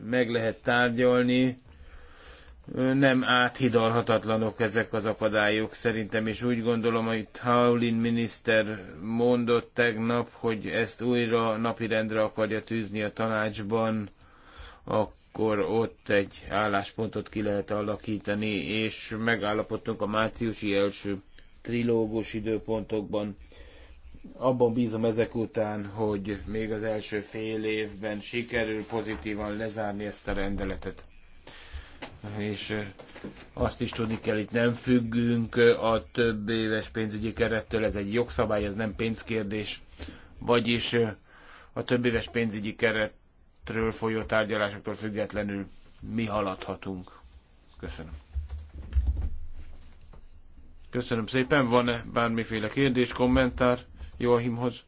meg lehet tárgyalni, nem áthidalhatatlanok ezek az akadályok szerintem, és úgy gondolom, hogy Haulin miniszter mondott tegnap, hogy ezt újra napirendre akarja tűzni a tanácsban, akkor ott egy álláspontot ki lehet alakítani, és megállapodtunk a márciusi első trilógus időpontokban. Abban bízom ezek után, hogy még az első fél évben sikerül pozitívan lezárni ezt a rendeletet és azt is tudni kell, itt nem függünk a több éves pénzügyi kerettől, ez egy jogszabály, ez nem pénzkérdés, vagyis a több éves pénzügyi keretről folyó tárgyalásoktól függetlenül mi haladhatunk. Köszönöm. Köszönöm szépen. Van-e bármiféle kérdés, kommentár Joachimhoz?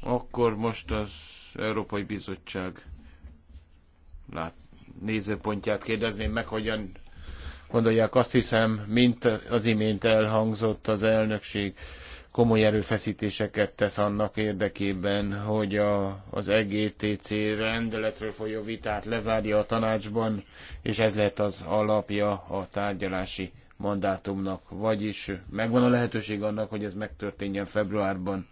Akkor most az Európai Bizottság lát, nézőpontját kérdezném meg, hogyan gondolják. Azt hiszem, mint az imént elhangzott az elnökség, komoly erőfeszítéseket tesz annak érdekében, hogy a, az EGTC rendeletről folyó vitát lezárja a tanácsban, és ez lett az alapja a tárgyalási mandátumnak. Vagyis megvan a lehetőség annak, hogy ez megtörténjen februárban,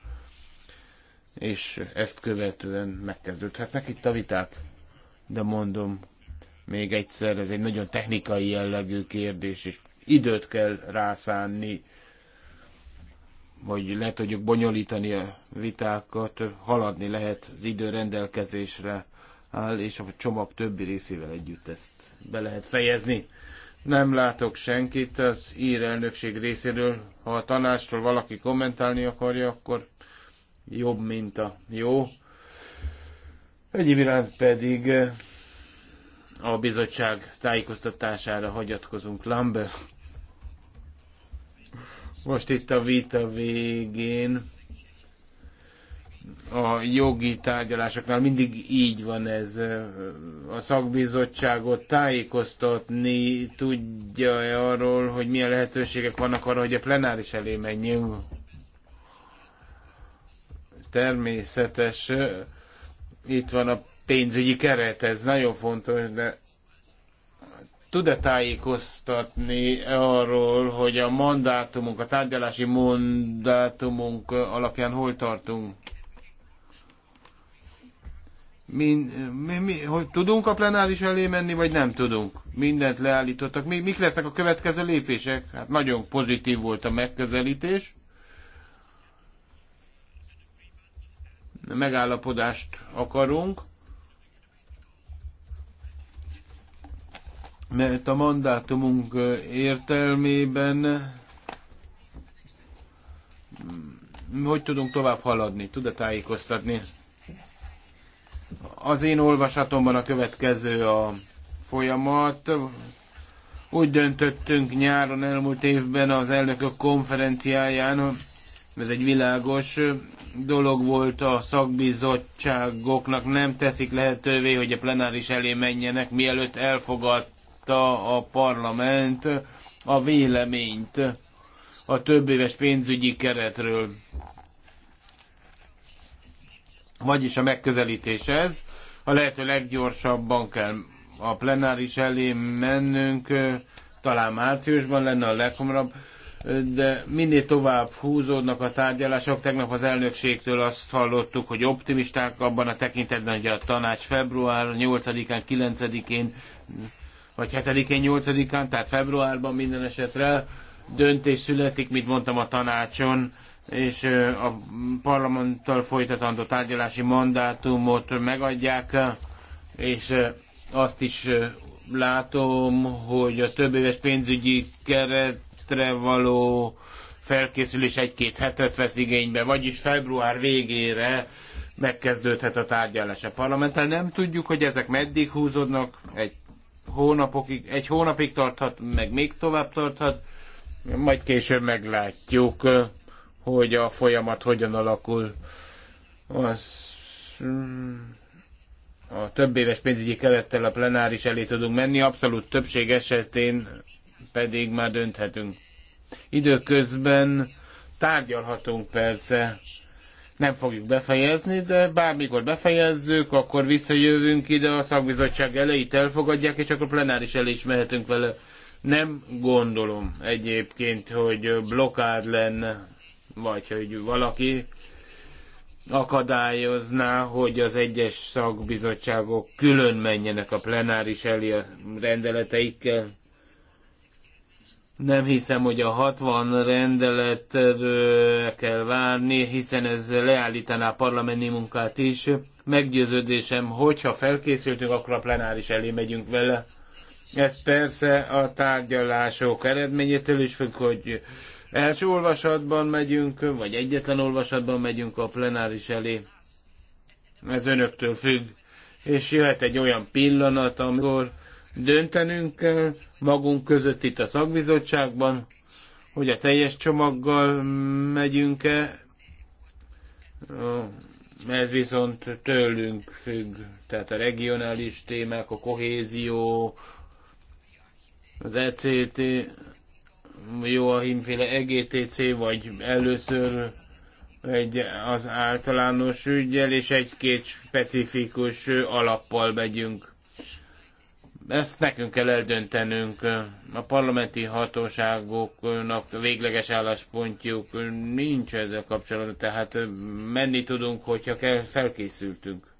és ezt követően megkezdődhetnek itt a viták de mondom még egyszer, ez egy nagyon technikai jellegű kérdés, és időt kell rászánni, vagy le tudjuk bonyolítani a vitákat, haladni lehet az idő rendelkezésre áll, és a csomag többi részével együtt ezt be lehet fejezni. Nem látok senkit az ír elnökség részéről. Ha a tanástól valaki kommentálni akarja, akkor jobb, mint a jó. Egyéb iránt pedig eh, a bizottság tájékoztatására hagyatkozunk. Lambert. Most itt a vita végén a jogi tárgyalásoknál mindig így van ez. A szakbizottságot tájékoztatni tudja -e arról, hogy milyen lehetőségek vannak arra, hogy a plenáris elé menjünk. Természetes itt van a pénzügyi keret, ez nagyon fontos, de tud-e tájékoztatni arról, hogy a mandátumunk, a tárgyalási mandátumunk alapján hol tartunk? Mi, mi, mi, hogy tudunk a plenáris elé menni, vagy nem tudunk? Mindent leállítottak. Mi, mik lesznek a következő lépések? Hát nagyon pozitív volt a megközelítés. megállapodást akarunk, mert a mandátumunk értelmében mm, hogy tudunk tovább haladni, tud-e tájékoztatni? Az én olvasatomban a következő a folyamat. Úgy döntöttünk nyáron elmúlt évben az elnökök konferenciáján, ez egy világos dolog volt a szakbizottságoknak, nem teszik lehetővé, hogy a plenáris elé menjenek, mielőtt elfogadta a parlament a véleményt a több éves pénzügyi keretről. Vagyis a megközelítés ez, a lehető leggyorsabban kell a plenáris elé mennünk, talán márciusban lenne a leghamarabb, de minél tovább húzódnak a tárgyalások. Tegnap az elnökségtől azt hallottuk, hogy optimisták abban a tekintetben, hogy a tanács február 8-án, 9-én, vagy 7-én, 8-án, tehát februárban minden esetre döntés születik, mint mondtam a tanácson, és a parlamenttal folytatandó tárgyalási mandátumot megadják, és azt is látom, hogy a több éves pénzügyi keret projektre való felkészülés egy-két hetet vesz igénybe, vagyis február végére megkezdődhet a tárgyalás a parlamenttel. Nem tudjuk, hogy ezek meddig húzódnak, egy hónapokig, egy hónapig tarthat, meg még tovább tarthat, majd később meglátjuk, hogy a folyamat hogyan alakul. Az, a több éves pénzügyi kerettel a plenáris elé tudunk menni, abszolút többség esetén pedig már dönthetünk. Időközben tárgyalhatunk persze, nem fogjuk befejezni, de bármikor befejezzük, akkor visszajövünk ide, a szakbizottság elejét elfogadják, és akkor plenáris elé is mehetünk vele. Nem gondolom egyébként, hogy blokád lenne, vagy hogy valaki akadályozná, hogy az egyes szakbizottságok külön menjenek a plenáris elé a rendeleteikkel. Nem hiszem, hogy a 60 rendeletről kell várni, hiszen ez leállítaná a parlamenti munkát is. Meggyőződésem, hogyha felkészültünk, akkor a plenáris elé megyünk vele. Ez persze a tárgyalások eredményétől is függ, hogy első olvasatban megyünk, vagy egyetlen olvasatban megyünk a plenáris elé. Ez önöktől függ. És jöhet egy olyan pillanat, amikor döntenünk kell, magunk között itt a szakbizottságban, hogy a teljes csomaggal megyünk-e, ez viszont tőlünk függ, tehát a regionális témák, a kohézió, az ECT, jó a himféle EGTC, vagy először egy az általános ügyel, és egy-két specifikus alappal megyünk ezt nekünk kell eldöntenünk. A parlamenti hatóságoknak végleges álláspontjuk nincs ezzel kapcsolatban, tehát menni tudunk, hogyha kell, felkészültünk.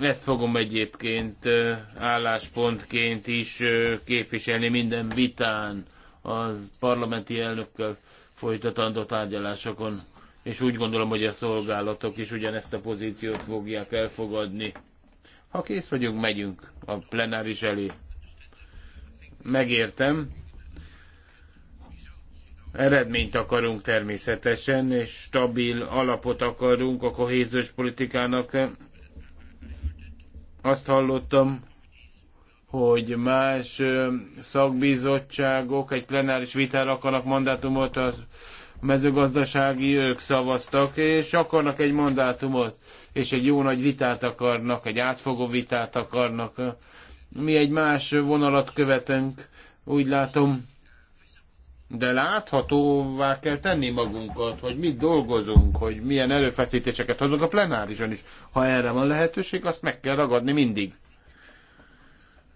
Ezt fogom egyébként álláspontként is képviselni minden vitán a parlamenti elnökkel folytatandó tárgyalásokon és úgy gondolom, hogy a szolgálatok is ugyanezt a pozíciót fogják elfogadni. Ha kész vagyunk, megyünk a plenáris elé. Megértem. Eredményt akarunk természetesen, és stabil alapot akarunk a kohéziós politikának. Azt hallottam, hogy más szakbizottságok egy plenáris vitára akarnak mandátumot a mezőgazdasági ők szavaztak, és akarnak egy mandátumot, és egy jó nagy vitát akarnak, egy átfogó vitát akarnak. Mi egy más vonalat követünk, úgy látom, de láthatóvá kell tenni magunkat, hogy mit dolgozunk, hogy milyen előfeszítéseket hozunk a plenárison is. Ha erre van lehetőség, azt meg kell ragadni mindig.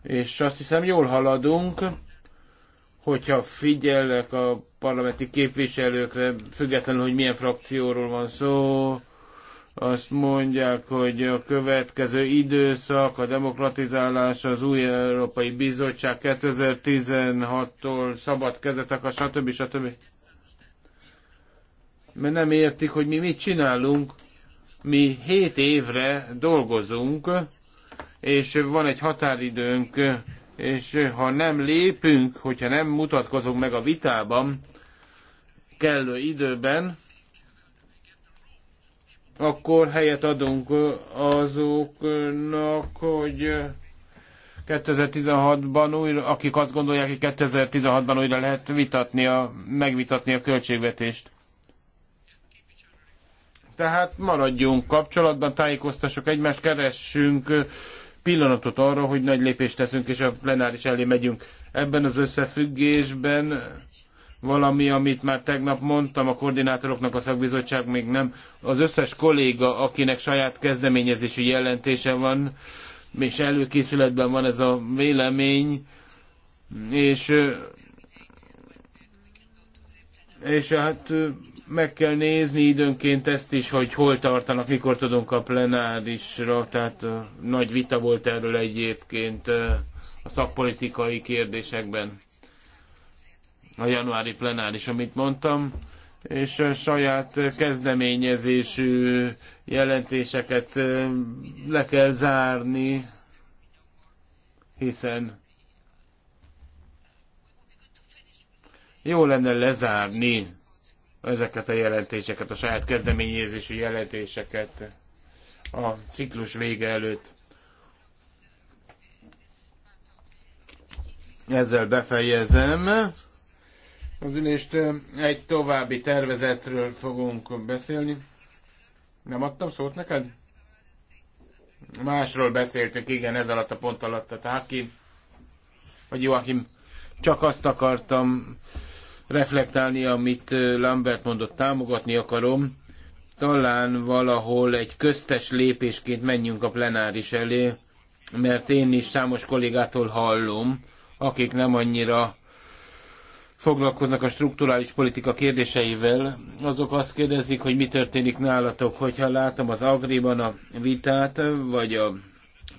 És azt hiszem jól haladunk hogyha figyelnek a parlamenti képviselőkre, függetlenül, hogy milyen frakcióról van szó, azt mondják, hogy a következő időszak, a demokratizálás, az új Európai Bizottság 2016-tól szabad kezet akar, stb. stb. Mert nem értik, hogy mi mit csinálunk. Mi 7 évre dolgozunk, és van egy határidőnk, és eh, ha nem lépünk, hogyha nem mutatkozunk meg a vitában kellő időben, akkor helyet adunk eh, azoknak, hogy 2016-ban eh, újra, akik azt gondolják, hogy 2016-ban újra lehet vitatni a, megvitatni a költségvetést. Tehát maradjunk kapcsolatban, tájékoztassuk egymást, keressünk pillanatot arra, hogy nagy lépést teszünk, és a plenáris elé megyünk. Ebben az összefüggésben valami, amit már tegnap mondtam, a koordinátoroknak a szakbizottság még nem. Az összes kolléga, akinek saját kezdeményezésű jelentése van, és előkészületben van ez a vélemény, és és hát meg kell nézni időnként ezt is, hogy hol tartanak, mikor tudunk a plenárisra, tehát nagy vita volt erről egyébként a szakpolitikai kérdésekben a januári plenáris, amit mondtam, és a saját kezdeményezésű jelentéseket le kell zárni, hiszen jó lenne lezárni ezeket a jelentéseket, a saját kezdeményezési jelentéseket a ciklus vége előtt. Ezzel befejezem. Az ülést egy további tervezetről fogunk beszélni. Nem adtam szót neked? Másról beszéltek, igen, ez alatt a pont alatt a aki vagy Joachim, csak azt akartam reflektálni, amit Lambert mondott, támogatni akarom. Talán valahol egy köztes lépésként menjünk a plenáris elé, mert én is számos kollégától hallom, akik nem annyira foglalkoznak a strukturális politika kérdéseivel, azok azt kérdezik, hogy mi történik nálatok, hogyha látom az agriban a vitát, vagy a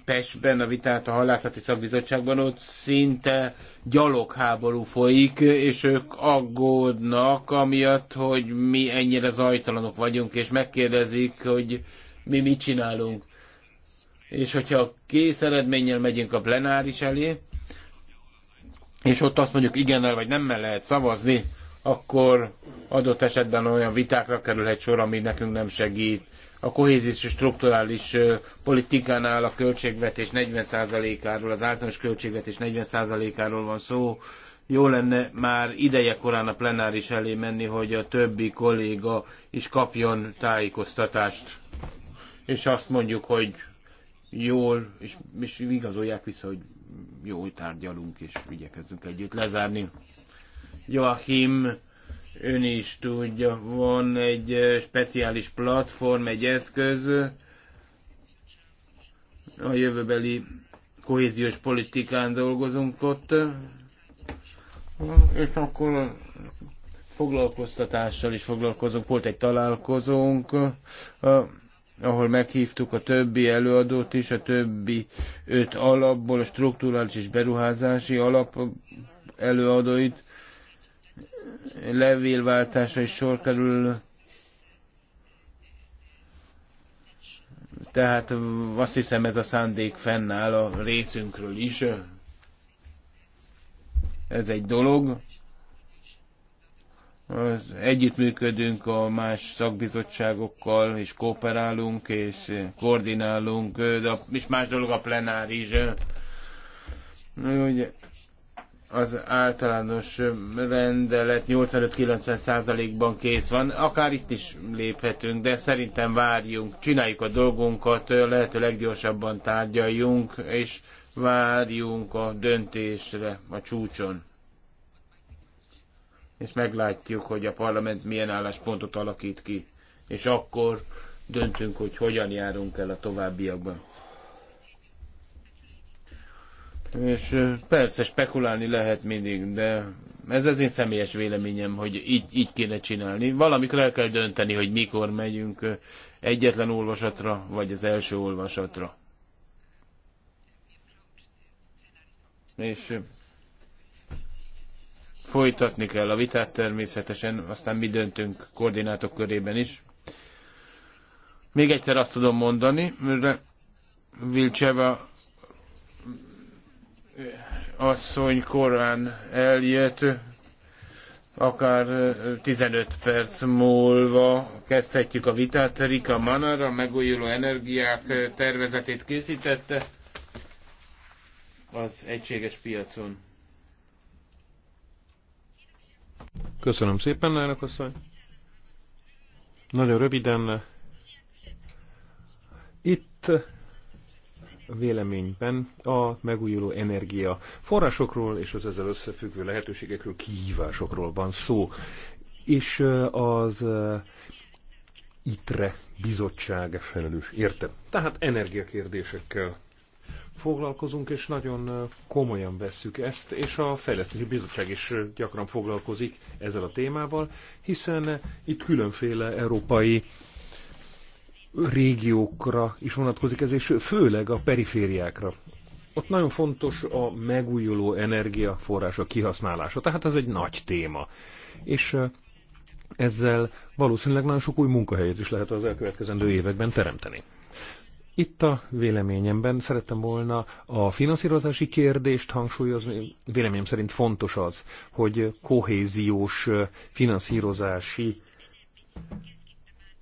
Pestben a vitát a halászati szakbizottságban, ott szinte gyalogháború folyik, és ők aggódnak amiatt, hogy mi ennyire zajtalanok vagyunk, és megkérdezik, hogy mi mit csinálunk. És hogyha kész eredménnyel megyünk a plenáris elé, és ott azt mondjuk igennel vagy nemmel lehet szavazni, akkor adott esetben olyan vitákra kerülhet sor, ami nekünk nem segít a kohéziós és strukturális politikánál a költségvetés 40%-áról, az általános költségvetés 40%-áról van szó. Jó lenne már ideje korán a plenáris elé menni, hogy a többi kolléga is kapjon tájékoztatást. És azt mondjuk, hogy jól, és, és igazolják vissza, hogy jól tárgyalunk, és igyekezzünk együtt lezárni. Joachim ön is tudja, van egy speciális platform, egy eszköz a jövőbeli kohéziós politikán dolgozunk ott, és akkor foglalkoztatással is foglalkozunk. Volt egy találkozónk, ahol meghívtuk a többi előadót is, a többi öt alapból, a strukturális és beruházási alap előadóit, levélváltásra is sor kerül. Tehát azt hiszem ez a szándék fennáll a részünkről is. Ez egy dolog. Együttműködünk a más szakbizottságokkal, és kooperálunk, és koordinálunk, de és más dolog a plenáris. Ugye, az általános rendelet 85-90%-ban kész van, akár itt is léphetünk, de szerintem várjunk, csináljuk a dolgunkat, lehető leggyorsabban tárgyaljunk, és várjunk a döntésre a csúcson. És meglátjuk, hogy a parlament milyen álláspontot alakít ki, és akkor döntünk, hogy hogyan járunk el a továbbiakban. És persze spekulálni lehet mindig, de ez az én személyes véleményem, hogy így, így kéne csinálni. Valamikor el kell dönteni, hogy mikor megyünk egyetlen olvasatra, vagy az első olvasatra. És folytatni kell a vitát természetesen, aztán mi döntünk koordinátok körében is. Még egyszer azt tudom mondani, mert Vilcseva asszony korán eljött, akár 15 perc múlva kezdhetjük a vitát. Rika Manar a megújuló energiák tervezetét készítette az egységes piacon. Köszönöm szépen, elnök asszony. Nagyon röviden. Itt véleményben a megújuló energia forrásokról és az ezzel összefüggő lehetőségekről, kihívásokról van szó. És az ITRE bizottság felelős. Értem. Tehát energiakérdésekkel foglalkozunk, és nagyon komolyan vesszük ezt, és a Fejlesztési Bizottság is gyakran foglalkozik ezzel a témával, hiszen itt különféle európai régiókra is vonatkozik ez, és főleg a perifériákra. Ott nagyon fontos a megújuló energiaforrása kihasználása, tehát ez egy nagy téma. És ezzel valószínűleg nagyon sok új munkahelyet is lehet az elkövetkezendő években teremteni. Itt a véleményemben szerettem volna a finanszírozási kérdést hangsúlyozni. Véleményem szerint fontos az, hogy kohéziós finanszírozási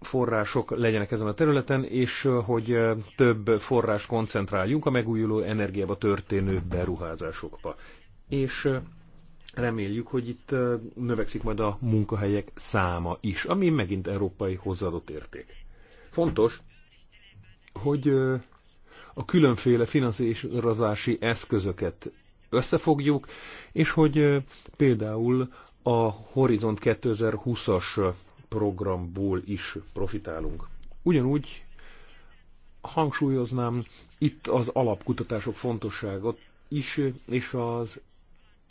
források legyenek ezen a területen, és hogy több forrás koncentráljunk a megújuló energiába történő beruházásokba. És reméljük, hogy itt növekszik majd a munkahelyek száma is, ami megint európai hozzáadott érték. Fontos, hogy a különféle finanszírozási eszközöket összefogjuk, és hogy például a Horizont 2020-as programból is profitálunk. Ugyanúgy hangsúlyoznám itt az alapkutatások fontosságot is, és az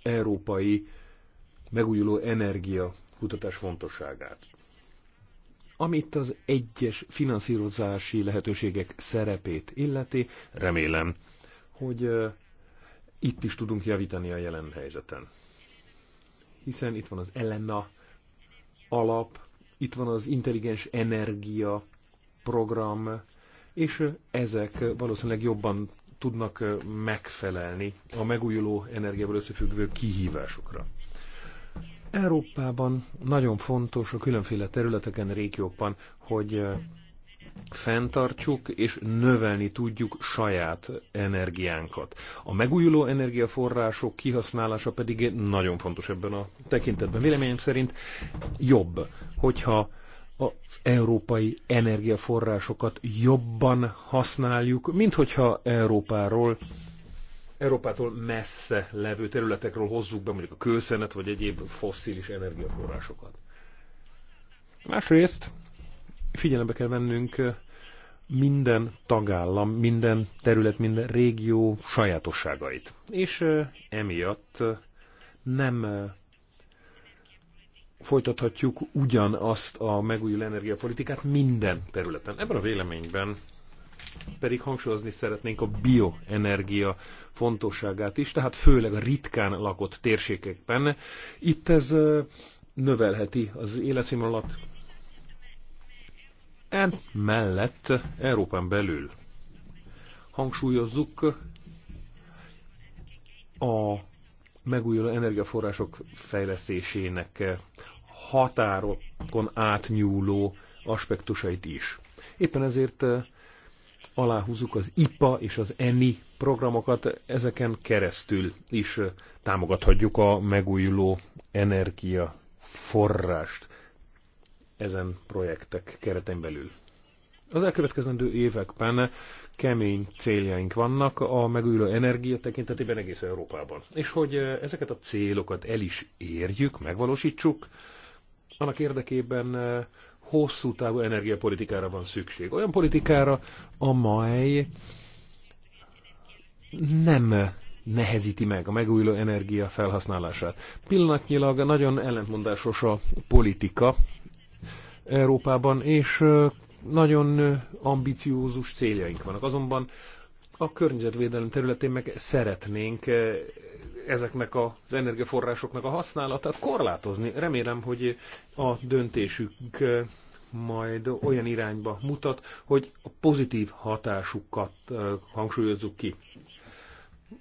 európai megújuló energia kutatás fontosságát. Amit az egyes finanszírozási lehetőségek szerepét illeti, remélem, hogy itt is tudunk javítani a jelen helyzeten. Hiszen itt van az Elena alap, itt van az intelligens energia program, és ezek valószínűleg jobban tudnak megfelelni a megújuló energiával összefüggő kihívásokra. Európában nagyon fontos a különféle területeken, régiókban, hogy fenntartsuk és növelni tudjuk saját energiánkat. A megújuló energiaforrások kihasználása pedig nagyon fontos ebben a tekintetben. Véleményem szerint jobb, hogyha az európai energiaforrásokat jobban használjuk, mint hogyha Európáról Európától messze levő területekről hozzuk be mondjuk a kőszenet vagy egyéb fosszilis energiaforrásokat. Másrészt figyelembe kell vennünk minden tagállam, minden terület, minden régió sajátosságait. És emiatt nem folytathatjuk ugyanazt a megújuló energiapolitikát minden területen. Ebben a véleményben pedig hangsúlyozni szeretnénk a bioenergia fontosságát is, tehát főleg a ritkán lakott térségekben. Itt ez növelheti az életszínvonalat, En mellett Európán belül hangsúlyozzuk a megújuló energiaforrások fejlesztésének határokon átnyúló aspektusait is. Éppen ezért eh, aláhúzuk az IPA és az ENI programokat, ezeken keresztül is eh, támogathatjuk a megújuló energiaforrást ezen projektek keretén belül. Az elkövetkezendő években kemény céljaink vannak a megújuló energia tekintetében egész Európában. És hogy eh, ezeket a célokat el is érjük, megvalósítsuk, annak érdekében eh, hosszú távú energiapolitikára van szükség. Olyan politikára, amely nem eh, nehezíti meg a megújuló energia felhasználását. Pillanatnyilag nagyon ellentmondásos a politika Európában, és nagyon ambiciózus céljaink vannak. Azonban a környezetvédelem területén meg szeretnénk ezeknek az energiaforrásoknak a használatát korlátozni. Remélem, hogy a döntésük majd olyan irányba mutat, hogy a pozitív hatásukat hangsúlyozzuk ki.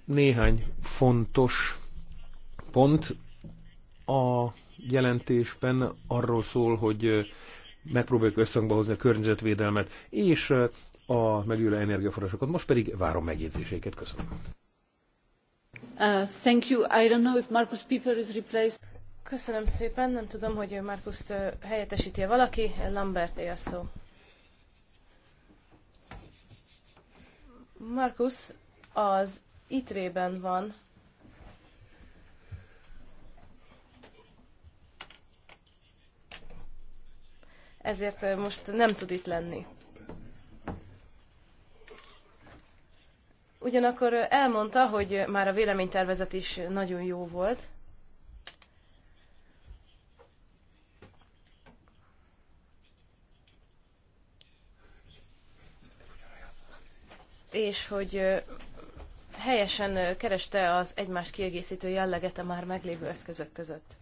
Néhány fontos pont a jelentésben arról szól, hogy megpróbáljuk összhangba hozni a környezetvédelmet és a megülő energiaforrásokat. Most pedig várom megjegyzéseiket. Köszönöm. Uh, thank you. I don't know if Markus Pieper is replaced. Köszönöm szépen. Nem tudom, hogy Markus helyettesíti -e valaki. Lambert él szó. Markus az ITRE-ben van ezért most nem tud itt lenni. Ugyanakkor elmondta, hogy már a véleménytervezet is nagyon jó volt. És hogy helyesen kereste az egymás kiegészítő jelleget a már meglévő eszközök között.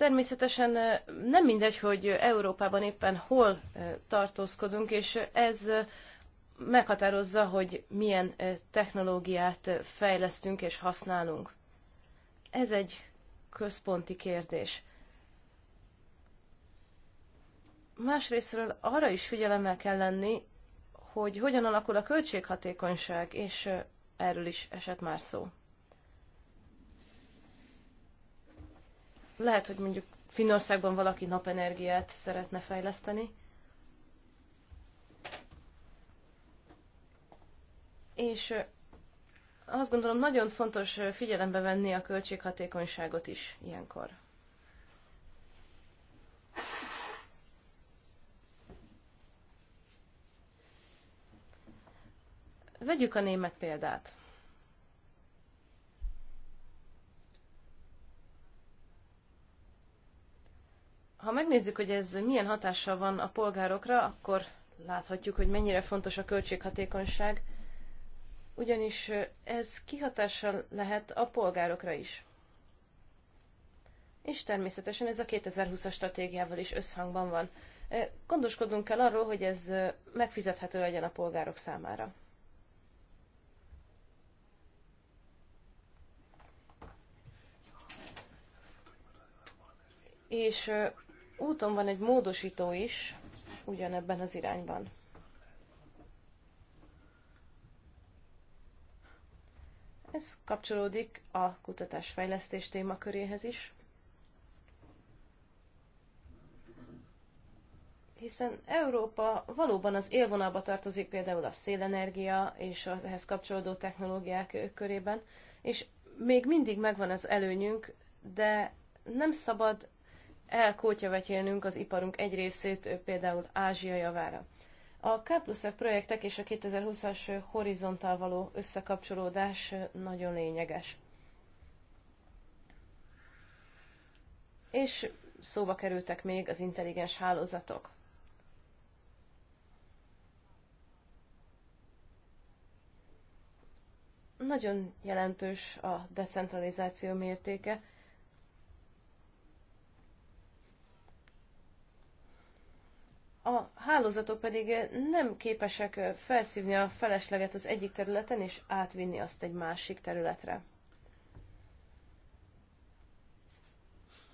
Természetesen nem mindegy, hogy Európában éppen hol tartózkodunk, és ez meghatározza, hogy milyen technológiát fejlesztünk és használunk. Ez egy központi kérdés. Másrésztről arra is figyelemmel kell lenni, hogy hogyan alakul a költséghatékonyság, és erről is esett már szó. lehet, hogy mondjuk Finnországban valaki napenergiát szeretne fejleszteni, és azt gondolom nagyon fontos figyelembe venni a költséghatékonyságot is ilyenkor. Vegyük a német példát. Ha megnézzük, hogy ez milyen hatással van a polgárokra, akkor láthatjuk, hogy mennyire fontos a költséghatékonyság, ugyanis ez kihatással lehet a polgárokra is. És természetesen ez a 2020-as stratégiával is összhangban van. Gondoskodnunk kell arról, hogy ez megfizethető legyen a polgárok számára. És úton van egy módosító is, ugyanebben az irányban. Ez kapcsolódik a kutatásfejlesztés témaköréhez is, hiszen Európa valóban az élvonalba tartozik például a szélenergia és az ehhez kapcsolódó technológiák körében, és még mindig megvan az előnyünk, de nem szabad el az iparunk egy részét például Ázsia javára. A K plusz F projektek és a 2020-as horizontal való összekapcsolódás nagyon lényeges. És szóba kerültek még az intelligens hálózatok. Nagyon jelentős a decentralizáció mértéke, hálózatok pedig nem képesek felszívni a felesleget az egyik területen és átvinni azt egy másik területre.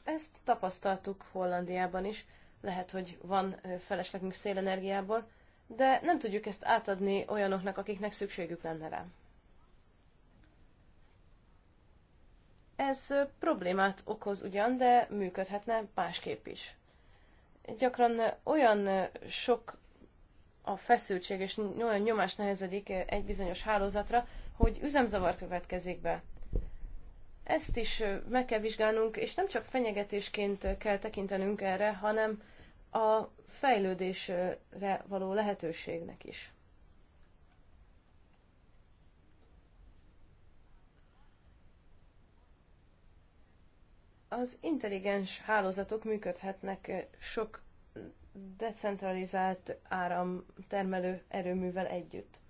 Ezt tapasztaltuk Hollandiában is. Lehet, hogy van feleslegünk szélenergiából, de nem tudjuk ezt átadni olyanoknak, akiknek szükségük lenne rá. Ez problémát okoz ugyan, de működhetne másképp is gyakran olyan sok a feszültség és olyan nyomás nehezedik egy bizonyos hálózatra, hogy üzemzavar következik be. Ezt is meg kell vizsgálnunk, és nem csak fenyegetésként kell tekintenünk erre, hanem a fejlődésre való lehetőségnek is. Az intelligens hálózatok működhetnek eh, sok decentralizált áramtermelő erőművel együtt.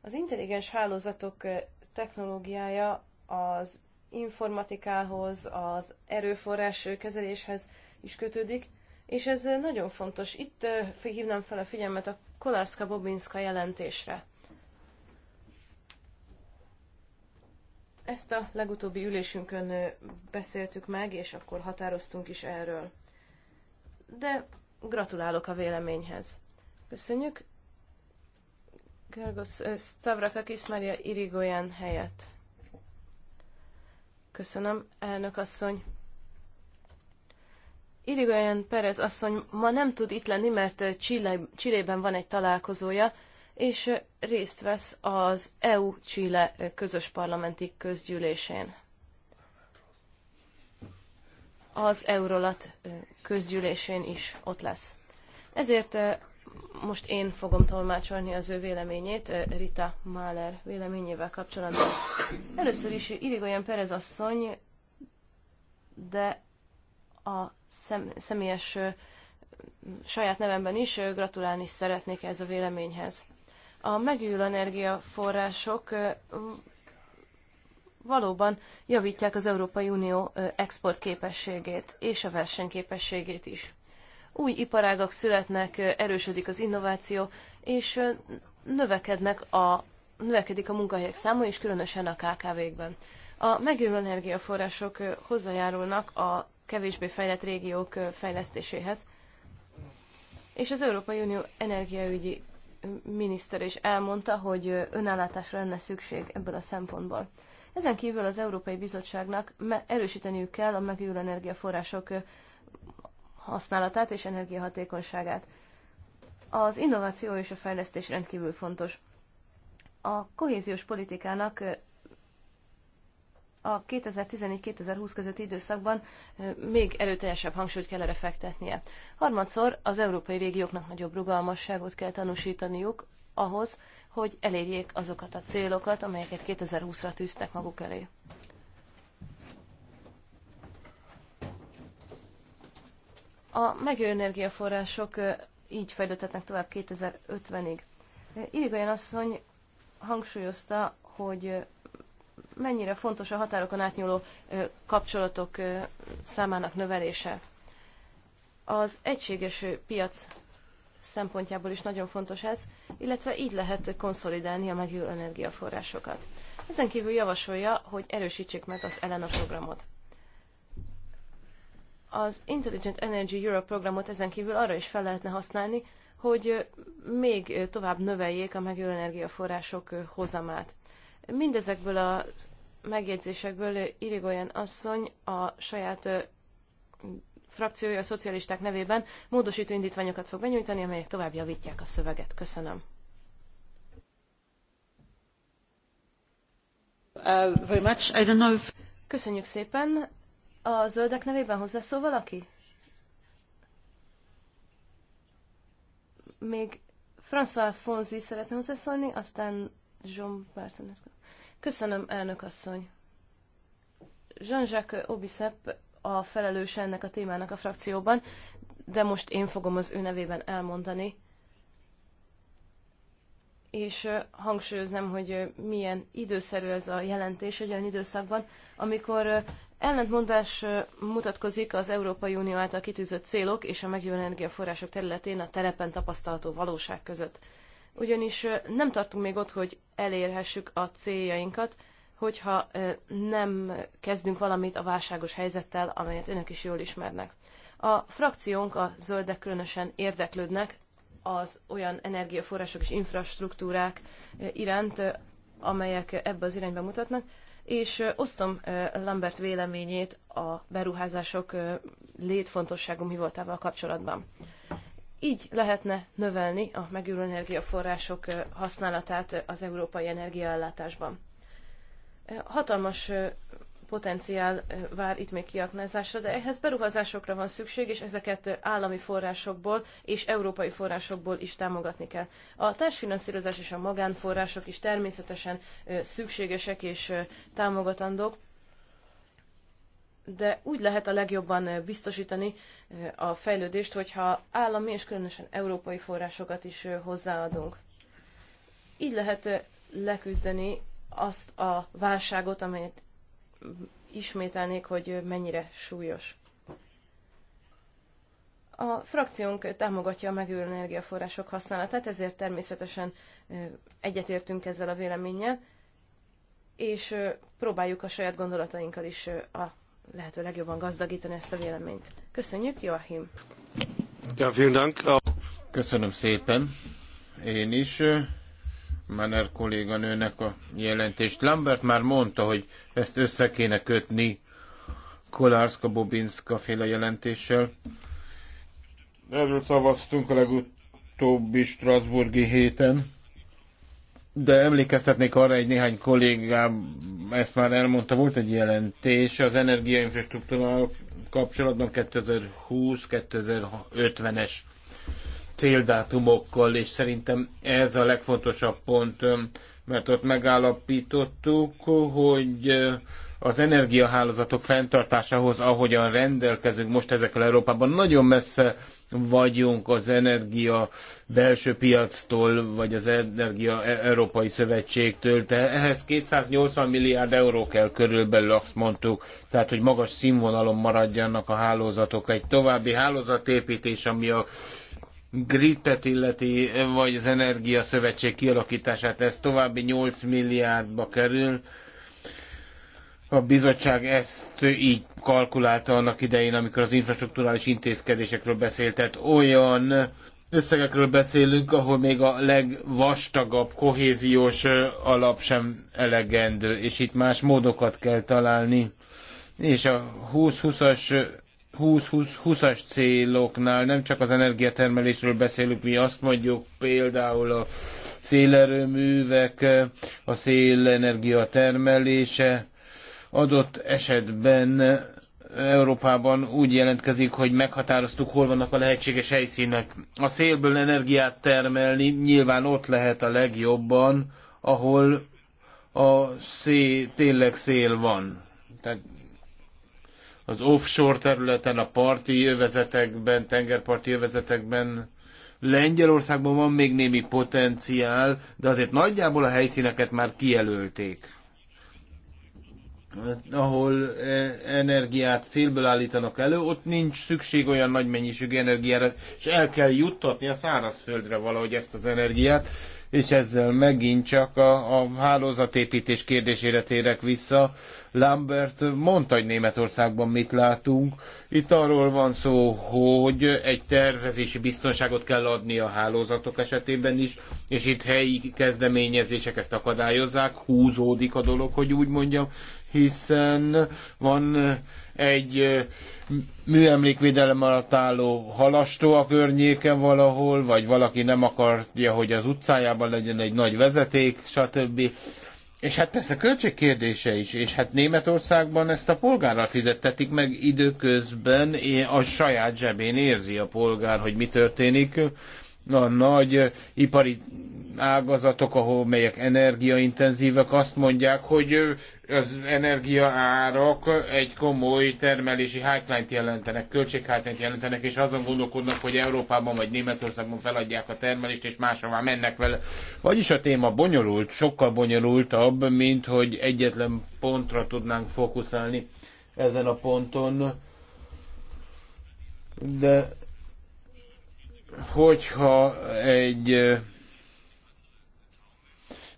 Az intelligens hálózatok eh, technológiája az informatikához, az erőforrás kezeléshez is kötődik, és ez eh, nagyon fontos. Itt hívnám fel a figyelmet a Kolarska-Bobinska jelentésre. Ezt a legutóbbi ülésünkön beszéltük meg, és akkor határoztunk is erről. De gratulálok a véleményhez. Köszönjük. Gergos Stavrakakis Maria Irigoyen helyett. Köszönöm, elnök asszony. Irigoyen Perez asszony ma nem tud itt lenni, mert Csillében van egy találkozója, és részt vesz az EU-Chile közös parlamenti közgyűlésén. Az Eurolat közgyűlésén is ott lesz. Ezért most én fogom tolmácsolni az ő véleményét, Rita Mahler véleményével kapcsolatban. Először is Irigoyen Perez asszony, de a szem, személyes saját nevemben is gratulálni szeretnék ez a véleményhez a megújuló energiaforrások valóban javítják az Európai Unió export képességét és a versenyképességét is. Új iparágak születnek, erősödik az innováció, és növekednek a, növekedik a munkahelyek száma, és különösen a KKV-kben. A megújuló energiaforrások hozzájárulnak a kevésbé fejlett régiók fejlesztéséhez, és az Európai Unió energiaügyi miniszter is elmondta, hogy önállátásra lenne szükség ebből a szempontból. Ezen kívül az Európai Bizottságnak erősíteniük kell a megújuló energiaforrások használatát és energiahatékonyságát. Az innováció és a fejlesztés rendkívül fontos. A kohéziós politikának a 2014-2020 közötti időszakban még erőteljesebb hangsúlyt kell erre fektetnie. Harmadszor az európai régióknak nagyobb rugalmasságot kell tanúsítaniuk ahhoz, hogy elérjék azokat a célokat, amelyeket 2020-ra tűztek maguk elé. A megőr energiaforrások így fejlődhetnek tovább 2050-ig. Irigoyen asszony hangsúlyozta, hogy mennyire fontos a határokon átnyúló kapcsolatok számának növelése. Az egységes piac szempontjából is nagyon fontos ez, illetve így lehet konszolidálni a megújuló energiaforrásokat. Ezen kívül javasolja, hogy erősítsék meg az Elena programot. Az Intelligent Energy Europe programot ezen kívül arra is fel lehetne használni, hogy még tovább növeljék a megújuló energiaforrások hozamát. Mindezekből a megjegyzésekből Irigoyen asszony a saját frakciója a szocialisták nevében módosító indítványokat fog benyújtani, amelyek tovább javítják a szöveget. Köszönöm. Uh, very much. I don't know if... Köszönjük szépen. A zöldek nevében hozzászól valaki? Még François Fonzi szeretne hozzászólni, aztán Jean Bartonescu. Köszönöm, elnök asszony. Jean-Jacques Obisep a felelős ennek a témának a frakcióban, de most én fogom az ő nevében elmondani. És hangsúlyoznám, hogy milyen időszerű ez a jelentés egy olyan időszakban, amikor ellentmondás mutatkozik az Európai Unió által kitűzött célok és a megújuló energiaforrások területén a terepen tapasztalható valóság között ugyanis nem tartunk még ott, hogy elérhessük a céljainkat, hogyha nem kezdünk valamit a válságos helyzettel, amelyet önök is jól ismernek. A frakciónk, a zöldek különösen érdeklődnek az olyan energiaforrások és infrastruktúrák iránt, amelyek ebbe az irányba mutatnak, és osztom Lambert véleményét a beruházások létfontosságú mi voltával kapcsolatban. Így lehetne növelni a megújuló energiaforrások használatát az európai energiaellátásban. Hatalmas potenciál vár itt még kiaknázásra, de ehhez beruházásokra van szükség, és ezeket állami forrásokból és európai forrásokból is támogatni kell. A társfinanszírozás és a magánforrások is természetesen szükségesek és támogatandók, de úgy lehet a legjobban biztosítani a fejlődést, hogyha állami és különösen európai forrásokat is hozzáadunk. Így lehet leküzdeni azt a válságot, amelyet ismételnék, hogy mennyire súlyos. A frakciónk támogatja a megújuló energiaforrások használatát, ezért természetesen egyetértünk ezzel a véleménnyel, és próbáljuk a saját gondolatainkkal is a lehető legjobban gazdagítani ezt a véleményt. Köszönjük, Joachim! Ja, vielen Dank. Köszönöm szépen. Én is Manner kolléganőnek a jelentést. Lambert már mondta, hogy ezt össze kéne kötni Kolárszka-Bobinska féle jelentéssel. Erről szavaztunk a legutóbbi Strasburgi héten de emlékeztetnék arra, egy néhány kollégám ezt már elmondta, volt egy jelentés az energiainfrastruktúra kapcsolatban 2020-2050-es céldátumokkal, és szerintem ez a legfontosabb pont, mert ott megállapítottuk, hogy az energiahálózatok fenntartásához, ahogyan rendelkezünk most ezekkel Európában, nagyon messze vagyunk az energia belső piactól, vagy az Energia e- Európai Szövetségtől. De ehhez 280 milliárd euró kell körülbelül, azt mondtuk, tehát hogy magas színvonalon maradjanak a hálózatok. Egy további hálózatépítés, ami a gridet illeti, vagy az Energia Szövetség kialakítását, ez további 8 milliárdba kerül a bizottság ezt így kalkulálta annak idején, amikor az infrastruktúrális intézkedésekről beszélt. Tehát olyan összegekről beszélünk, ahol még a legvastagabb kohéziós alap sem elegendő, és itt más módokat kell találni. És a 20-20-as 20-20-as céloknál nem csak az energiatermelésről beszélünk, mi azt mondjuk például a szélerőművek, a szélenergia termelése, Adott esetben Európában úgy jelentkezik, hogy meghatároztuk, hol vannak a lehetséges helyszínek. A szélből energiát termelni nyilván ott lehet a legjobban, ahol a szél, tényleg szél van. Tehát az offshore területen, a parti övezetekben, tengerparti övezetekben, Lengyelországban van még némi potenciál, de azért nagyjából a helyszíneket már kijelölték ahol eh, energiát célből állítanak elő, ott nincs szükség olyan nagy mennyiségű energiára, és el kell juttatni a szárazföldre valahogy ezt az energiát, és ezzel megint csak a, a hálózatépítés kérdésére térek vissza. Lambert mondta, hogy Németországban mit látunk. Itt arról van szó, hogy egy tervezési biztonságot kell adni a hálózatok esetében is, és itt helyi kezdeményezések ezt akadályozzák, húzódik a dolog, hogy úgy mondjam, hiszen van eh, egy eh, műemlékvédelem alatt álló halastó a környéken valahol, vagy valaki nem akarja, hogy az utcájában legyen egy nagy vezeték, stb. És hát persze költség kérdése is, és hát Németországban ezt a polgárral fizettetik meg időközben, a saját zsebén érzi a polgár, hogy mi történik a nagy eh, ipari ágazatok, ahol melyek energiaintenzívek, azt mondják, hogy eh, az energiaárak egy komoly termelési hátrányt jelentenek, költséghátrányt jelentenek, és azon gondolkodnak, hogy Európában vagy Németországban feladják a termelést, és máshová mennek vele. Vagyis a téma bonyolult, sokkal bonyolultabb, mint hogy egyetlen pontra tudnánk fókuszálni ezen a ponton. De hogyha egy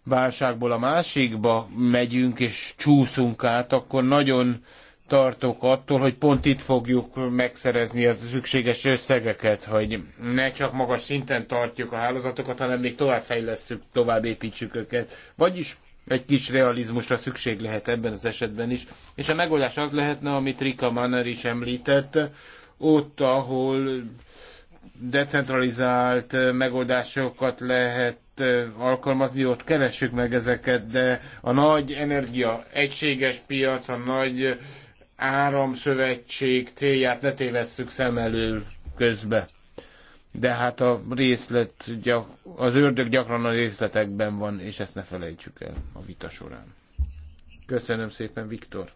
válságból a másikba megyünk és csúszunk át, akkor nagyon tartok attól, hogy pont itt fogjuk megszerezni az szükséges összegeket, hogy ne csak magas szinten tartjuk a hálózatokat, hanem még tovább fejlesszük, tovább építsük őket. Vagyis egy kis realizmusra szükség lehet ebben az esetben is. És a megoldás az lehetne, amit Rika Manner is említett, ott, ahol decentralizált megoldásokat lehet alkalmazni, ott keressük meg ezeket, de a nagy energia egységes piac, a nagy áramszövetség célját ne tévesszük szem elől közbe. De hát a részlet, az ördög gyakran a részletekben van, és ezt ne felejtsük el a vita során. Köszönöm szépen, Viktor.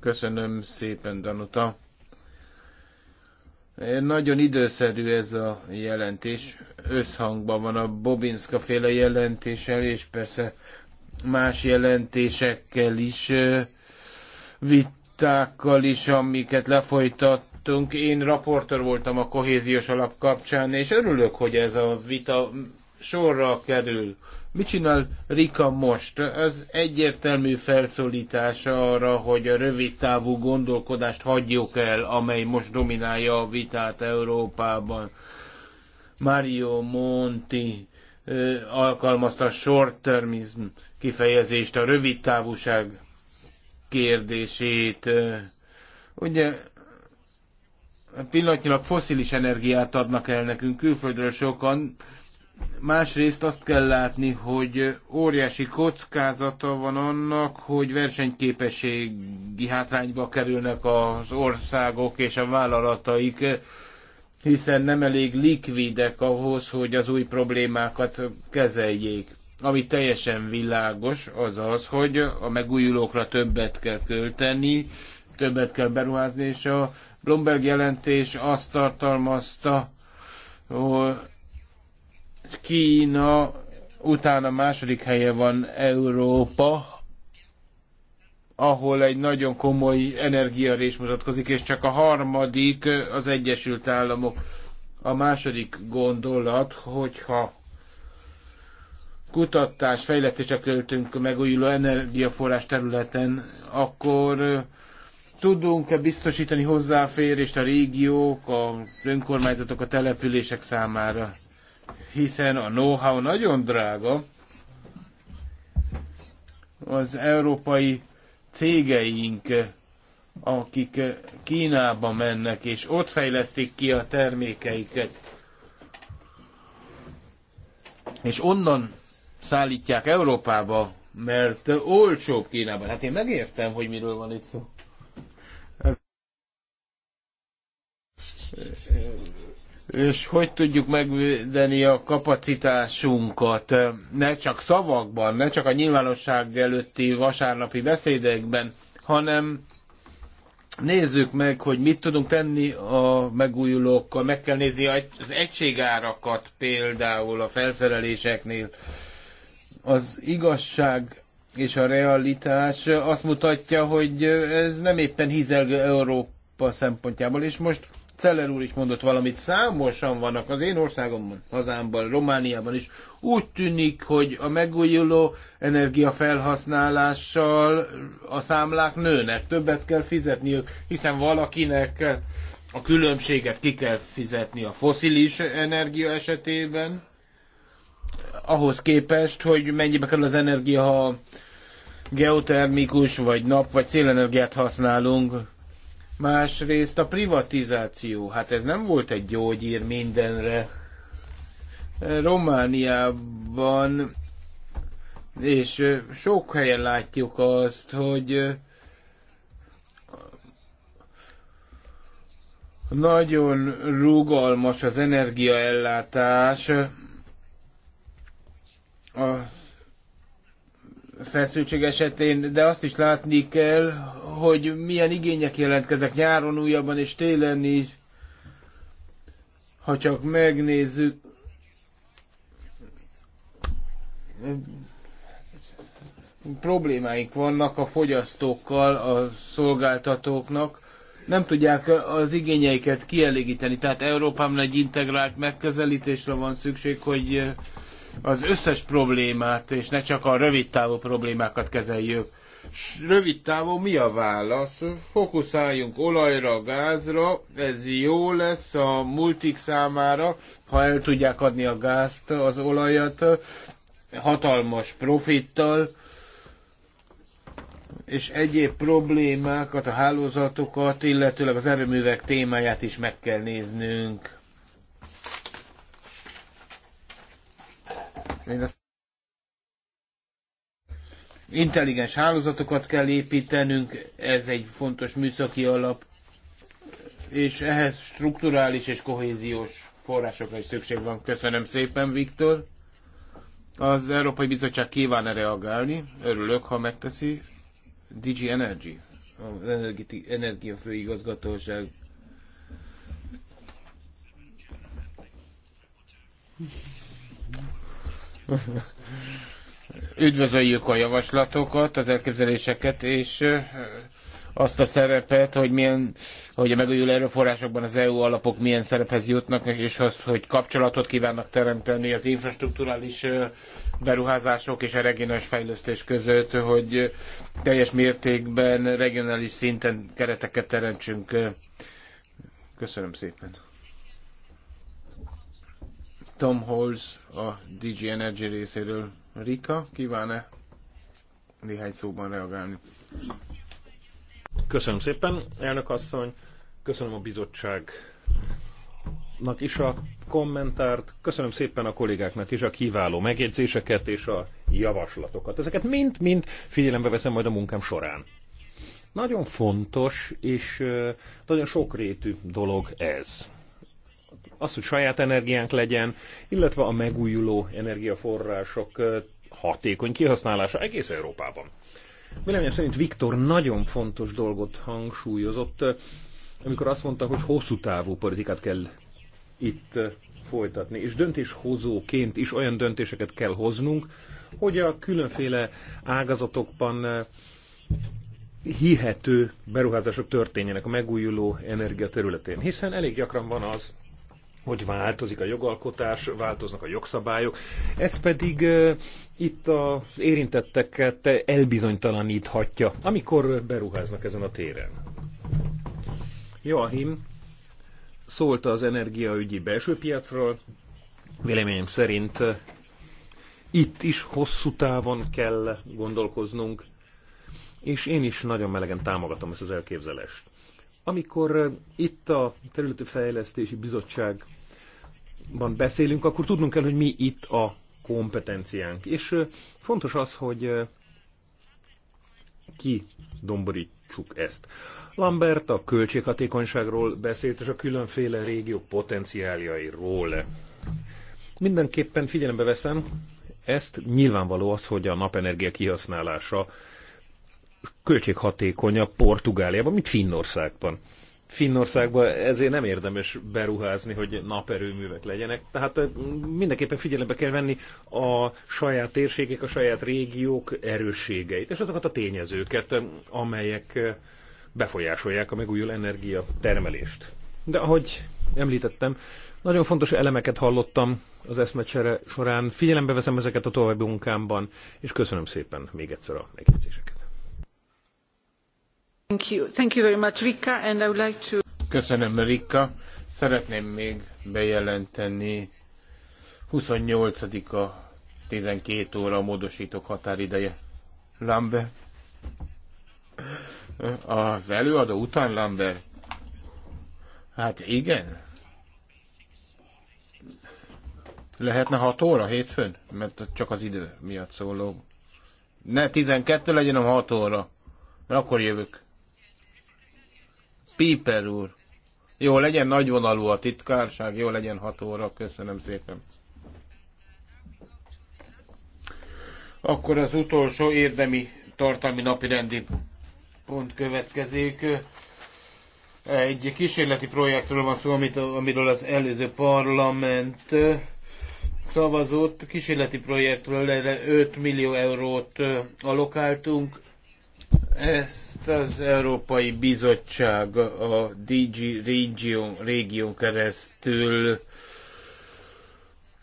Köszönöm szépen, Danuta. Nagyon időszerű ez a jelentés, összhangban van a Bobinska féle jelentéssel, és persze más jelentésekkel is, vitákkal is, amiket lefolytattunk. Én raportőr voltam a kohéziós alap kapcsán, és örülök, hogy ez a vita sorra kerül. Mit csinál Rika most? Ez egyértelmű felszólítása arra, hogy a rövid távú gondolkodást hagyjuk el, amely most dominálja a vitát Európában. Mario Monti alkalmazta a short-termism kifejezést, a rövid távúság kérdését. Ugye pillanatnyilag foszilis energiát adnak el nekünk külföldről sokan, Másrészt azt kell látni, hogy óriási kockázata van annak, hogy versenyképességi hátrányba kerülnek az országok és a vállalataik, hiszen nem elég likvidek ahhoz, hogy az új problémákat kezeljék. Ami teljesen világos, az az, hogy a megújulókra többet kell költeni, többet kell beruházni, és a Bloomberg jelentés azt tartalmazta, Kína, utána második helye van Európa, ahol egy nagyon komoly energiarés mutatkozik, és csak a harmadik az Egyesült Államok. A második gondolat, hogyha kutatás, fejlesztésre költünk megújuló energiaforrás területen, akkor tudunk-e biztosítani hozzáférést a régiók, a önkormányzatok, a települések számára? hiszen a know-how nagyon drága. Az európai cégeink, akik Kínába mennek, és ott fejlesztik ki a termékeiket, és onnan szállítják Európába, mert olcsóbb Kínában. Hát én megértem, hogy miről van itt szó és hogy tudjuk megvédeni a kapacitásunkat, ne csak szavakban, ne csak a nyilvánosság előtti vasárnapi beszédekben, hanem nézzük meg, hogy mit tudunk tenni a megújulókkal, meg kell nézni az egységárakat például a felszereléseknél. Az igazság és a realitás azt mutatja, hogy ez nem éppen hizelgő Európa szempontjából, és most Celler úr is mondott valamit, számosan vannak az én országomban, hazámban, Romániában is. Úgy tűnik, hogy a megújuló energiafelhasználással a számlák nőnek, többet kell fizetniük, hiszen valakinek a különbséget ki kell fizetni a foszilis energia esetében, ahhoz képest, hogy mennyibe kerül az energia, ha geotermikus, vagy nap, vagy szélenergiát használunk Másrészt a privatizáció. Hát ez nem volt egy gyógyír mindenre. Romániában és sok helyen látjuk azt, hogy nagyon rugalmas az energiaellátás, a feszültség esetén, de azt is látni kell, hogy milyen igények jelentkeznek nyáron újabban és télen is. Ha csak megnézzük, problémáik vannak a fogyasztókkal, a szolgáltatóknak, nem tudják az igényeiket kielégíteni. Tehát Európában egy integrált megközelítésre van szükség, hogy az összes problémát, és ne csak a rövid távú problémákat kezeljük. Rövid távú mi a válasz? Fokuszáljunk olajra, gázra, ez jó lesz a multik számára, ha el tudják adni a gázt, az olajat, hatalmas profittal, és egyéb problémákat, a hálózatokat, illetőleg az erőművek témáját is meg kell néznünk Én ezt intelligens hálózatokat kell építenünk, ez egy fontos műszaki alap, és ehhez strukturális és kohéziós forrásokra is szükség van. Köszönöm szépen, Viktor. Az Európai Bizottság kíván -e reagálni, örülök, ha megteszi. DG Energy, az Thank you. Üdvözöljük a javaslatokat, az elképzeléseket, és azt a szerepet, hogy, milyen, hogy a megújuló erőforrásokban az EU alapok milyen szerephez jutnak, és azt, hogy kapcsolatot kívánnak teremteni az infrastrukturális beruházások és a regionális fejlesztés között, hogy teljes mértékben regionális szinten kereteket teremtsünk. Köszönöm szépen. Tom Holz a DG Energy részéről. Rika, kíván-e néhány szóban reagálni? Köszönöm szépen, elnök asszony. Köszönöm a bizottságnak is a kommentárt. Köszönöm szépen a kollégáknak is a kiváló megjegyzéseket és a javaslatokat. Ezeket mind-mind figyelembe veszem majd a munkám során. Nagyon fontos és nagyon sokrétű dolog ez az, hogy saját energiánk legyen, illetve a megújuló energiaforrások hatékony kihasználása egész Európában. Véleményem szerint Viktor nagyon fontos dolgot hangsúlyozott, amikor azt mondta, hogy hosszú távú politikát kell itt folytatni, és döntéshozóként is olyan döntéseket kell hoznunk, hogy a különféle ágazatokban hihető beruházások történjenek a megújuló energia területén. Hiszen elég gyakran van az, hogy változik a jogalkotás, változnak a jogszabályok. Ez pedig itt az érintetteket elbizonytalaníthatja, amikor beruháznak ezen a téren. Joachim szólt az energiaügyi belső piacról. Véleményem szerint itt is hosszú távon kell gondolkoznunk, és én is nagyon melegen támogatom ezt az elképzelést. Amikor itt a Területi Fejlesztési Bizottságban beszélünk, akkor tudnunk kell, hogy mi itt a kompetenciánk. És fontos az, hogy ki domborítsuk ezt. Lambert a költséghatékonyságról beszélt, és a különféle régió potenciáljairól. Mindenképpen figyelembe veszem, ezt nyilvánvaló az, hogy a napenergia kihasználása költséghatékonyabb Portugáliában, mint Finnországban. Finnországban ezért nem érdemes beruházni, hogy naperőművek legyenek. Tehát mindenképpen figyelembe kell venni a saját térségek, a saját régiók erősségeit, és azokat a tényezőket, amelyek befolyásolják a megújuló energia termelést. De ahogy említettem, nagyon fontos elemeket hallottam az eszmecsere során. Figyelembe veszem ezeket a további munkámban, és köszönöm szépen még egyszer a megjegyzéseket. Köszönöm, Rika. Szeretném még bejelenteni 28-a 12 óra a módosítók határideje. Lambe. Az előadó után Lambe. Hát igen. Lehetne 6 óra hétfőn? Mert csak az idő miatt szóló. Ne 12 legyen, a 6 óra. Mert akkor jövök. Piper úr. Jó, legyen nagyvonalú a titkárság, jó, legyen hat óra, köszönöm szépen. Akkor az utolsó érdemi tartalmi rendi pont következik. Egy kísérleti projektről van szó, amit, amiről az előző parlament szavazott. Kísérleti projektről erre 5 millió eurót alokáltunk. Ez ezt az Európai Bizottság a DG Régió, régió keresztül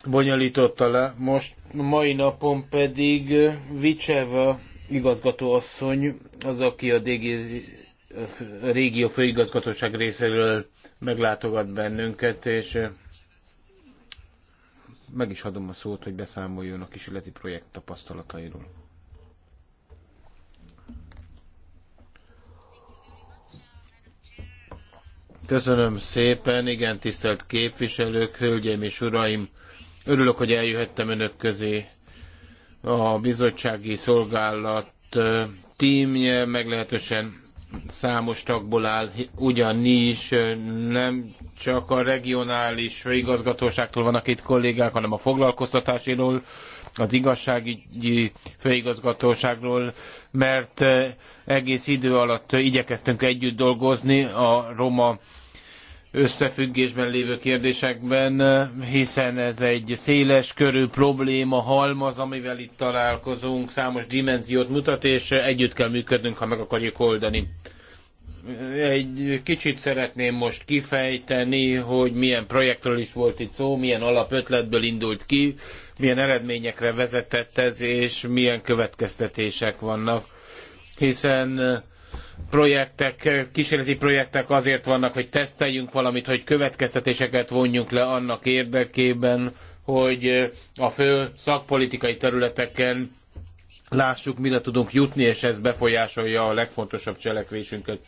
bonyolította le. Most mai napon pedig Viceva igazgatóasszony az, aki a DG régió főigazgatóság részéről meglátogat bennünket, és meg is adom a szót, hogy beszámoljon a kísérleti projekt tapasztalatairól. Köszönöm szépen, igen, tisztelt képviselők, hölgyeim és uraim! Örülök, hogy eljöhettem önök közé. A bizottsági szolgálat tímje meglehetősen számos tagból áll, ugyanis nem csak a regionális főigazgatóságtól vannak itt kollégák, hanem a foglalkoztatáséről, az igazságügyi főigazgatóságról, mert egész idő alatt igyekeztünk együtt dolgozni a roma összefüggésben lévő kérdésekben, hiszen ez egy széles körű probléma, halmaz, amivel itt találkozunk, számos dimenziót mutat, és együtt kell működnünk, ha meg akarjuk oldani. Egy kicsit szeretném most kifejteni, hogy milyen projektről is volt itt szó, milyen alapötletből indult ki, milyen eredményekre vezetett ez, és milyen következtetések vannak. Hiszen projektek, kísérleti projektek azért vannak, hogy teszteljünk valamit, hogy következtetéseket vonjunk le annak érdekében, hogy a fő szakpolitikai területeken lássuk, mire tudunk jutni, és ez befolyásolja a legfontosabb cselekvésünket.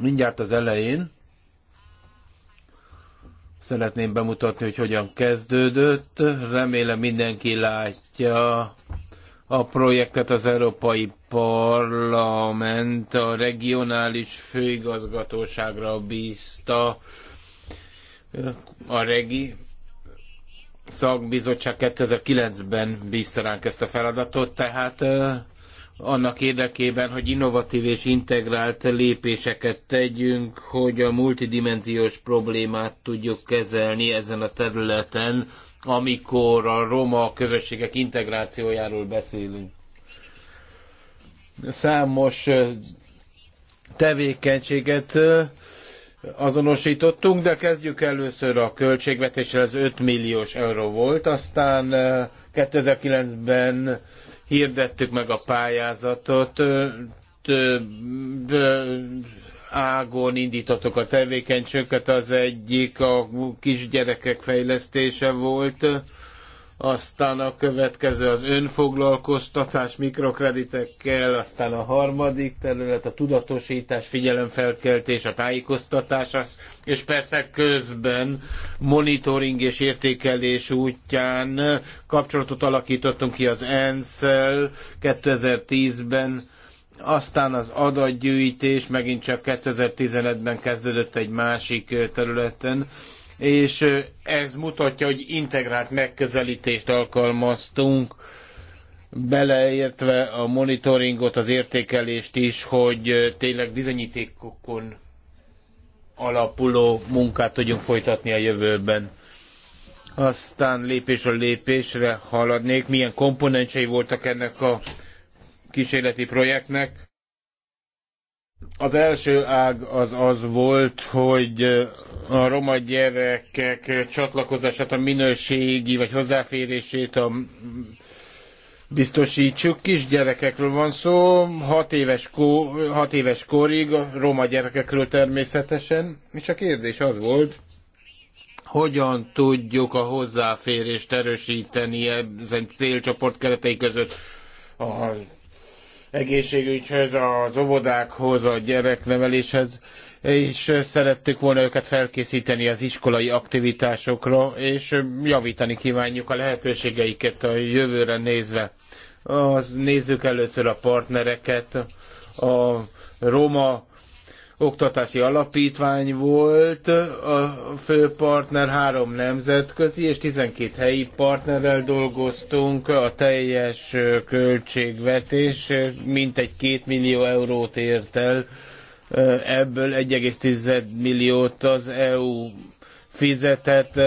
Mindjárt az elején szeretném bemutatni, hogy hogyan kezdődött. Remélem mindenki látja a projektet az Európai Parlament a regionális főigazgatóságra bízta a regi szakbizottság 2009-ben bízta ránk ezt a feladatot, tehát annak érdekében, hogy innovatív és integrált lépéseket tegyünk, hogy a multidimenziós problémát tudjuk kezelni ezen a területen, amikor a roma közösségek integrációjáról beszélünk. Számos tevékenységet azonosítottunk, de kezdjük először a költségvetéssel, az 5 milliós euró volt, aztán 2009-ben hirdettük meg a pályázatot, több ágon indítottuk a tevékenységet, az egyik a kisgyerekek fejlesztése volt, aztán a következő az önfoglalkoztatás mikrokreditekkel, aztán a harmadik terület a tudatosítás, figyelemfelkeltés, a tájékoztatás, és persze közben monitoring és értékelés útján kapcsolatot alakítottunk ki az ENSZ-el 2010-ben, aztán az adatgyűjtés megint csak 2015-ben kezdődött egy másik területen, és ez mutatja, hogy integrált megközelítést alkalmaztunk, beleértve a monitoringot, az értékelést is, hogy tényleg bizonyítékokon alapuló munkát tudjunk folytatni a jövőben. Aztán lépésről lépésre haladnék, milyen komponensei voltak ennek a kísérleti projektnek. Az első ág az az volt, hogy a roma gyerekek csatlakozását, a minőségi vagy hozzáférését a biztosítsuk. Kisgyerekekről van szó, hat éves, kó, hat éves korig, a roma gyerekekről természetesen. És a kérdés az volt, hogyan tudjuk a hozzáférést erősíteni ezen célcsoport keretei között a egészségügyhöz, az óvodákhoz, a gyerekneveléshez, és szerettük volna őket felkészíteni az iskolai aktivitásokra, és javítani kívánjuk a lehetőségeiket a jövőre nézve. Az, nézzük először a partnereket, a roma oktatási alapítvány volt, a főpartner három nemzetközi és 12 helyi partnerrel dolgoztunk, a teljes költségvetés mintegy 2 millió eurót ért el, ebből 1,1 milliót az EU fizetett.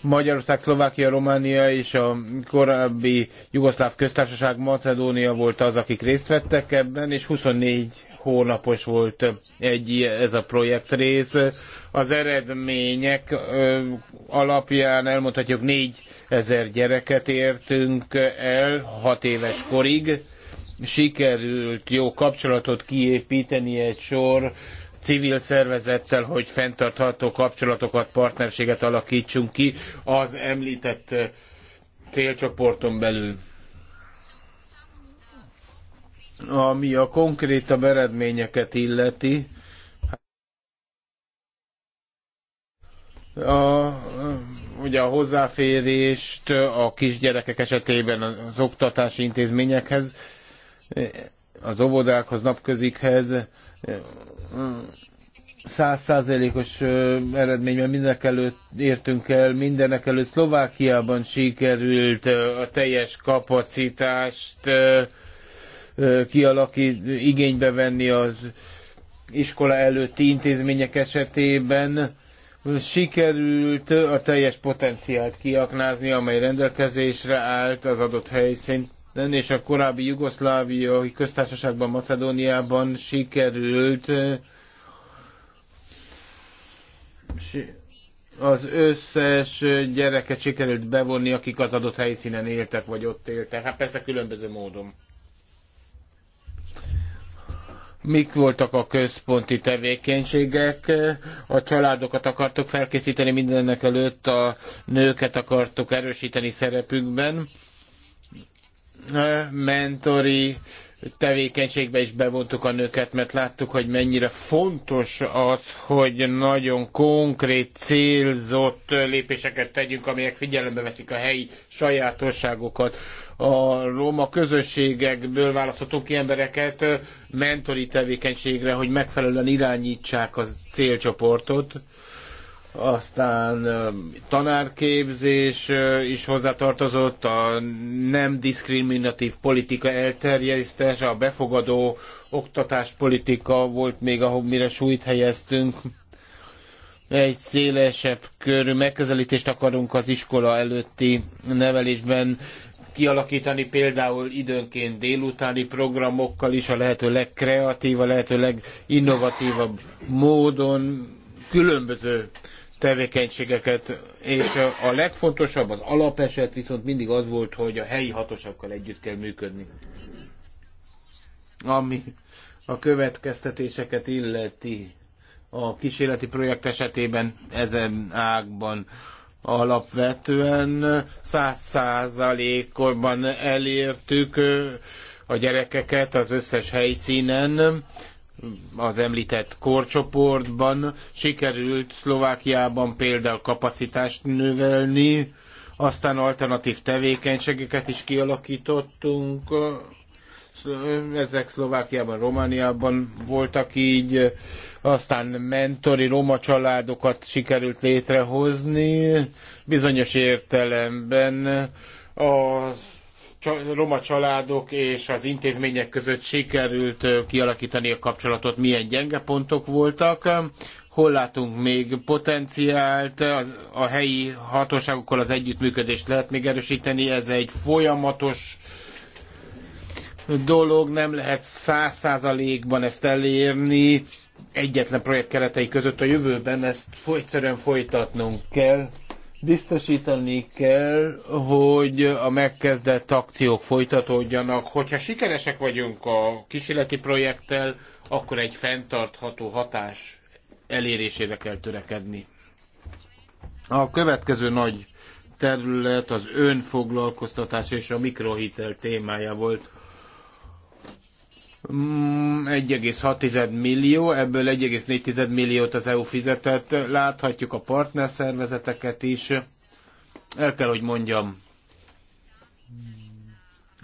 Magyarország, Szlovákia, Románia és a korábbi Jugoszláv köztársaság Macedónia volt az, akik részt vettek ebben, és 24 hónapos volt egy, ez a projektrész. Az eredmények alapján elmondhatjuk 4000 gyereket értünk el 6 éves korig. Sikerült jó kapcsolatot kiépíteni egy sor civil szervezettel, hogy fenntartható kapcsolatokat, partnerséget alakítsunk ki az említett célcsoporton belül. Ami a konkrétabb eredményeket illeti, a, ugye a hozzáférést a kisgyerekek esetében az oktatási intézményekhez, az óvodákhoz, napközikhez százszázalékos eredményben mindenek előtt értünk el, mindenek előtt Szlovákiában sikerült a teljes kapacitást kialakít, igénybe venni az iskola előtti intézmények esetében. Sikerült a teljes potenciált kiaknázni, amely rendelkezésre állt az adott helyszínt és a korábbi Jugoszláviai köztársaságban, Macedóniában sikerült az összes gyereket sikerült bevonni, akik az adott helyszínen éltek, vagy ott éltek. Hát persze különböző módon mik voltak a központi tevékenységek. A családokat akartok felkészíteni mindennek előtt, a nőket akartok erősíteni szerepükben mentori tevékenységbe is bevontuk a nőket, mert láttuk, hogy mennyire fontos az, hogy nagyon konkrét, célzott lépéseket tegyünk, amelyek figyelembe veszik a helyi sajátosságokat. A roma közösségekből választottunk ki embereket mentori tevékenységre, hogy megfelelően irányítsák a célcsoportot aztán tanárképzés is hozzátartozott, a nem diszkriminatív politika elterjesztése, a befogadó oktatáspolitika volt még, ahol mire súlyt helyeztünk. Egy szélesebb körű megközelítést akarunk az iskola előtti nevelésben kialakítani, például időnként délutáni programokkal is a lehető legkreatívabb, a lehető leginnovatívabb módon különböző tevékenységeket, és a legfontosabb, az alapeset viszont mindig az volt, hogy a helyi hatosakkal együtt kell működni. Ami a következtetéseket illeti a kísérleti projekt esetében ezen ágban alapvetően száz százalékban elértük a gyerekeket az összes helyszínen, az említett korcsoportban sikerült Szlovákiában például kapacitást növelni, aztán alternatív tevékenységeket is kialakítottunk. Ezek Szlovákiában, Romániában voltak így, aztán mentori roma családokat sikerült létrehozni, bizonyos értelemben az roma családok és az intézmények között sikerült kialakítani a kapcsolatot, milyen gyenge pontok voltak, hol látunk még potenciált, a helyi hatóságokkal az együttműködést lehet még erősíteni, ez egy folyamatos dolog, nem lehet száz százalékban ezt elérni, egyetlen projekt keretei között a jövőben ezt egyszerűen folytatnunk kell biztosítani kell, hogy a megkezdett akciók folytatódjanak. Hogyha sikeresek vagyunk a kísérleti projekttel, akkor egy fenntartható hatás elérésére kell törekedni. A következő nagy terület az önfoglalkoztatás és a mikrohitel témája volt. 1,6 mm, millió, ebből 1,4 milliót az EU fizetett. Láthatjuk a partnerszervezeteket is. El kell, hogy mondjam,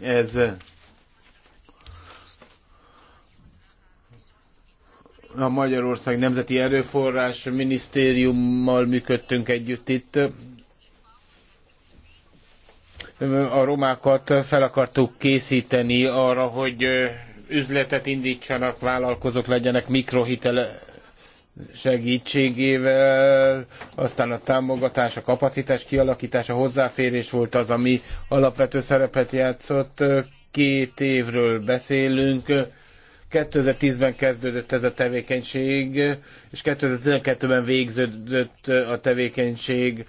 ez a Magyarország Nemzeti Erőforrás Minisztériummal működtünk együtt itt. A romákat fel akartuk készíteni arra, hogy üzletet indítsanak, vállalkozók legyenek mikrohitel segítségével, aztán a támogatás, a kapacitás kialakítása, hozzáférés volt az, ami alapvető szerepet játszott. Két évről beszélünk, 2010-ben kezdődött ez a tevékenység, és 2012-ben végződött a tevékenység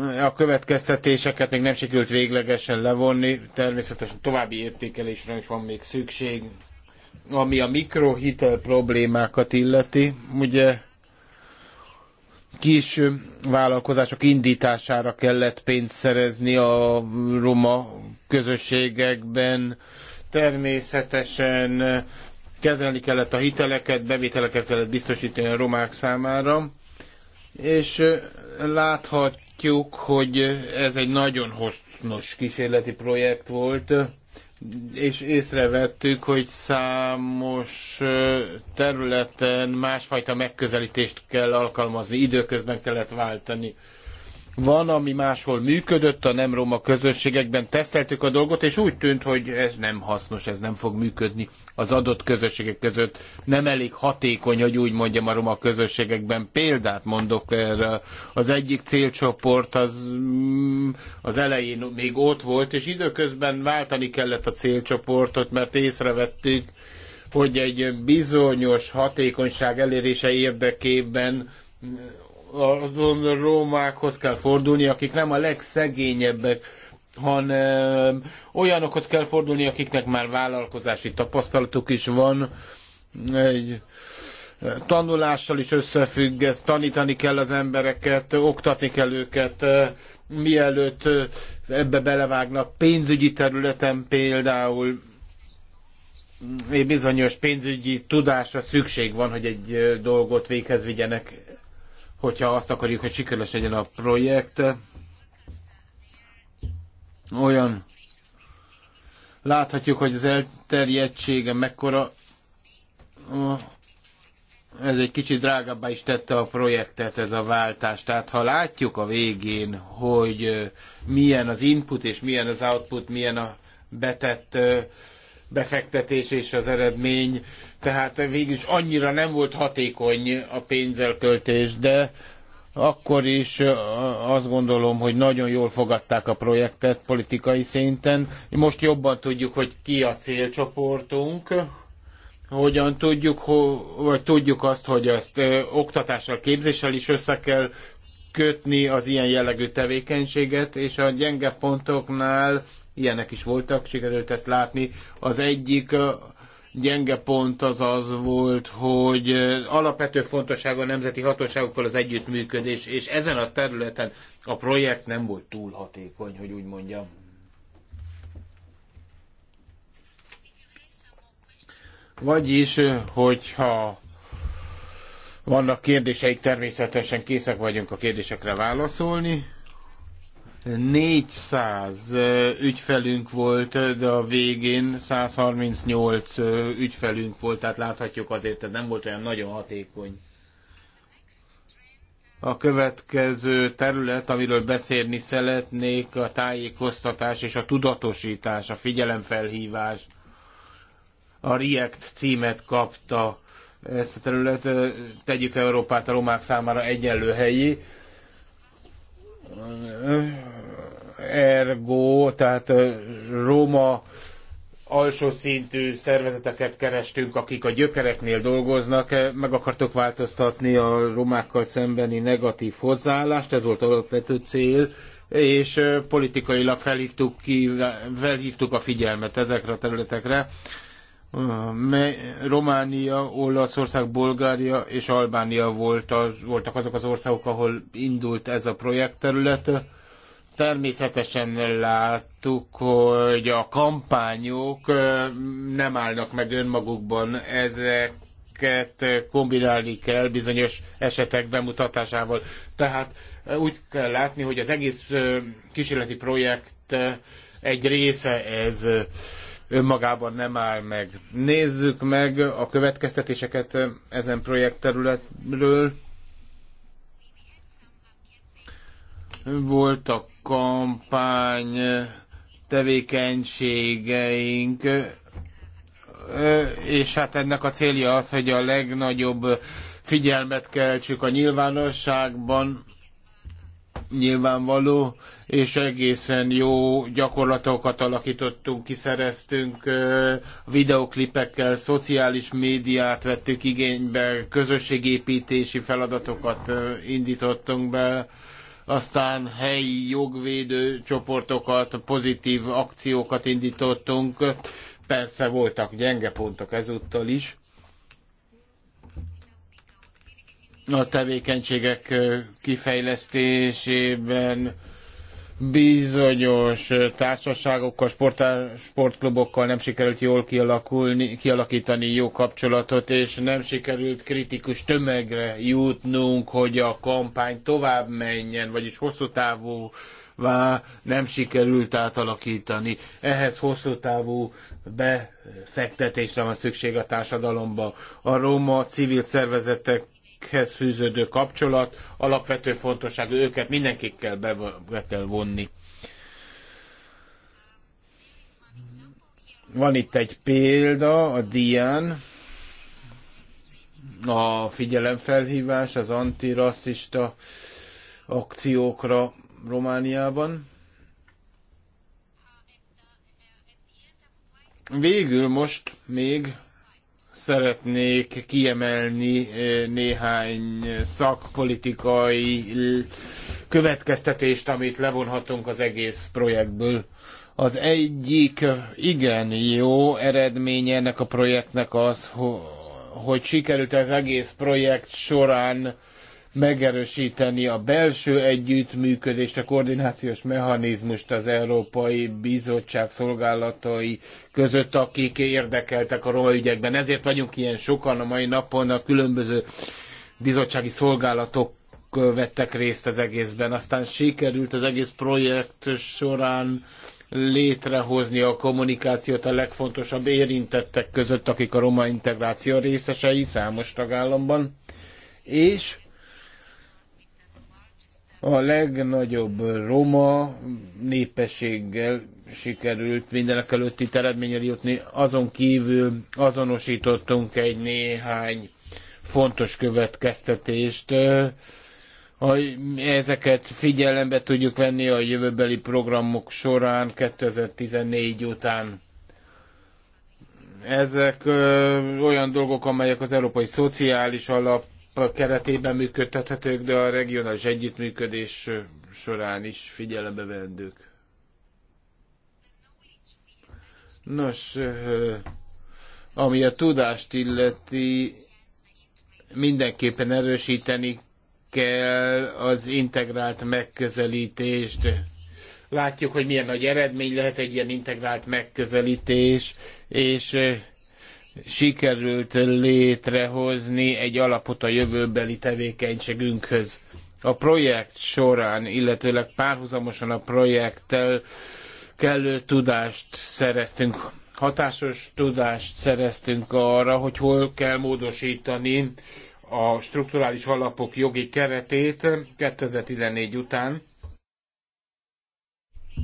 a következtetéseket még nem sikerült véglegesen levonni, természetesen további értékelésre is van még szükség, ami a mikrohitel problémákat illeti, ugye kis vállalkozások indítására kellett pénzt szerezni a roma közösségekben. Természetesen kezelni kellett a hiteleket, bevételeket kellett biztosítani a romák számára, és láthat látjuk, hogy ez egy nagyon hasznos kísérleti projekt volt, és észrevettük, hogy számos területen másfajta megközelítést kell alkalmazni, időközben kellett váltani van, ami máshol működött a nem roma közösségekben, teszteltük a dolgot, és úgy tűnt, hogy ez nem hasznos, ez nem fog működni az adott közösségek között. Nem elég hatékony, hogy úgy mondjam, a roma közösségekben. Példát mondok erre. Az egyik célcsoport az, mm, az elején még ott volt, és időközben váltani kellett a célcsoportot, mert észrevettük, hogy egy bizonyos hatékonyság elérése érdekében azon rómákhoz kell fordulni, akik nem a legszegényebbek, hanem olyanokhoz kell fordulni, akiknek már vállalkozási tapasztalatuk is van, egy tanulással is összefügg, ez, tanítani kell az embereket, oktatni kell őket, mielőtt ebbe belevágnak pénzügyi területen például bizonyos pénzügyi tudásra szükség van, hogy egy dolgot véghez vigyenek hogyha azt akarjuk, hogy sikeres legyen a projekt, olyan láthatjuk, hogy az elterjedtsége mekkora, ez egy kicsit drágábbá is tette a projektet, ez a váltás. Tehát ha látjuk a végén, hogy milyen az input és milyen az output, milyen a betett befektetés és az eredmény, tehát végül is annyira nem volt hatékony a pénzelköltés, de akkor is azt gondolom, hogy nagyon jól fogadták a projektet politikai szinten. Most jobban tudjuk, hogy ki a célcsoportunk, hogyan tudjuk, vagy tudjuk azt, hogy ezt oktatással, képzéssel is össze kell kötni az ilyen jellegű tevékenységet, és a gyenge pontoknál ilyenek is voltak, sikerült ezt látni. Az egyik gyenge pont az az volt, hogy alapvető fontosságú a nemzeti hatóságokkal az együttműködés, és ezen a területen a projekt nem volt túl hatékony, hogy úgy mondjam. Vagyis, hogyha vannak kérdéseik, természetesen készek vagyunk a kérdésekre válaszolni. 400 ügyfelünk volt, de a végén 138 ügyfelünk volt, tehát láthatjuk azért, tehát nem volt olyan nagyon hatékony. A következő terület, amiről beszélni szeretnék, a tájékoztatás és a tudatosítás, a figyelemfelhívás. A React címet kapta ezt a terület, tegyük Európát a romák számára egyenlő helyi ergo, tehát Róma alsó szintű szervezeteket kerestünk, akik a gyökereknél dolgoznak, meg akartok változtatni a romákkal szembeni negatív hozzáállást, ez volt alapvető cél, és politikailag felhívtuk, ki, felhívtuk a figyelmet ezekre a területekre. Románia, Olaszország, Bulgária és Albánia volt az, voltak azok az országok, ahol indult ez a projektterület. Természetesen láttuk, hogy a kampányok nem állnak meg önmagukban, ezeket kombinálni kell bizonyos esetek bemutatásával. Tehát úgy kell látni, hogy az egész kísérleti projekt egy része ez önmagában nem áll meg. Nézzük meg a következtetéseket ezen projektterületről. a kampány tevékenységeink, és hát ennek a célja az, hogy a legnagyobb figyelmet keltsük a nyilvánosságban, nyilvánvaló, és egészen jó gyakorlatokat alakítottunk, kiszereztünk videoklipekkel, szociális médiát vettük igénybe, közösségépítési feladatokat indítottunk be, aztán helyi jogvédő csoportokat, pozitív akciókat indítottunk. Persze voltak gyenge pontok ezúttal is, a tevékenységek kifejlesztésében bizonyos társaságokkal, sportá, sportklubokkal nem sikerült jól kialakulni, kialakítani jó kapcsolatot, és nem sikerült kritikus tömegre jutnunk, hogy a kampány tovább menjen, vagyis hosszú távú vá nem sikerült átalakítani. Ehhez hosszú távú befektetésre van szükség a társadalomba. A roma civil szervezetek ügyekhez fűződő kapcsolat alapvető fontosságú, őket mindenkikkel be, be kell vonni. Van itt egy példa a Dian, a figyelemfelhívás az antirasszista akciókra Romániában. Végül most még szeretnék kiemelni eh, néhány szakpolitikai következtetést, amit levonhatunk az egész projektből. Az egyik igen jó eredménye ennek a projektnek az, hogy sikerült az egész projekt során megerősíteni a belső együttműködést, a koordinációs mechanizmust az Európai Bizottság szolgálatai között, akik érdekeltek a roma ügyekben. Ezért vagyunk ilyen sokan a mai napon a különböző bizottsági szolgálatok vettek részt az egészben. Aztán sikerült az egész projekt során létrehozni a kommunikációt a legfontosabb érintettek között, akik a roma integráció részesei számos tagállamban. És a legnagyobb roma népességgel sikerült mindenek előtti itt eredményre jutni. Azon kívül azonosítottunk egy néhány fontos következtetést. Ezeket figyelembe tudjuk venni a jövőbeli programok során 2014 után. Ezek olyan dolgok, amelyek az Európai Szociális Alap keretében működtethetők, de a regionális együttműködés során is figyelembe vendők. Nos, ami a tudást illeti, mindenképpen erősíteni kell az integrált megközelítést. Látjuk, hogy milyen nagy eredmény lehet egy ilyen integrált megközelítés, és sikerült létrehozni egy alapot a jövőbeli tevékenységünkhöz. A projekt során, illetőleg párhuzamosan a projekttel kellő tudást szereztünk, hatásos tudást szereztünk arra, hogy hol kell módosítani a strukturális alapok jogi keretét 2014 után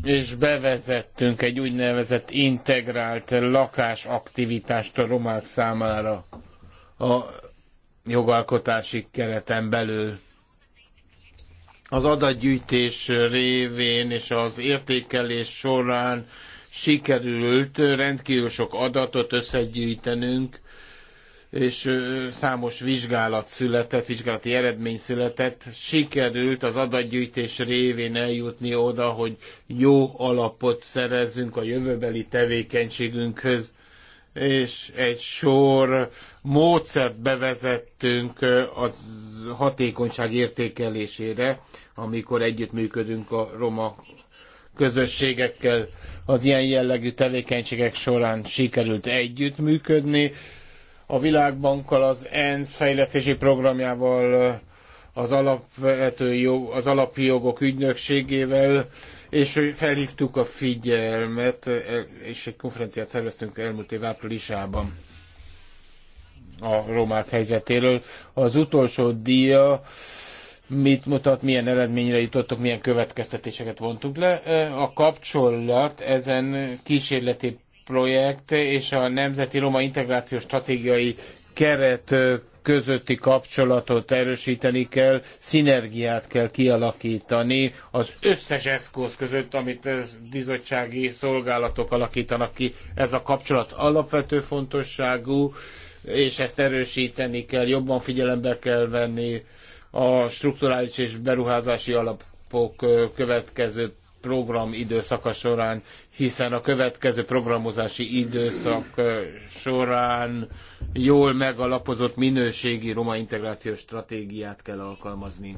és bevezettünk egy úgynevezett integrált lakásaktivitást a romák számára a jogalkotási kereten belül. Az adatgyűjtés révén és az értékelés során sikerült rendkívül sok adatot összegyűjtenünk, és számos vizsgálat született, vizsgálati eredmény született. Sikerült az adatgyűjtés révén eljutni oda, hogy jó alapot szerezzünk a jövőbeli tevékenységünkhöz, és egy sor módszert bevezettünk a hatékonyság értékelésére, amikor együttműködünk a roma közösségekkel az ilyen jellegű tevékenységek során sikerült együttműködni, a Világbankkal, az ENSZ fejlesztési programjával, az, alapvető jog, az alapi jogok ügynökségével, és felhívtuk a figyelmet, és egy konferenciát szerveztünk elmúlt év áprilisában a romák helyzetéről. Az utolsó díja mit mutat, milyen eredményre jutottok? milyen következtetéseket vontunk le. A kapcsolat ezen kísérleti projekt és a Nemzeti Roma Integrációs Stratégiai Keret közötti kapcsolatot erősíteni kell, szinergiát kell kialakítani az összes eszköz között, amit bizottsági szolgálatok alakítanak ki. Ez a kapcsolat alapvető fontosságú, és ezt erősíteni kell, jobban figyelembe kell venni a strukturális és beruházási alapok következő program időszaka során, hiszen a következő programozási időszak során jól megalapozott minőségi roma integrációs stratégiát kell alkalmazni.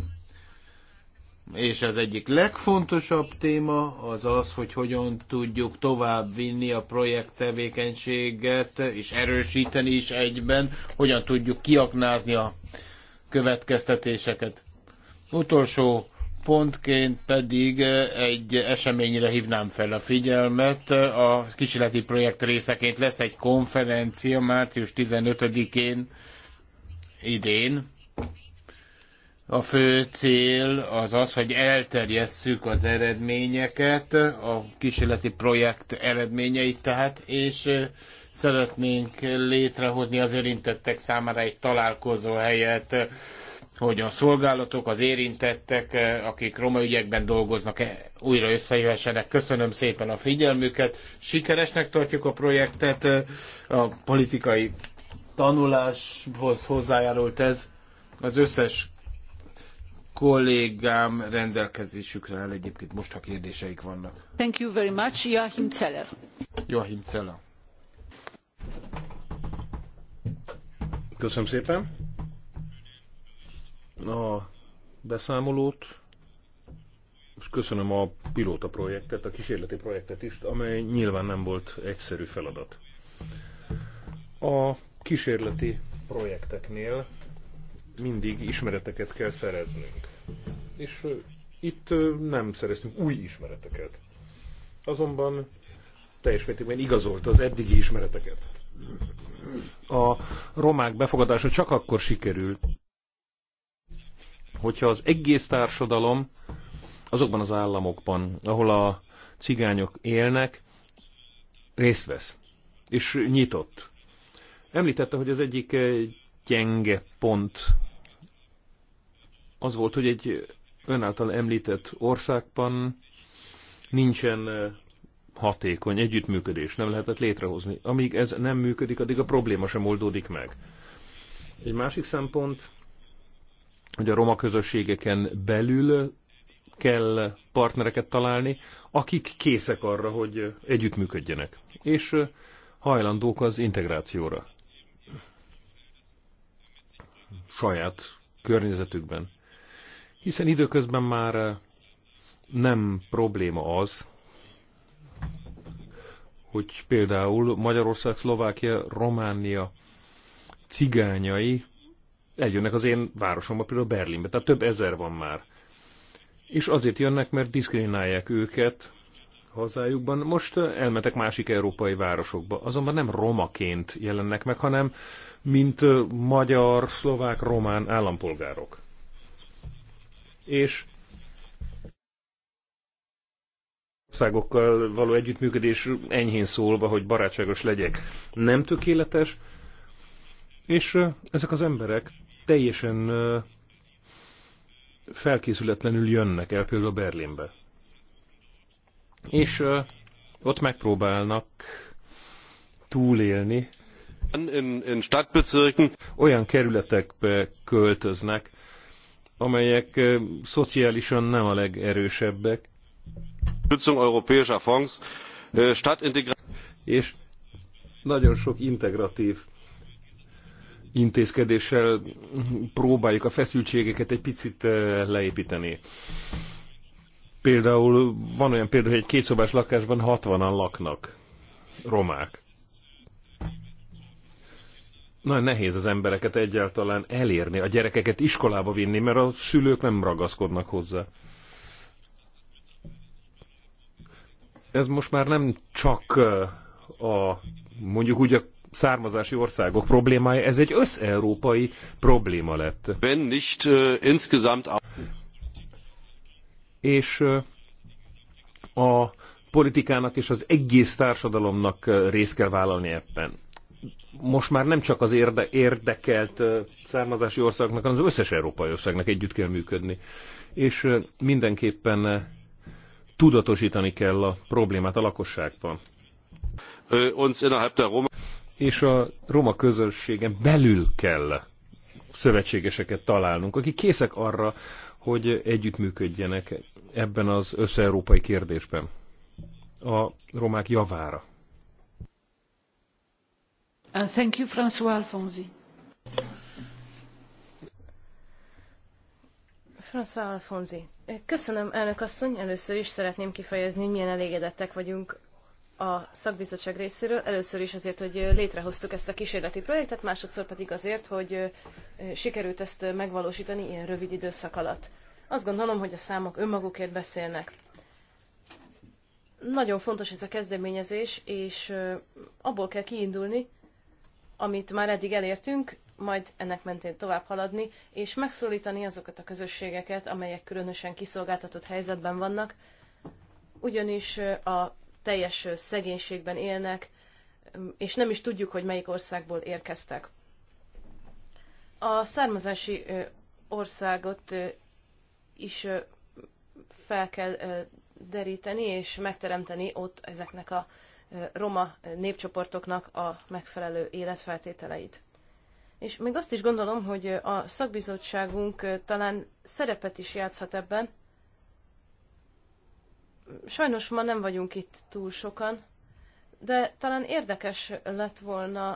És az egyik legfontosabb téma az az, hogy hogyan tudjuk tovább vinni a projekt tevékenységet, és erősíteni is egyben, hogyan tudjuk kiaknázni a következtetéseket. Utolsó pontként pedig eh, egy eseményre hívnám fel a figyelmet. A kísérleti projekt részeként lesz egy konferencia március 15-én idén. A fő cél az az, hogy elterjesszük az eredményeket, a kísérleti projekt eredményeit tehát, és eh, szeretnénk létrehozni az érintettek számára egy találkozó helyet hogy a szolgálatok, az érintettek, eh, akik roma ügyekben dolgoznak, eh, újra összejöhessenek. Köszönöm szépen a figyelmüket, sikeresnek tartjuk a projektet, eh, a politikai tanuláshoz hozzájárult ez. Az összes kollégám rendelkezésükre áll egyébként most, ha kérdéseik vannak. Thank you very much, Joachim Zeller. Joachim Zeller. Köszönöm szépen a beszámolót, és köszönöm a pilóta projektet, a kísérleti projektet is, amely nyilván nem volt egyszerű feladat. A kísérleti projekteknél mindig ismereteket kell szereznünk. És itt nem szereztünk új ismereteket. Azonban teljes mértékben igazolt az eddigi ismereteket. A romák befogadása csak akkor sikerült, hogyha az egész társadalom azokban az államokban, ahol a cigányok élnek, részt vesz, és nyitott. Említette, hogy az egyik eh, gyenge pont az volt, hogy egy önáltal említett országban nincsen eh, hatékony együttműködés, nem lehetett létrehozni. Amíg ez nem működik, addig a probléma sem oldódik meg. Egy másik szempont hogy a roma közösségeken belül kell partnereket találni, akik készek arra, hogy együttműködjenek, és hajlandók az integrációra saját környezetükben. Hiszen időközben már nem probléma az, hogy például Magyarország, Szlovákia, Románia cigányai eljönnek az én városomba, például Berlinbe, tehát több ezer van már. És azért jönnek, mert diszkriminálják őket hazájukban. Most elmentek másik európai városokba, azonban nem romaként jelennek meg, hanem mint magyar, szlovák, román állampolgárok. És országokkal való együttműködés enyhén szólva, hogy barátságos legyek, nem tökéletes, és ezek az emberek teljesen felkészületlenül jönnek el például Berlinbe. És ott megpróbálnak túlélni. In, in Olyan kerületekbe költöznek, amelyek szociálisan nem a legerősebbek. Äh, És nagyon sok integratív intézkedéssel próbáljuk a feszültségeket egy picit eh, leépíteni. Például van olyan példa, hogy egy kétszobás lakásban 60-an laknak romák. Nagyon nehéz az embereket egyáltalán elérni, a gyerekeket iskolába vinni, mert a szülők nem ragaszkodnak hozzá. Ez most már nem csak eh, a mondjuk úgy a származási országok problémája, ez egy összeurópai probléma lett. nicht uh, insgesamt És uh, a politikának és az egész társadalomnak uh, részt kell vállalni ebben. Most már nem csak az érde érdekelt uh, származási országnak, hanem az összes európai országnak együtt kell működni. És uh, mindenképpen uh, tudatosítani kell a problémát a lakosságban. Uh, äh, uns innerhalb der Roma és a roma közösségen belül kell szövetségeseket találnunk, akik készek arra, hogy együttműködjenek ebben az összeurópai kérdésben a romák javára. Uh, thank you, François Alfonsi. François Alfonsi. Köszönöm, elnök asszony. Először is szeretném kifejezni, milyen elégedettek vagyunk a szakbizottság részéről. Először is azért, hogy létrehoztuk ezt a kísérleti projektet, másodszor pedig azért, hogy sikerült ezt megvalósítani ilyen rövid időszak alatt. Azt gondolom, hogy a számok önmagukért beszélnek. Nagyon fontos ez a kezdeményezés, és abból kell kiindulni, amit már eddig elértünk, majd ennek mentén tovább haladni, és megszólítani azokat a közösségeket, amelyek különösen kiszolgáltatott helyzetben vannak, ugyanis a teljes szegénységben élnek, és nem is tudjuk, hogy melyik országból érkeztek. A származási országot is fel kell deríteni és megteremteni ott ezeknek a roma népcsoportoknak a megfelelő életfeltételeit. És még azt is gondolom, hogy a szakbizottságunk talán szerepet is játszhat ebben, Sajnos ma nem vagyunk itt túl sokan, de talán érdekes lett volna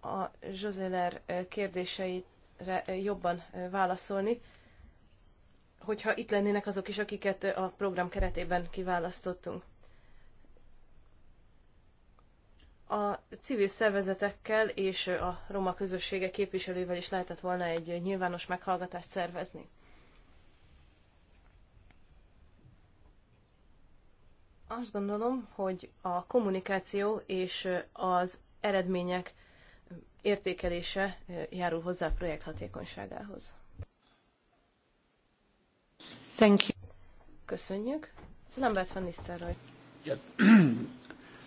a Zsözéler eh, kérdéseire eh, jobban eh, válaszolni, hogyha itt lennének azok is, akiket a program keretében kiválasztottunk. A civil szervezetekkel és a roma közössége képviselővel is lehetett volna egy nyilvános meghallgatást szervezni. Azt gondolom, hogy a kommunikáció és az eredmények értékelése járul hozzá a projekt hatékonyságához. Thank you. Köszönjük. Lambert van Nistelrooy.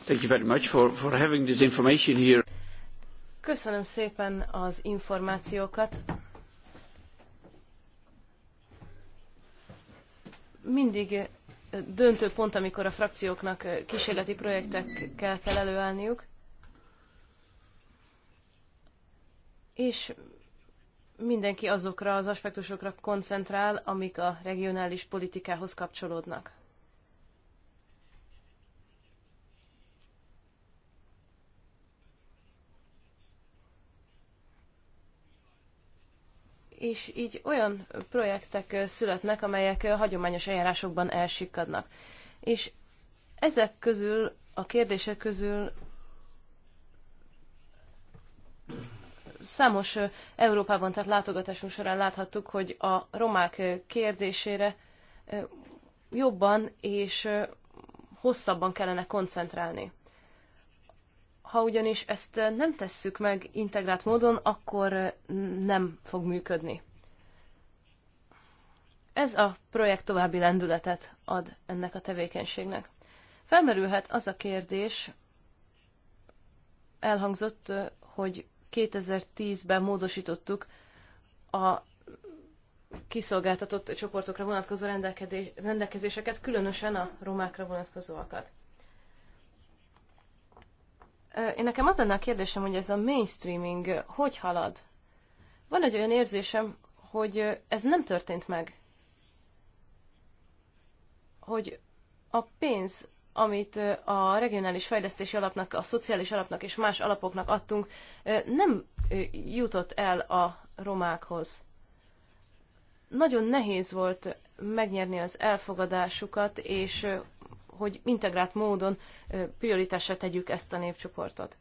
Thank you very much for, for having this information here. Köszönöm szépen az információkat. Mindig döntő pont, amikor a frakcióknak eh, kísérleti projektekkel kell előállniuk. És mindenki azokra az aspektusokra koncentrál, amik a regionális politikához kapcsolódnak. és így olyan projektek születnek, amelyek hagyományos eljárásokban elsikadnak. És ezek közül, a kérdések közül számos Európában, tehát látogatásunk során láthattuk, hogy a romák kérdésére jobban és hosszabban kellene koncentrálni. Ha ugyanis ezt eh, nem tesszük meg integrált módon, akkor eh, nem fog működni. Ez a projekt további lendületet ad ennek a tevékenységnek. Felmerülhet az a kérdés, elhangzott, eh, hogy 2010-ben módosítottuk a kiszolgáltatott csoportokra vonatkozó rendelkezéseket, különösen a romákra vonatkozóakat. Én nekem az lenne a kérdésem, hogy ez a mainstreaming hogy halad? Van egy olyan érzésem, hogy ez nem történt meg. Hogy a pénz, amit a regionális fejlesztési alapnak, a szociális alapnak és más alapoknak adtunk, nem jutott el a romákhoz. Nagyon nehéz volt megnyerni az elfogadásukat, és hogy integrált módon prioritásra tegyük ezt a népcsoportot.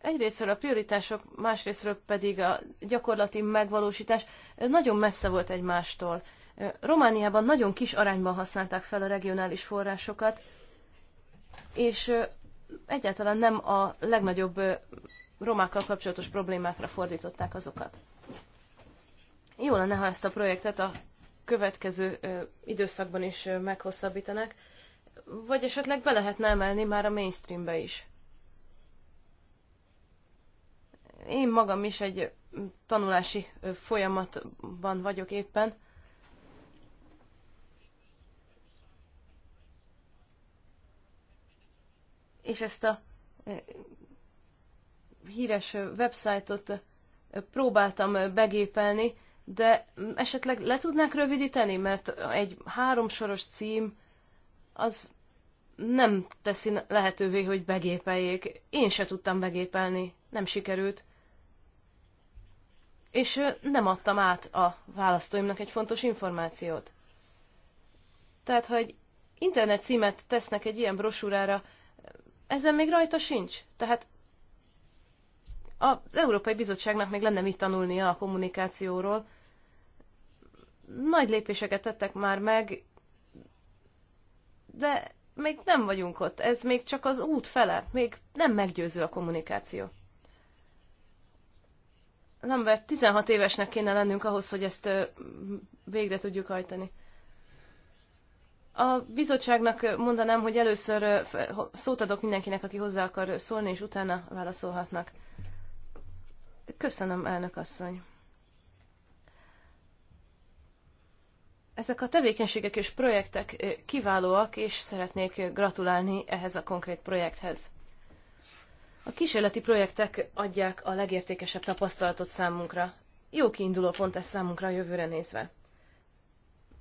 Egyrésztről a prioritások, másrésztről pedig a gyakorlati megvalósítás nagyon messze volt egymástól. Romániában nagyon kis arányban használták fel a regionális forrásokat, és egyáltalán nem a legnagyobb romákkal kapcsolatos problémákra fordították azokat. Jó lenne, ha ezt a projektet a következő időszakban is meghosszabbítanak, vagy esetleg be lehetne emelni már a mainstreambe is. Én magam is egy tanulási folyamatban vagyok éppen, és ezt a híres websájtot próbáltam begépelni, de esetleg le tudnák rövidíteni, mert egy háromsoros cím az nem teszi lehetővé, hogy begépeljék. Én se tudtam begépelni, nem sikerült. És nem adtam át a választóimnak egy fontos információt. Tehát, ha egy internet címet tesznek egy ilyen brosúrára, ezen még rajta sincs. Tehát az Európai Bizottságnak még lenne mit tanulnia a kommunikációról, nagy lépéseket tettek már meg, de még nem vagyunk ott. Ez még csak az út fele, még nem meggyőző a kommunikáció. Nem, mert 16 évesnek kéne lennünk ahhoz, hogy ezt végre tudjuk hajtani. A bizottságnak mondanám, hogy először szót adok mindenkinek, aki hozzá akar szólni, és utána válaszolhatnak. Köszönöm, elnök asszony. Ezek a tevékenységek és projektek kiválóak, és szeretnék gratulálni ehhez a konkrét projekthez. A kísérleti projektek adják a legértékesebb tapasztalatot számunkra. Jó kiinduló pont ez számunkra a jövőre nézve.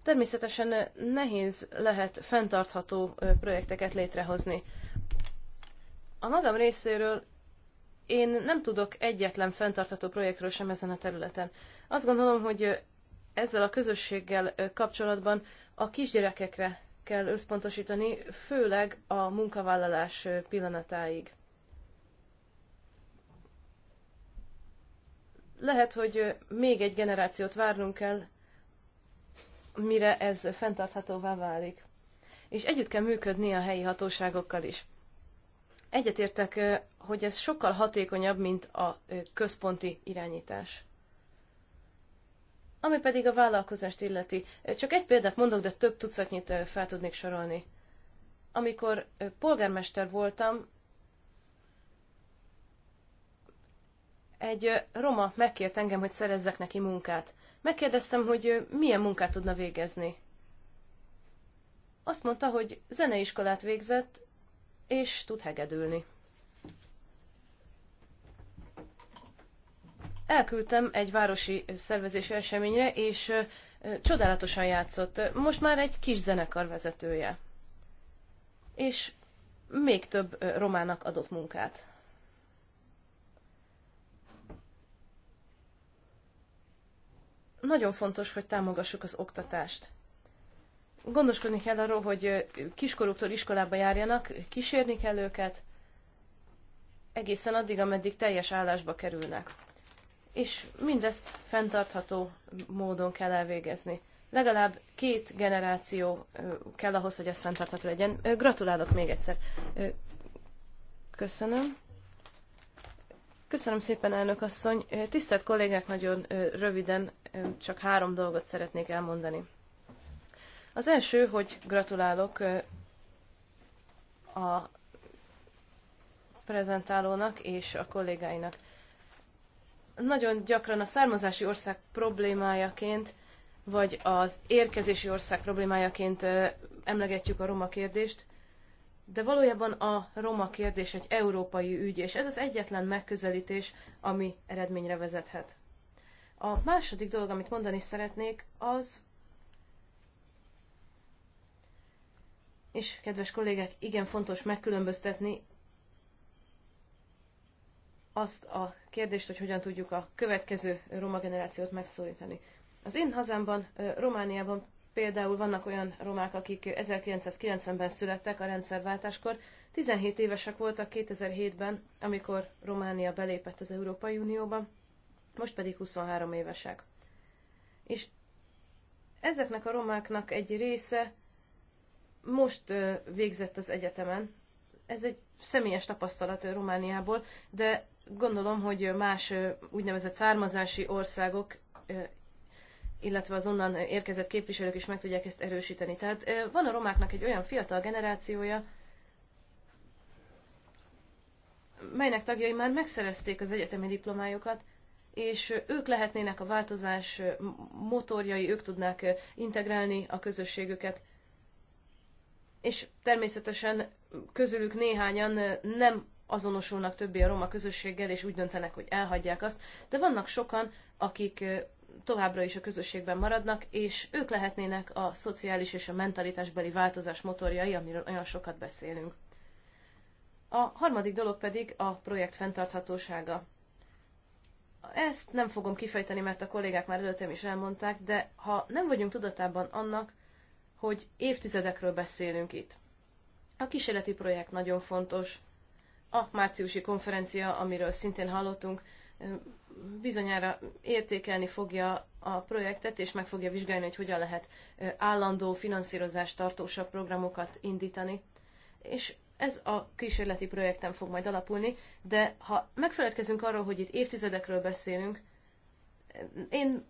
Természetesen nehéz lehet fenntartható projekteket létrehozni. A magam részéről én nem tudok egyetlen fenntartható projektről sem ezen a területen. Azt gondolom, hogy ezzel a közösséggel kapcsolatban a kisgyerekekre kell összpontosítani, főleg a munkavállalás pillanatáig. Lehet, hogy még egy generációt várnunk kell, mire ez fenntarthatóvá válik. És együtt kell működni a helyi hatóságokkal is. Egyetértek, hogy ez sokkal hatékonyabb, mint a központi irányítás. Ami pedig a vállalkozást illeti, csak egy példát mondok, de több tucatnyit fel tudnék sorolni. Amikor polgármester voltam, egy roma megkért engem, hogy szerezzek neki munkát. Megkérdeztem, hogy milyen munkát tudna végezni. Azt mondta, hogy zeneiskolát végzett, és tud hegedülni. elküldtem egy városi szervezési eseményre, és csodálatosan játszott. Most már egy kis zenekar vezetője. És még több romának adott munkát. Nagyon fontos, hogy támogassuk az oktatást. Gondoskodni kell arról, hogy kiskorúktól iskolába járjanak, kísérni kell őket, egészen addig, ameddig teljes állásba kerülnek és mindezt fenntartható módon kell elvégezni. Legalább két generáció kell ahhoz, hogy ez fenntartható legyen. Gratulálok még egyszer. Köszönöm. Köszönöm szépen, elnök asszony. Tisztelt kollégák, nagyon röviden csak három dolgot szeretnék elmondani. Az első, hogy gratulálok a prezentálónak és a kollégáinak nagyon gyakran a származási ország problémájaként, vagy az érkezési ország problémájaként emlegetjük a roma kérdést, de valójában a roma kérdés egy európai ügy, és ez az egyetlen megközelítés, ami eredményre vezethet. A második dolog, amit mondani szeretnék, az, és kedves kollégák, igen fontos megkülönböztetni azt a kérdést, hogy hogyan tudjuk a következő roma generációt megszólítani. Az én hazámban, Romániában például vannak olyan romák, akik 1990-ben születtek a rendszerváltáskor, 17 évesek voltak 2007-ben, amikor Románia belépett az Európai Unióba, most pedig 23 évesek. És ezeknek a romáknak egy része most végzett az egyetemen. Ez egy személyes tapasztalat Romániából, de gondolom, hogy más úgynevezett származási országok, illetve az onnan érkezett képviselők is meg tudják ezt erősíteni. Tehát van a romáknak egy olyan fiatal generációja, melynek tagjai már megszerezték az egyetemi diplomájukat, és ők lehetnének a változás motorjai, ők tudnák integrálni a közösségüket és természetesen közülük néhányan nem azonosulnak többé a roma közösséggel, és úgy döntenek, hogy elhagyják azt, de vannak sokan, akik továbbra is a közösségben maradnak, és ők lehetnének a szociális és a mentalitásbeli változás motorjai, amiről olyan sokat beszélünk. A harmadik dolog pedig a projekt fenntarthatósága. Ezt nem fogom kifejteni, mert a kollégák már előttem is elmondták, de ha nem vagyunk tudatában annak, hogy évtizedekről beszélünk itt. A kísérleti projekt nagyon fontos. A márciusi konferencia, amiről szintén hallottunk, bizonyára értékelni fogja a projektet, és meg fogja vizsgálni, hogy hogyan lehet állandó finanszírozást tartósabb programokat indítani. És ez a kísérleti projekten fog majd alapulni, de ha megfeledkezünk arról, hogy itt évtizedekről beszélünk, én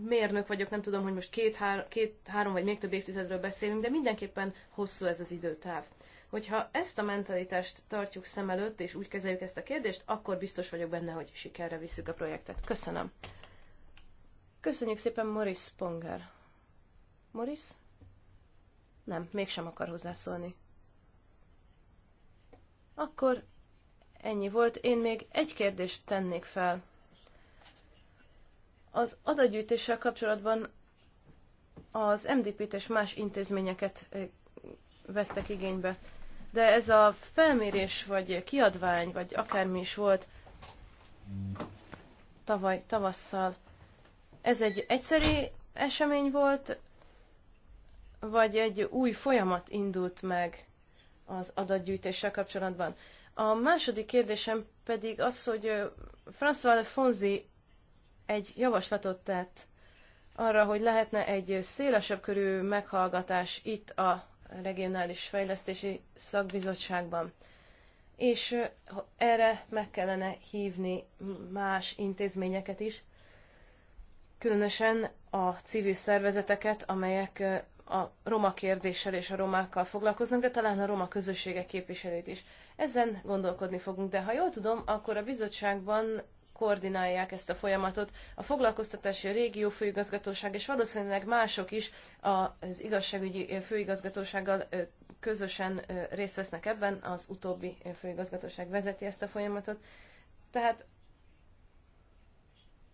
mérnök vagyok, nem tudom, hogy most két, hár, két, három vagy még több évtizedről beszélünk, de mindenképpen hosszú ez az időtáv. Hogyha ezt a mentalitást tartjuk szem előtt, és úgy kezeljük ezt a kérdést, akkor biztos vagyok benne, hogy sikerre visszük a projektet. Köszönöm. Köszönjük szépen, Morris Ponger. Morris? Nem, mégsem akar hozzászólni. Akkor ennyi volt. Én még egy kérdést tennék fel. Az adatgyűjtéssel kapcsolatban az MDP-t és más intézményeket vettek igénybe. De ez a felmérés, vagy kiadvány, vagy akármi is volt tavaly, tavasszal, ez egy egyszeri esemény volt, vagy egy új folyamat indult meg az adatgyűjtéssel kapcsolatban? A második kérdésem pedig az, hogy François Fonzi egy javaslatot tett arra, hogy lehetne egy szélesebb körű meghallgatás itt a Regionális Fejlesztési Szakbizottságban. És erre meg kellene hívni más intézményeket is, különösen a civil szervezeteket, amelyek a roma kérdéssel és a romákkal foglalkoznak, de talán a roma közösségek képviselőit is. Ezen gondolkodni fogunk, de ha jól tudom, akkor a bizottságban koordinálják ezt a folyamatot. A foglalkoztatási a régió főigazgatóság és valószínűleg mások is az igazságügyi főigazgatósággal közösen részt vesznek ebben, az utóbbi főigazgatóság vezeti ezt a folyamatot. Tehát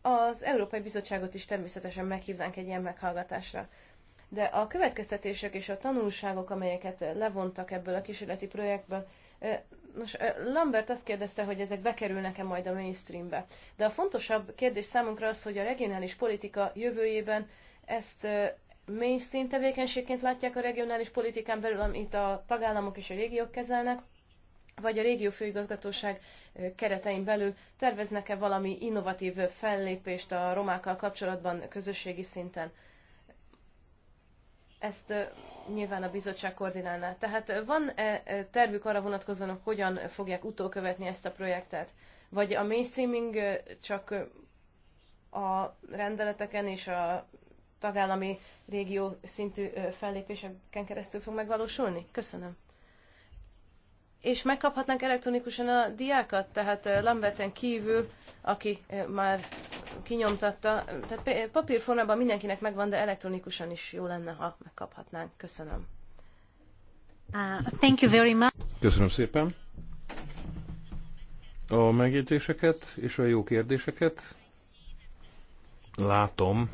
az Európai Bizottságot is természetesen meghívnánk egy ilyen meghallgatásra. De a következtetések és a tanulságok, amelyeket levontak ebből a kísérleti projektből, Nos, Lambert azt kérdezte, hogy ezek bekerülnek-e majd a mainstreambe. De a fontosabb kérdés számunkra az, hogy a regionális politika jövőjében ezt mainstream tevékenységként látják a regionális politikán belül, amit a tagállamok és a régiók kezelnek, vagy a régió főigazgatóság keretein belül terveznek-e valami innovatív fellépést a romákkal kapcsolatban közösségi szinten ezt nyilván a bizottság koordinálná. Tehát van -e tervük arra vonatkozóan, hogy hogyan fogják utókövetni ezt a projektet? Vagy a mainstreaming csak a rendeleteken és a tagállami régió szintű fellépéseken keresztül fog megvalósulni? Köszönöm és megkaphatnánk elektronikusan a diákat, tehát Lamberten kívül, aki már kinyomtatta, tehát papírformában mindenkinek megvan, de elektronikusan is jó lenne, ha megkaphatnánk. Köszönöm. Uh, thank you very much. Köszönöm szépen a megjegyzéseket és a jó kérdéseket. Látom,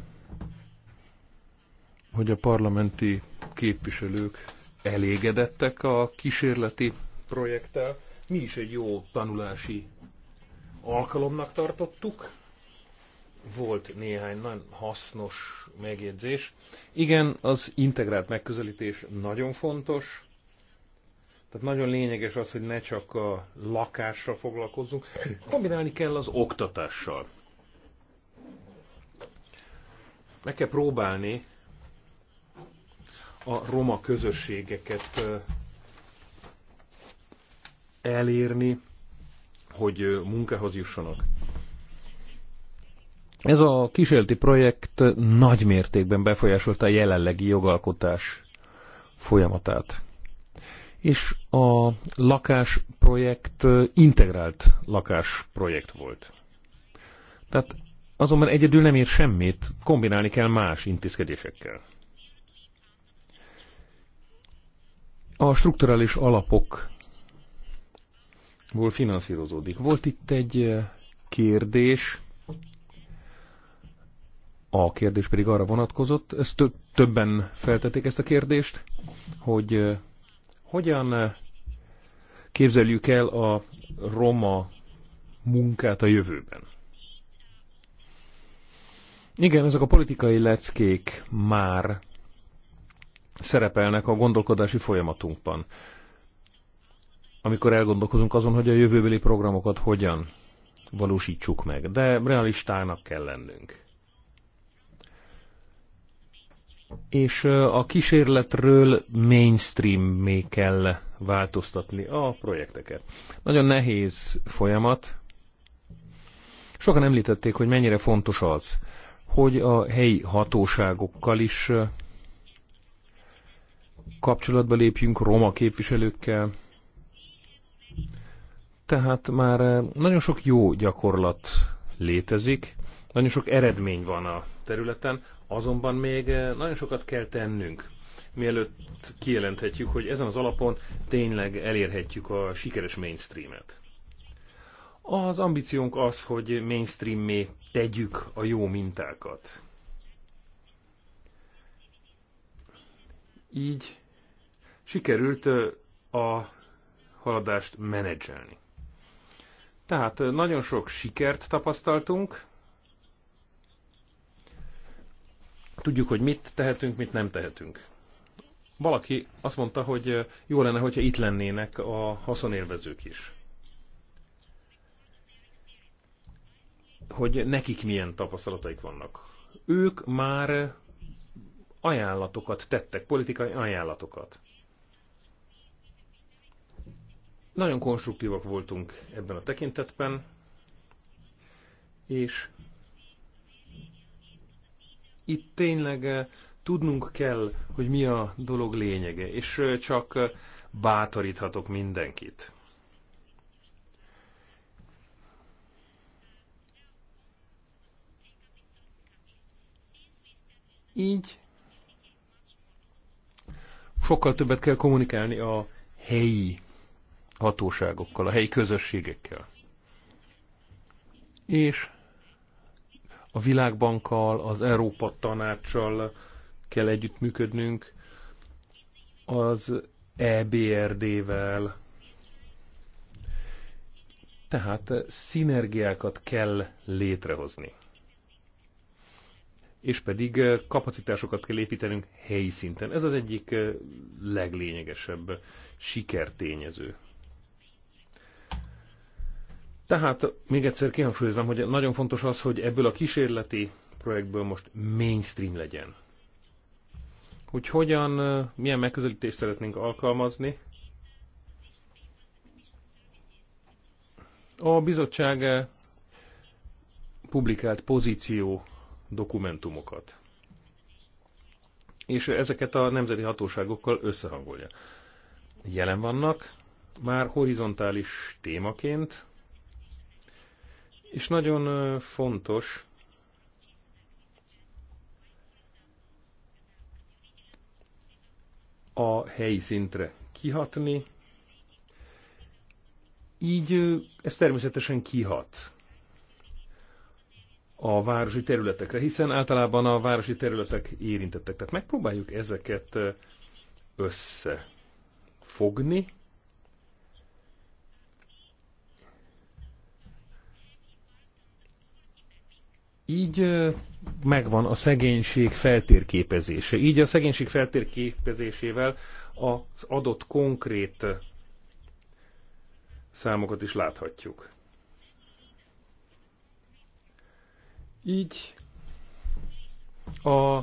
hogy a parlamenti képviselők elégedettek a kísérleti projekttel. Mi is egy jó tanulási alkalomnak tartottuk. Volt néhány nagyon hasznos megjegyzés. Igen, az integrált megközelítés nagyon fontos. Tehát nagyon lényeges az, hogy ne csak a lakással foglalkozzunk, kombinálni kell az oktatással. Meg kell próbálni a roma közösségeket elérni, hogy munkához jussanak. Ez a kísérleti projekt nagy mértékben befolyásolta a jelenlegi jogalkotás folyamatát. És a lakásprojekt integrált lakásprojekt volt. Tehát azonban egyedül nem ér semmit, kombinálni kell más intézkedésekkel. A strukturális alapok ból finanszírozódik. Volt itt egy eh, kérdés, a kérdés pedig arra vonatkozott, ezt több, többen feltették ezt a kérdést, hogy eh, hogyan eh, képzeljük el a roma munkát a jövőben. Igen, ezek a politikai leckék már szerepelnek a gondolkodási folyamatunkban amikor elgondolkozunk azon, hogy a jövőbeli programokat hogyan valósítsuk meg. De realistának kell lennünk. És a kísérletről mainstream-mé kell változtatni a projekteket. Nagyon nehéz folyamat. Sokan említették, hogy mennyire fontos az, hogy a helyi hatóságokkal is kapcsolatba lépjünk, roma képviselőkkel, tehát már eh, nagyon sok jó gyakorlat létezik, nagyon sok eredmény van a területen, azonban még eh, nagyon sokat kell tennünk, mielőtt kijelenthetjük, hogy ezen az alapon tényleg elérhetjük a sikeres mainstreamet. Az ambíciónk az, hogy mainstreamé tegyük a jó mintákat. Így sikerült eh, a haladást menedzselni. Tehát nagyon sok sikert tapasztaltunk. Tudjuk, hogy mit tehetünk, mit nem tehetünk. Valaki azt mondta, hogy jó lenne, hogyha itt lennének a haszonélvezők is. Hogy nekik milyen tapasztalataik vannak. Ők már ajánlatokat tettek, politikai ajánlatokat. Nagyon konstruktívak voltunk ebben a tekintetben, és itt tényleg eh, tudnunk kell, hogy mi a dolog lényege, és eh, csak eh, bátoríthatok mindenkit. Így sokkal többet kell kommunikálni a helyi hatóságokkal, a helyi közösségekkel. És a Világbankkal, az Európa Tanácssal kell együttműködnünk, az EBRD-vel. Tehát szinergiákat kell létrehozni. És pedig kapacitásokat kell építenünk helyi szinten. Ez az egyik leglényegesebb sikertényező. Tehát még egyszer kihangsúlyozom, hogy nagyon fontos az, hogy ebből a kísérleti projektből most mainstream legyen. Hogy hogyan, milyen megközelítést szeretnénk alkalmazni. A bizottság publikált pozíció dokumentumokat. És ezeket a nemzeti hatóságokkal összehangolja. Jelen vannak, már horizontális témaként, és nagyon fontos, a helyszíntre kihatni. Így ez természetesen kihat a városi területekre, hiszen általában a városi területek érintettek. Tehát megpróbáljuk ezeket összefogni, Így megvan a szegénység feltérképezése. Így a szegénység feltérképezésével az adott konkrét számokat is láthatjuk. Így a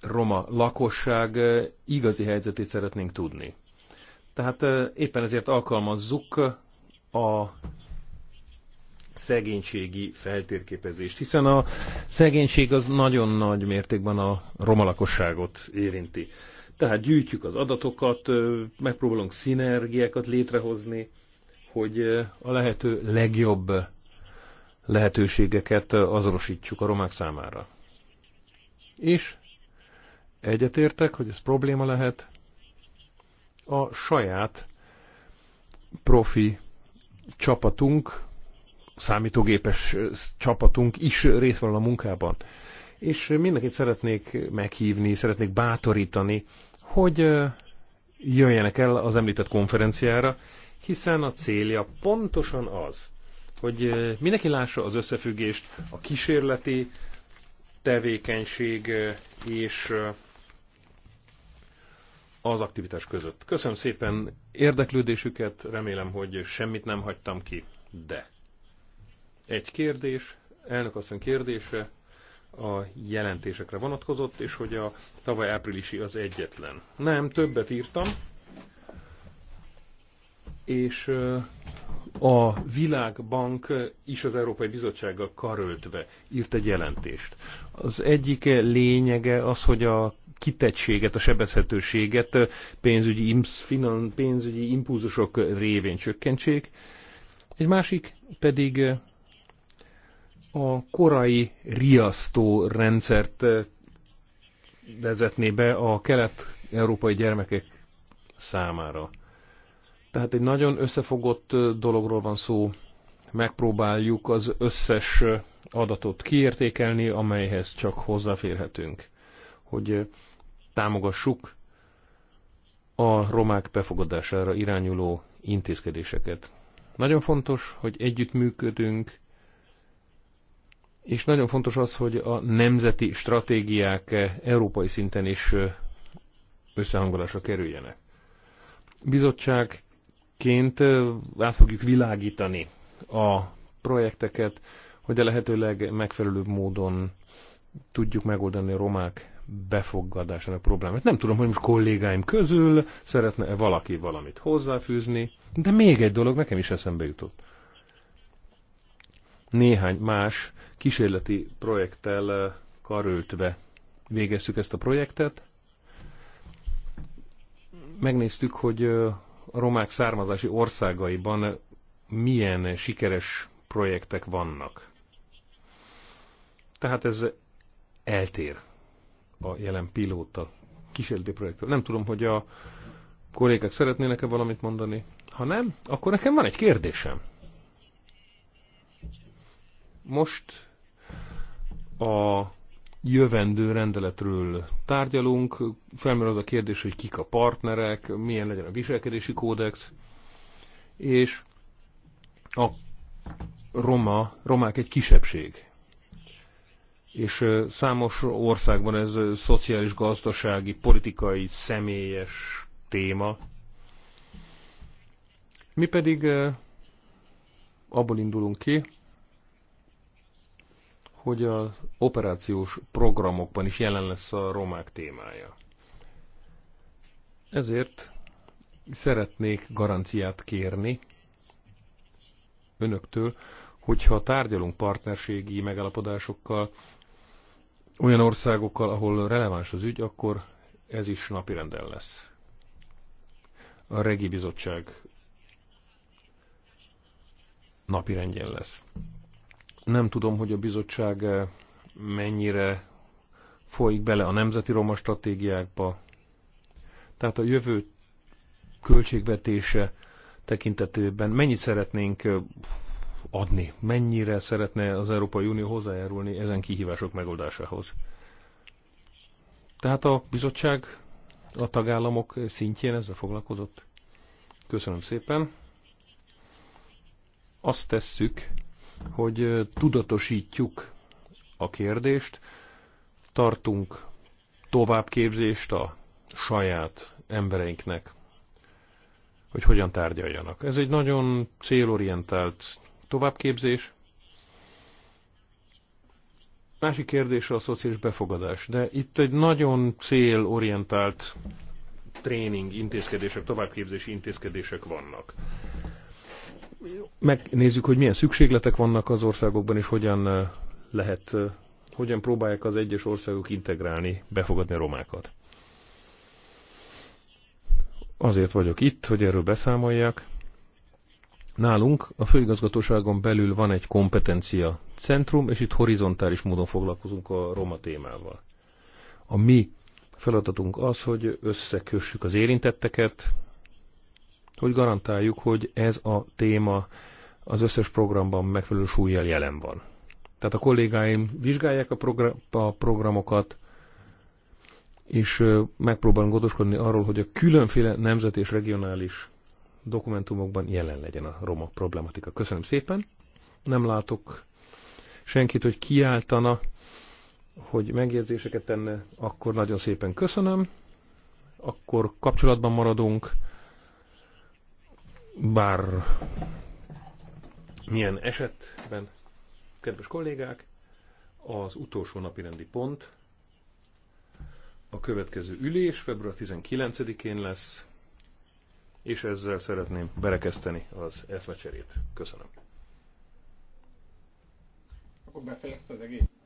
roma lakosság igazi helyzetét szeretnénk tudni. Tehát éppen ezért alkalmazzuk a szegénységi feltérképezést, hiszen a szegénység az nagyon nagy mértékben a romalakosságot érinti. Tehát gyűjtjük az adatokat, megpróbálunk szinergiákat létrehozni, hogy a lehető legjobb lehetőségeket azonosítsuk a romák számára. És egyetértek, hogy ez probléma lehet, a saját profi csapatunk számítógépes csapatunk is részt van a munkában. És mindenkit szeretnék meghívni, szeretnék bátorítani, hogy jöjjenek el az említett konferenciára, hiszen a célja pontosan az, hogy mindenki lássa az összefüggést a kísérleti tevékenység és az aktivitás között. Köszönöm szépen érdeklődésüket, remélem, hogy semmit nem hagytam ki, de egy kérdés, elnök asszony kérdése a jelentésekre vonatkozott, és hogy a tavaly áprilisi az egyetlen. Nem, többet írtam, és a Világbank is az Európai Bizottsággal karöltve írt egy jelentést. Az egyik lényege az, hogy a kitettséget, a sebezhetőséget pénzügyi, pénzügyi impulzusok révén csökkentsék, egy másik pedig a korai riasztó rendszert eh, vezetné be a kelet-európai gyermekek számára. Tehát egy nagyon összefogott eh, dologról van szó, megpróbáljuk az összes eh, adatot kiértékelni, amelyhez csak hozzáférhetünk, hogy támogassuk a romák befogadására irányuló intézkedéseket. Nagyon fontos, hogy együttműködünk és nagyon fontos az, hogy a nemzeti stratégiák európai szinten is összehangolásra kerüljenek. Bizottságként át fogjuk világítani a projekteket, hogy a lehetőleg megfelelőbb módon tudjuk megoldani a romák befogadásának problémát. Nem tudom, hogy most kollégáim közül szeretne -e valaki valamit hozzáfűzni, de még egy dolog nekem is eszembe jutott. Néhány más kísérleti projekttel karöltve végeztük ezt a projektet. Megnéztük, hogy a romák származási országaiban milyen sikeres projektek vannak. Tehát ez eltér a jelen pilóta kísérleti projektől. Nem tudom, hogy a kollégák szeretnének-e valamit mondani. Ha nem, akkor nekem van egy kérdésem. Most a jövendő rendeletről tárgyalunk. Felmerül az a kérdés, hogy kik a partnerek, milyen legyen a viselkedési kódex, és a roma, romák egy kisebbség. És számos országban ez szociális, gazdasági, politikai, személyes téma. Mi pedig abból indulunk ki, hogy az operációs programokban is jelen lesz a romák témája. Ezért szeretnék garanciát kérni önöktől, hogyha tárgyalunk partnerségi megállapodásokkal, olyan országokkal, ahol releváns az ügy, akkor ez is napirenden lesz. A Regi Bizottság napirendjén lesz. Nem tudom, hogy a bizottság eh, mennyire folyik bele a nemzeti roma stratégiákba. Tehát a jövő költségvetése tekintetében mennyit szeretnénk eh, adni? Mennyire szeretne az Európai Unió hozzájárulni ezen kihívások megoldásához? Tehát a bizottság a tagállamok szintjén ezzel foglalkozott. Köszönöm szépen. Azt tesszük, hogy tudatosítjuk a kérdést, tartunk továbbképzést a saját embereinknek, hogy hogyan tárgyaljanak. Ez egy nagyon célorientált továbbképzés. Másik kérdés a szociális befogadás, de itt egy nagyon célorientált tréning intézkedések, továbbképzési intézkedések vannak megnézzük, hogy milyen szükségletek vannak az országokban, és hogyan lehet, hogyan próbálják az egyes országok integrálni, befogadni a romákat. Azért vagyok itt, hogy erről beszámoljak. Nálunk a főigazgatóságon belül van egy kompetencia centrum, és itt horizontális módon foglalkozunk a roma témával. A mi feladatunk az, hogy összekössük az érintetteket, hogy garantáljuk, hogy ez a téma az összes programban megfelelő súlyjal jelen van. Tehát a kollégáim vizsgálják a, progr a programokat, és megpróbálunk gondoskodni arról, hogy a különféle nemzet és regionális dokumentumokban jelen legyen a roma problematika. Köszönöm szépen. Nem látok senkit, hogy kiáltana, hogy megjegyzéseket tenne, akkor nagyon szépen köszönöm. Akkor kapcsolatban maradunk bár milyen esetben, kedves kollégák, az utolsó napi rendi pont a következő ülés február 19-én lesz, és ezzel szeretném berekeszteni az eszmecserét. Köszönöm. Akkor befejezte az egész.